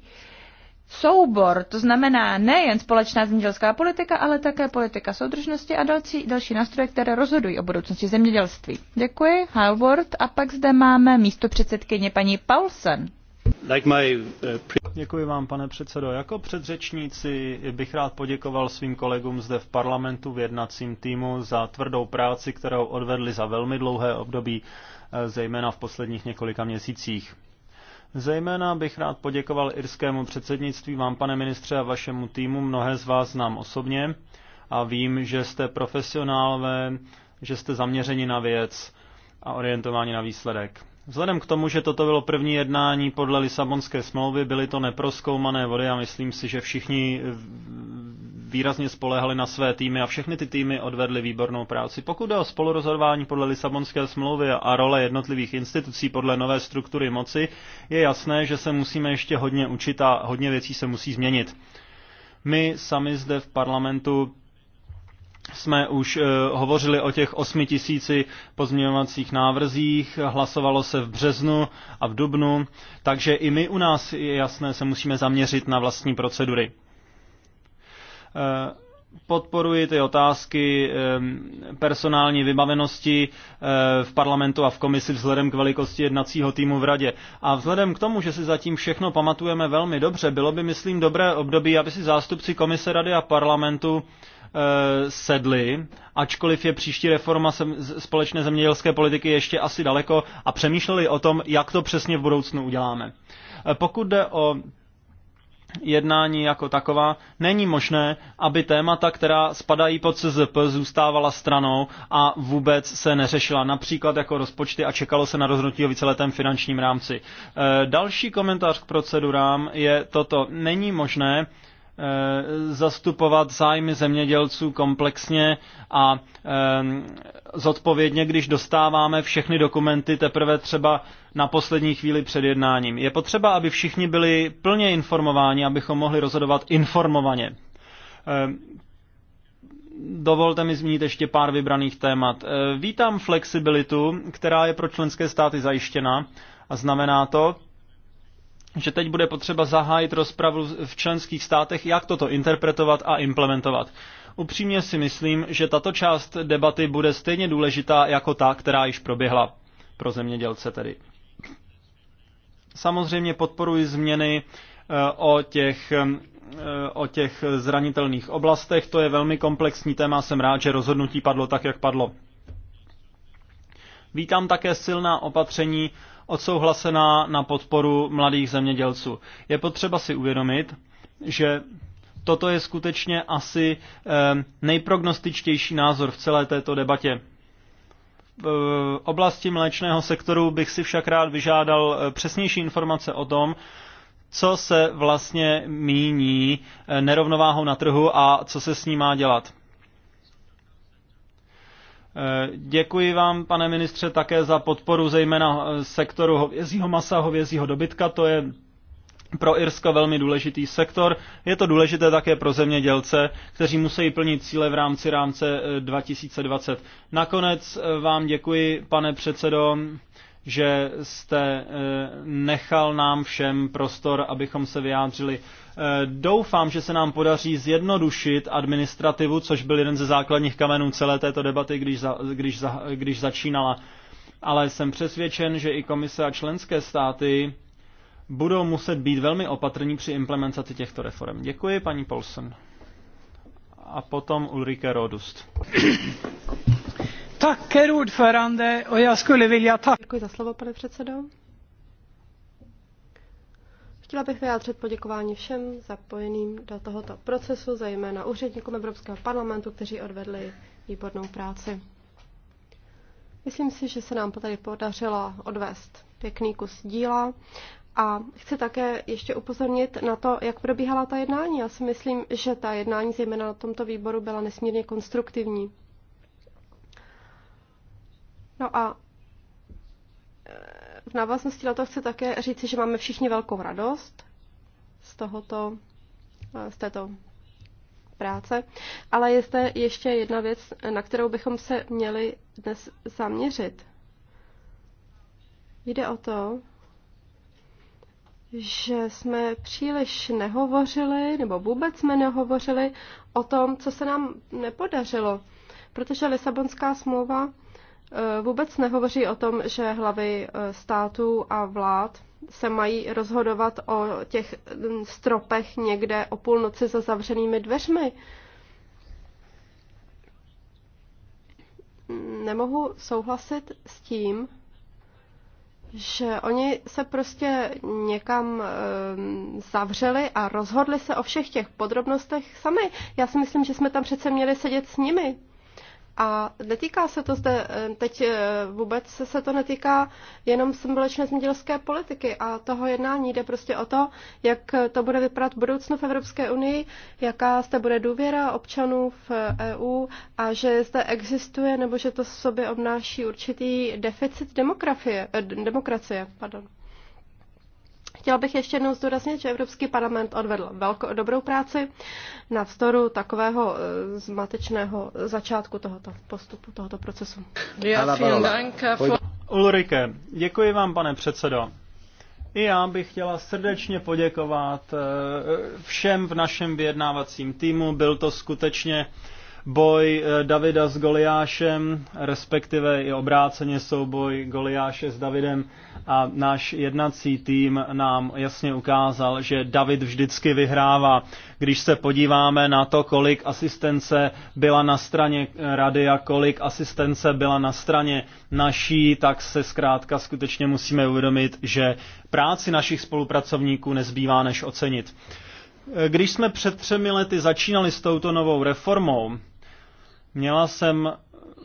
soubor, to znamená nejen společná zemědělská politika, ale také politika soudržnosti a další, další nástroje, které rozhodují o budoucnosti zemědělství. Děkuji, Howard. A pak zde máme místo předsedkyně paní Paulsen. Like my, uh, Děkuji vám, pane předsedo. Jako předřečníci bych rád poděkoval svým kolegům zde v parlamentu v jednacím týmu za tvrdou práci, kterou odvedli za velmi dlouhé období, eh, zejména v posledních několika měsících. Zejména bych rád poděkoval irskému předsednictví, vám pane ministře a vašemu týmu, mnohé z vás znám osobně a vím, že jste profesionálové, že jste zaměřeni na věc a orientováni na výsledek. Vzhledem k tomu, že toto bylo první jednání podle Lisabonské smlouvy, byly to neproskoumané vody a myslím si, že všichni výrazně spolehali na své týmy a všechny ty týmy odvedly výbornou práci. Pokud jde o spolurozhodování podle Lisabonské smlouvy a role jednotlivých institucí podle nové struktury moci, je jasné, že se musíme ještě hodně učit a hodně věcí se musí změnit. My sami zde v parlamentu jsme už eh, hovořili o těch 8 tisíci pozměňovacích návrzích, hlasovalo se v březnu a v dubnu, takže i my u nás je jasné, se musíme zaměřit na vlastní procedury. Eh, podporuji ty otázky eh, personální vybavenosti eh, v parlamentu a v komisi vzhledem k velikosti jednacího týmu v radě. A vzhledem k tomu, že si zatím všechno pamatujeme velmi dobře, bylo by, myslím, dobré období, aby si zástupci komise rady a parlamentu sedli, ačkoliv je příští reforma společné zemědělské politiky ještě asi daleko a přemýšleli o tom, jak to přesně v budoucnu uděláme. Pokud jde o jednání jako taková, není možné, aby témata, která spadají pod CZP, zůstávala stranou a vůbec se neřešila, například jako rozpočty a čekalo se na rozhodnutí o víceletém finančním rámci. E, další komentář k procedurám je toto. Není možné, Eh, zastupovat zájmy zemědělců komplexně a eh, zodpovědně, když dostáváme všechny dokumenty teprve třeba na poslední chvíli před jednáním. Je potřeba, aby všichni byli plně informováni, abychom mohli rozhodovat informovaně. Eh, dovolte mi zmínit ještě pár vybraných témat. Vítám flexibilitu, která je pro členské státy zajištěna a znamená to, že teď bude potřeba zahájit rozpravu v členských státech, jak toto interpretovat a implementovat. Upřímně si myslím, že tato část debaty bude stejně důležitá jako ta, která již proběhla pro zemědělce tedy. Samozřejmě podporuji změny eh, o těch, eh, o těch zranitelných oblastech. To je velmi komplexní téma. Jsem rád, že rozhodnutí padlo tak, jak padlo. Vítám také silná opatření odsouhlasená na podporu mladých zemědělců. Je potřeba si uvědomit, že toto je skutečně asi eh, nejprognostičtější názor v celé této debatě. V eh, oblasti mléčného sektoru bych si však rád vyžádal eh, přesnější informace o tom, co se vlastně míní nerovnováhou na trhu a co se s ní má dělat. Eh, děkuji vám, pane ministře, také za podporu zejména eh, sektoru hovězího masa, hovězího dobytka. To je pro Irsko velmi důležitý sektor. Je to důležité také pro zemědělce, kteří musí plnit cíle v rámci rámce 2020. Eh, Nakonec vám děkuji, pane předsedo, že jste nechal nám všem prostor, abychom se vyjádřili Eh, doufám, že se nám podaří zjednodušit administrativu, což byl jeden ze základních kamenů celé této debaty, když, za, když, za, když začínala. Ale jsem přesvědčen, že i komise a členské státy budou muset být velmi opatrní při implementaci těchto reform. Děkuji, paní Polson. A potom Ulrike Rodust. Tack, ordförande, och já skulle vilja tak. Děkuji za slovo, pane předsedo. Chtěla bych vyjádřit poděkování všem zapojeným do tohoto procesu, zejména úředníkům Evropského parlamentu, kteří odvedli výbornou práci. Myslím si, že se nám tady podařilo odvést pěkný kus díla a chci také ještě upozornit na to, jak probíhala ta jednání. Já si myslím, že ta jednání zejména na tomto výboru byla nesmírně konstruktivní. No a návaznosti na to chci také říci, že máme všichni velkou radost z tohoto, eh, z této práce. Ale je zde ještě jedna věc, na kterou bychom se měli dnes zaměřit. Jde o to, že jsme příliš nehovořili, nebo vůbec jsme nehovořili o tom, co se nám nepodařilo, protože Lisabonská smlouva Eh, vůbec nehovoří o tom, že hlavy eh, států a vlád se mají rozhodovat o těch mm, stropech někde o půlnoci za zavřenými dveřmi. Nemohu souhlasit s tím, že oni se prostě někam e, zavřeli a rozhodli se o všech těch podrobnostech sami. Já si myslím, že jsme tam přece měli sedět s nimi. A netýká se to zde, eh, teď eh, vůbec se to netýká jenom společné zemědělské politiky a toho jednání. Jde prostě o to, jak to bude vypadat v budoucnu v Evropské unii, jaká zde bude důvěra občanů v EU eh, e a že zde existuje nebo že to v sobě obnáší určitý deficit demografie, eh, demokracie. Pardon. Chtěla bych ještě jednou zdůraznit, že Evropský parlament odvedl velkou dobrou práci na vzdoru takového eh, zmatečného začátku tohoto postupu, tohoto procesu. Ulrike, děkuji vám, pane předsedo. I já bych chtěla srdečně poděkovat eh, všem v našem vyjednávacím týmu. Byl to skutečně boj eh, Davida s Goliášem, respektive i obráceně souboj Goliáše s Davidem a náš jednací tým nám jasně ukázal, že David vždycky vyhrává. Když se podíváme na to, kolik asistence byla na straně eh, rady a kolik asistence byla na straně naší, tak se zkrátka skutečně musíme uvědomit, že práci našich spolupracovníků nezbývá než ocenit. Eh, když jsme před třemi lety začínali s touto novou reformou, Měla jsem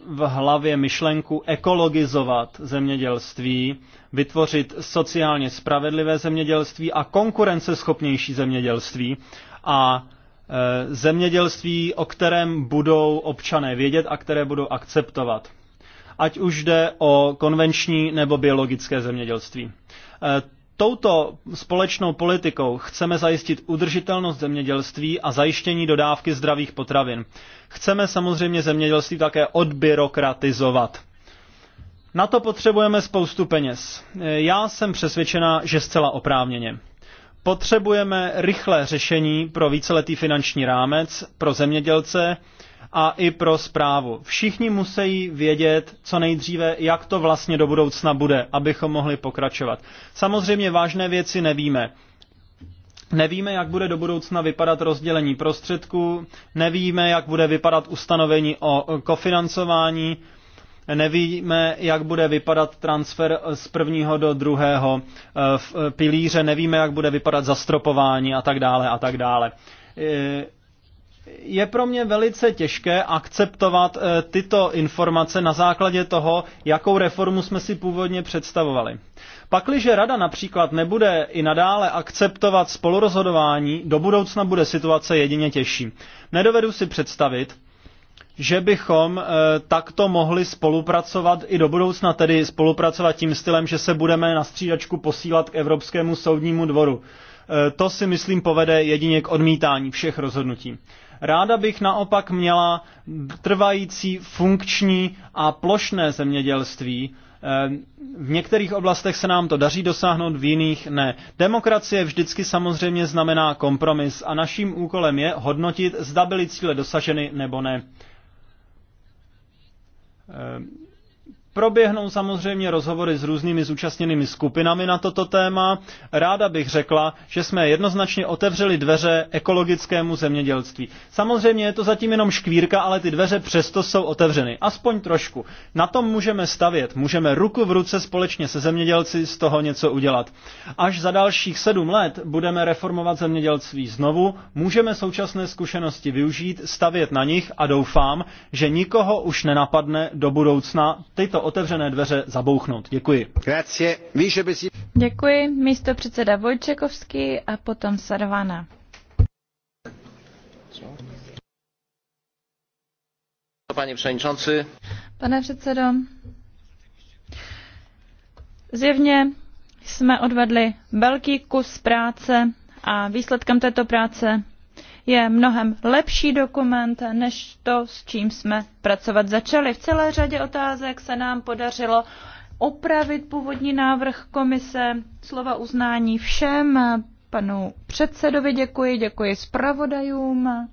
v hlavě myšlenku ekologizovat zemědělství, vytvořit sociálně spravedlivé zemědělství a konkurenceschopnější zemědělství a e, zemědělství, o kterém budou občané vědět a které budou akceptovat. Ať už jde o konvenční nebo biologické zemědělství. E, touto společnou politikou chceme zajistit udržitelnost zemědělství a zajištění dodávky zdravých potravin. Chceme samozřejmě zemědělství také odbyrokratizovat. Na to potřebujeme spoustu peněz. Já jsem přesvědčena, že zcela oprávněně. Potřebujeme rychlé řešení pro víceletý finanční rámec, pro zemědělce, a i pro zprávu. Všichni musí vědět co nejdříve, jak to vlastně do budoucna bude, abychom mohli pokračovat. Samozřejmě vážné věci nevíme. Nevíme, jak bude do budoucna vypadat rozdělení prostředků, nevíme, jak bude vypadat ustanovení o kofinancování, nevíme, jak bude vypadat transfer z prvního do druhého eh, pilíře, nevíme, jak bude vypadat zastropování a tak dále a tak dále. Eh, je pro mě velice těžké akceptovat eh, tyto informace na základě toho, jakou reformu jsme si původně představovali. Pakliže rada například nebude i nadále akceptovat spolurozhodování, do budoucna bude situace jedině těžší. Nedovedu si představit, že bychom eh, takto mohli spolupracovat i do budoucna, tedy spolupracovat tím stylem, že se budeme na střídačku posílat k Evropskému soudnímu dvoru. Eh, to si myslím povede jedině k odmítání všech rozhodnutí. Ráda bych naopak měla trvající, funkční a plošné zemědělství. Eh, v některých oblastech se nám to daří dosáhnout, v jiných ne. Demokracie vždycky samozřejmě znamená kompromis a naším úkolem je hodnotit, zda byly cíle dosaženy nebo ne eh, Proběhnou samozřejmě rozhovory s různými zúčastněnými skupinami na toto téma. Ráda bych řekla, že jsme jednoznačně otevřeli dveře ekologickému zemědělství. Samozřejmě je to zatím jenom škvírka, ale ty dveře přesto jsou otevřeny. Aspoň trošku. Na tom můžeme stavět. Můžeme ruku v ruce společně se zemědělci z toho něco udělat. Až za dalších sedm let budeme reformovat zemědělství znovu, můžeme současné zkušenosti využít, stavět na nich a doufám, že nikoho už nenapadne do budoucna tyto otevřené dveře zabouchnout. Děkuji. Děkuji. Místo předseda Vojčekovský a potom Sarvana. Pane předsedající. Pane předsedo, zjevně jsme odvedli velký kus práce a výsledkem této práce je mnohem lepší dokument, než to, s čím jsme pracovat začali. V celé řadě otázek se nám podařilo opravit původní návrh komise. Slova uznání všem. Panu předsedovi děkuji, děkuji zpravodajům.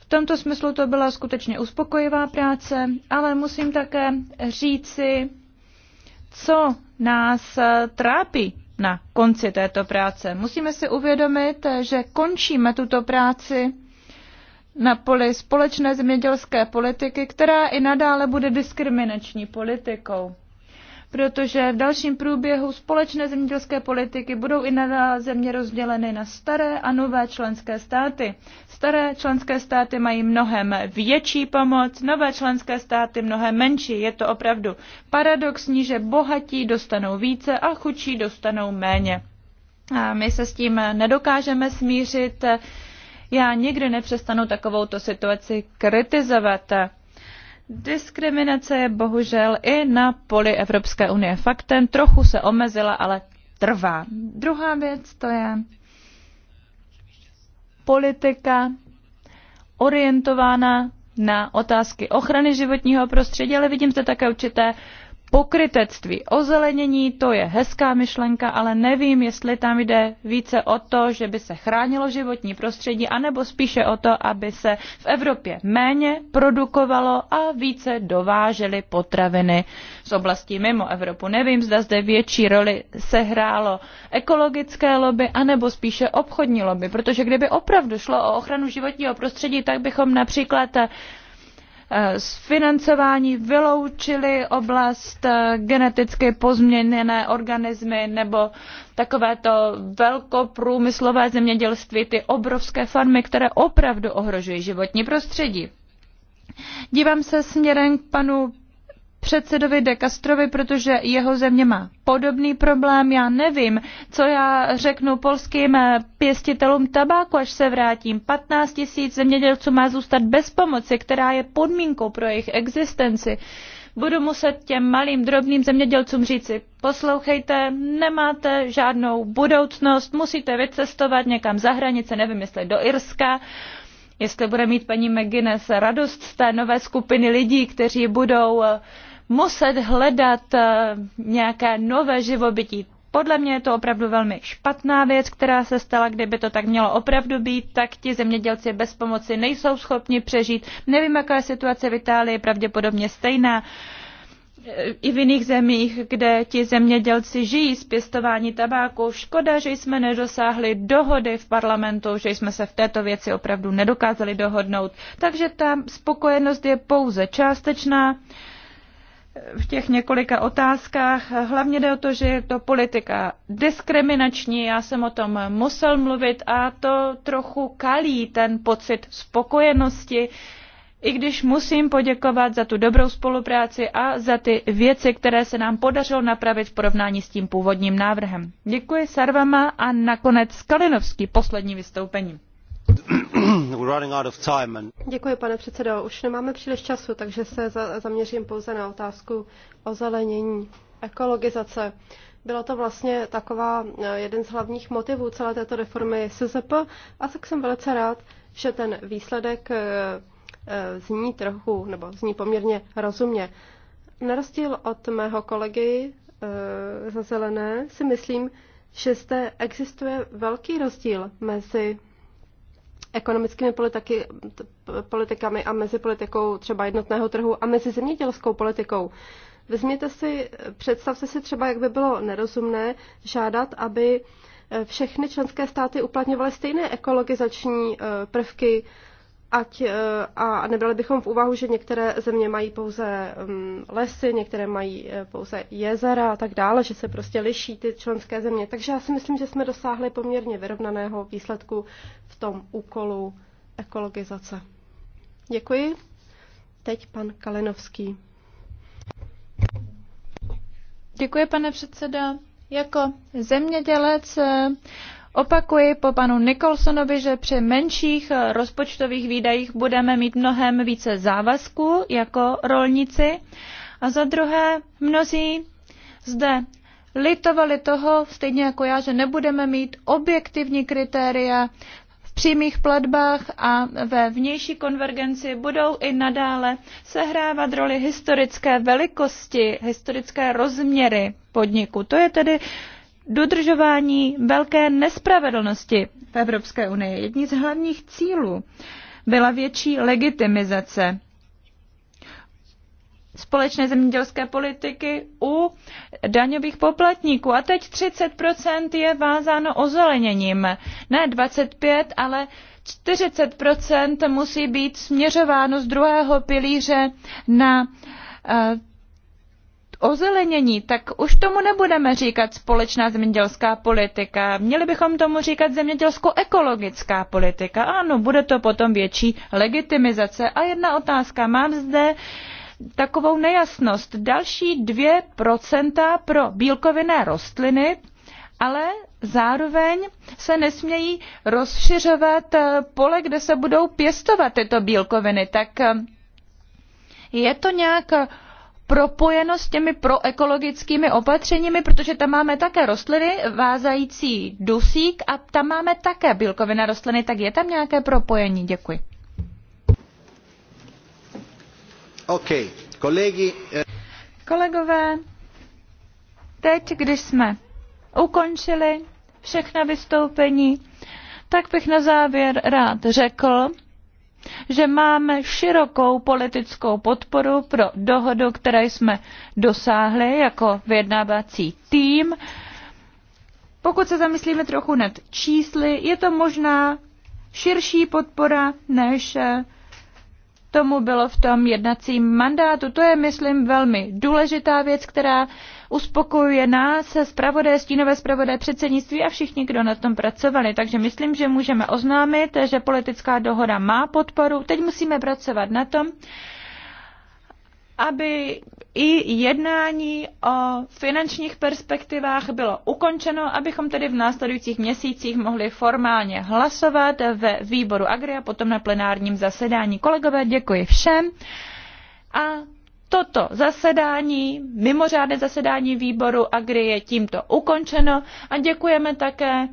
V tomto smyslu to byla skutečně uspokojivá práce, ale musím také říci, co nás trápí na konci této práce. Musíme si uvědomit, že končíme tuto práci na poli společné zemědělské politiky, která i nadále bude diskriminační politikou protože v dalším průběhu společné zemědělské politiky budou i nadále země rozděleny na staré a nové členské státy. Staré členské státy mají mnohem větší pomoc, nové členské státy mnohem menší. Je to opravdu paradoxní, že bohatí dostanou více a chudší dostanou méně. A my se s tím nedokážeme smířit. Já nikdy nepřestanu takovouto situaci kritizovat. Diskriminace je bohužel i na poli Evropské unie faktem. Trochu se omezila, ale trvá. Druhá věc to je politika orientována na otázky ochrany životního prostředí, ale vidím zde také určité pokrytectví. Ozelenění to je hezká myšlenka, ale nevím, jestli tam jde více o to, že by se chránilo životní prostředí, anebo spíše o to, aby se v Evropě méně produkovalo a více dovážely potraviny z oblastí mimo Evropu. Nevím, zda zde větší roli sehrálo ekologické lobby, anebo spíše obchodní lobby, protože kdyby opravdu šlo o ochranu životního prostředí, tak bychom například z eh, financování vyloučili oblast eh, geneticky pozměněné organismy nebo takovéto velkoprůmyslové zemědělství, ty obrovské farmy, které opravdu ohrožují životní prostředí. Dívám se směrem k panu předsedovi De Castrovi, protože jeho země má podobný problém. Já nevím, co já řeknu polským eh, pěstitelům tabáku, až se vrátím. 15 tisíc zemědělců má zůstat bez pomoci, která je podmínkou pro jejich existenci. Budu muset těm malým drobným zemědělcům říci, poslouchejte, nemáte žádnou budoucnost, musíte vycestovat někam za hranice, nevím jestli do Irska, jestli bude mít paní McGuinness radost z té nové skupiny lidí, kteří budou uh, muset hledat eh, nějaké nové živobytí. Podle mě je to opravdu velmi špatná věc, která se stala, kdyby to tak mělo opravdu být, tak ti zemědělci bez pomoci nejsou schopni přežít. Nevím, jaká je situace v Itálii, pravděpodobně stejná eh, i v jiných zemích, kde ti zemědělci žijí z pěstování tabáku. Škoda, že jsme nedosáhli dohody v parlamentu, že jsme se v této věci opravdu nedokázali dohodnout. Takže ta spokojenost je pouze částečná v těch několika otázkách. Hlavně jde o to, že je to politika diskriminační, já jsem o tom musel mluvit a to trochu kalí ten pocit spokojenosti, i když musím poděkovat za tu dobrou spolupráci a za ty věci, které se nám podařilo napravit v porovnání s tím původním návrhem. Děkuji Sarvama a nakonec Kalinovský poslední vystoupení. Děkuji, pane předsedo. Už nemáme příliš času, takže se za, zaměřím pouze na otázku o zelenění, ekologizace. Byla to vlastně taková eh, jeden z hlavních motivů celé této reformy SZP a tak jsem velice rád, že ten výsledek eh, eh, zní trochu, nebo zní poměrně rozumně. Na rozdíl od mého kolegy za zelené si myslím, že zde existuje velký rozdíl mezi ekonomickými politiky, politikami a mezi politikou třeba jednotného trhu a mezi zemědělskou politikou. Vezměte si, představte si třeba, jak by bylo nerozumné žádat, aby eh, všechny členské státy uplatňovaly stejné ekologizační eh, prvky, ať eh, a nebrali bychom v úvahu, že některé země mají pouze mm, lesy, některé mají eh, pouze jezera a tak dále, že se prostě liší ty členské země. Takže já si myslím, že jsme dosáhli poměrně vyrovnaného výsledku v tom úkolu ekologizace. Děkuji. Teď pan Kalinovský. Děkuji, pane předseda. Jako zemědělec eh, Opakuji po panu Nicholsonovi, že při menších eh, rozpočtových výdajích budeme mít mnohem více závazků jako rolníci. A za druhé, mnozí zde litovali toho, stejně jako já, že nebudeme mít objektivní kritéria v přímých platbách a ve vnější konvergenci budou i nadále sehrávat roli historické velikosti, historické rozměry podniku. To je tedy dodržování velké nespravedlnosti v Evropské unii. Jedním z hlavních cílů byla větší legitimizace společné zemědělské politiky u daňových poplatníků. A teď 30% je vázáno ozeleněním. Ne 25%, ale 40% musí být směřováno z druhého pilíře na eh, ozelenění, tak už tomu nebudeme říkat společná zemědělská politika. Měli bychom tomu říkat zemědělsko-ekologická politika. Ano, bude to potom větší legitimizace. A jedna otázka. Mám zde takovou nejasnost. Další 2% pro bílkovinné rostliny, ale zároveň se nesmějí rozšiřovat eh, pole, kde se budou pěstovat tyto bílkoviny. Tak eh, je to nějak propojeno s těmi proekologickými opatřeními, protože tam máme také rostliny vázající dusík a tam máme také bílkovina rostliny, tak je tam nějaké propojení? Děkuji. OK, kolegy. Eh, Kolegové, teď, když jsme ukončili všechna vystoupení, tak bych na závěr rád řekl, že máme širokou politickou podporu pro dohodu, které jsme dosáhli jako vyjednávací tým. Pokud se zamyslíme trochu nad čísly, je to možná širší podpora než eh, tomu bylo v tom jednacím mandátu. To je, myslím, velmi důležitá věc, která uspokojuje nás, zpravodé, stínové zpravodé, předsednictví a všichni, kdo na tom pracovali. Takže myslím, že můžeme oznámit, že politická dohoda má podporu. Teď musíme pracovat na tom, aby i jednání o finančních perspektivách bylo ukončeno, abychom tedy v následujících měsících mohli formálně hlasovat ve výboru Agri a potom na plenárním zasedání. Kolegové, děkuji všem. A toto zasedání, mimořádné zasedání výboru Agri je tímto ukončeno a děkujeme také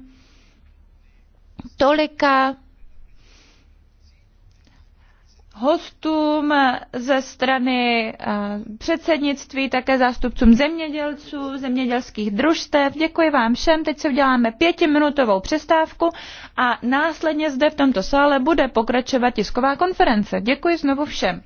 tolika hostům ze strany eh, předsednictví, také zástupcům zemědělců, zemědělských družstev. Děkuji vám všem. Teď si uděláme pětiminutovou přestávku a následně zde v tomto sále bude pokračovat tisková konference. Děkuji znovu všem.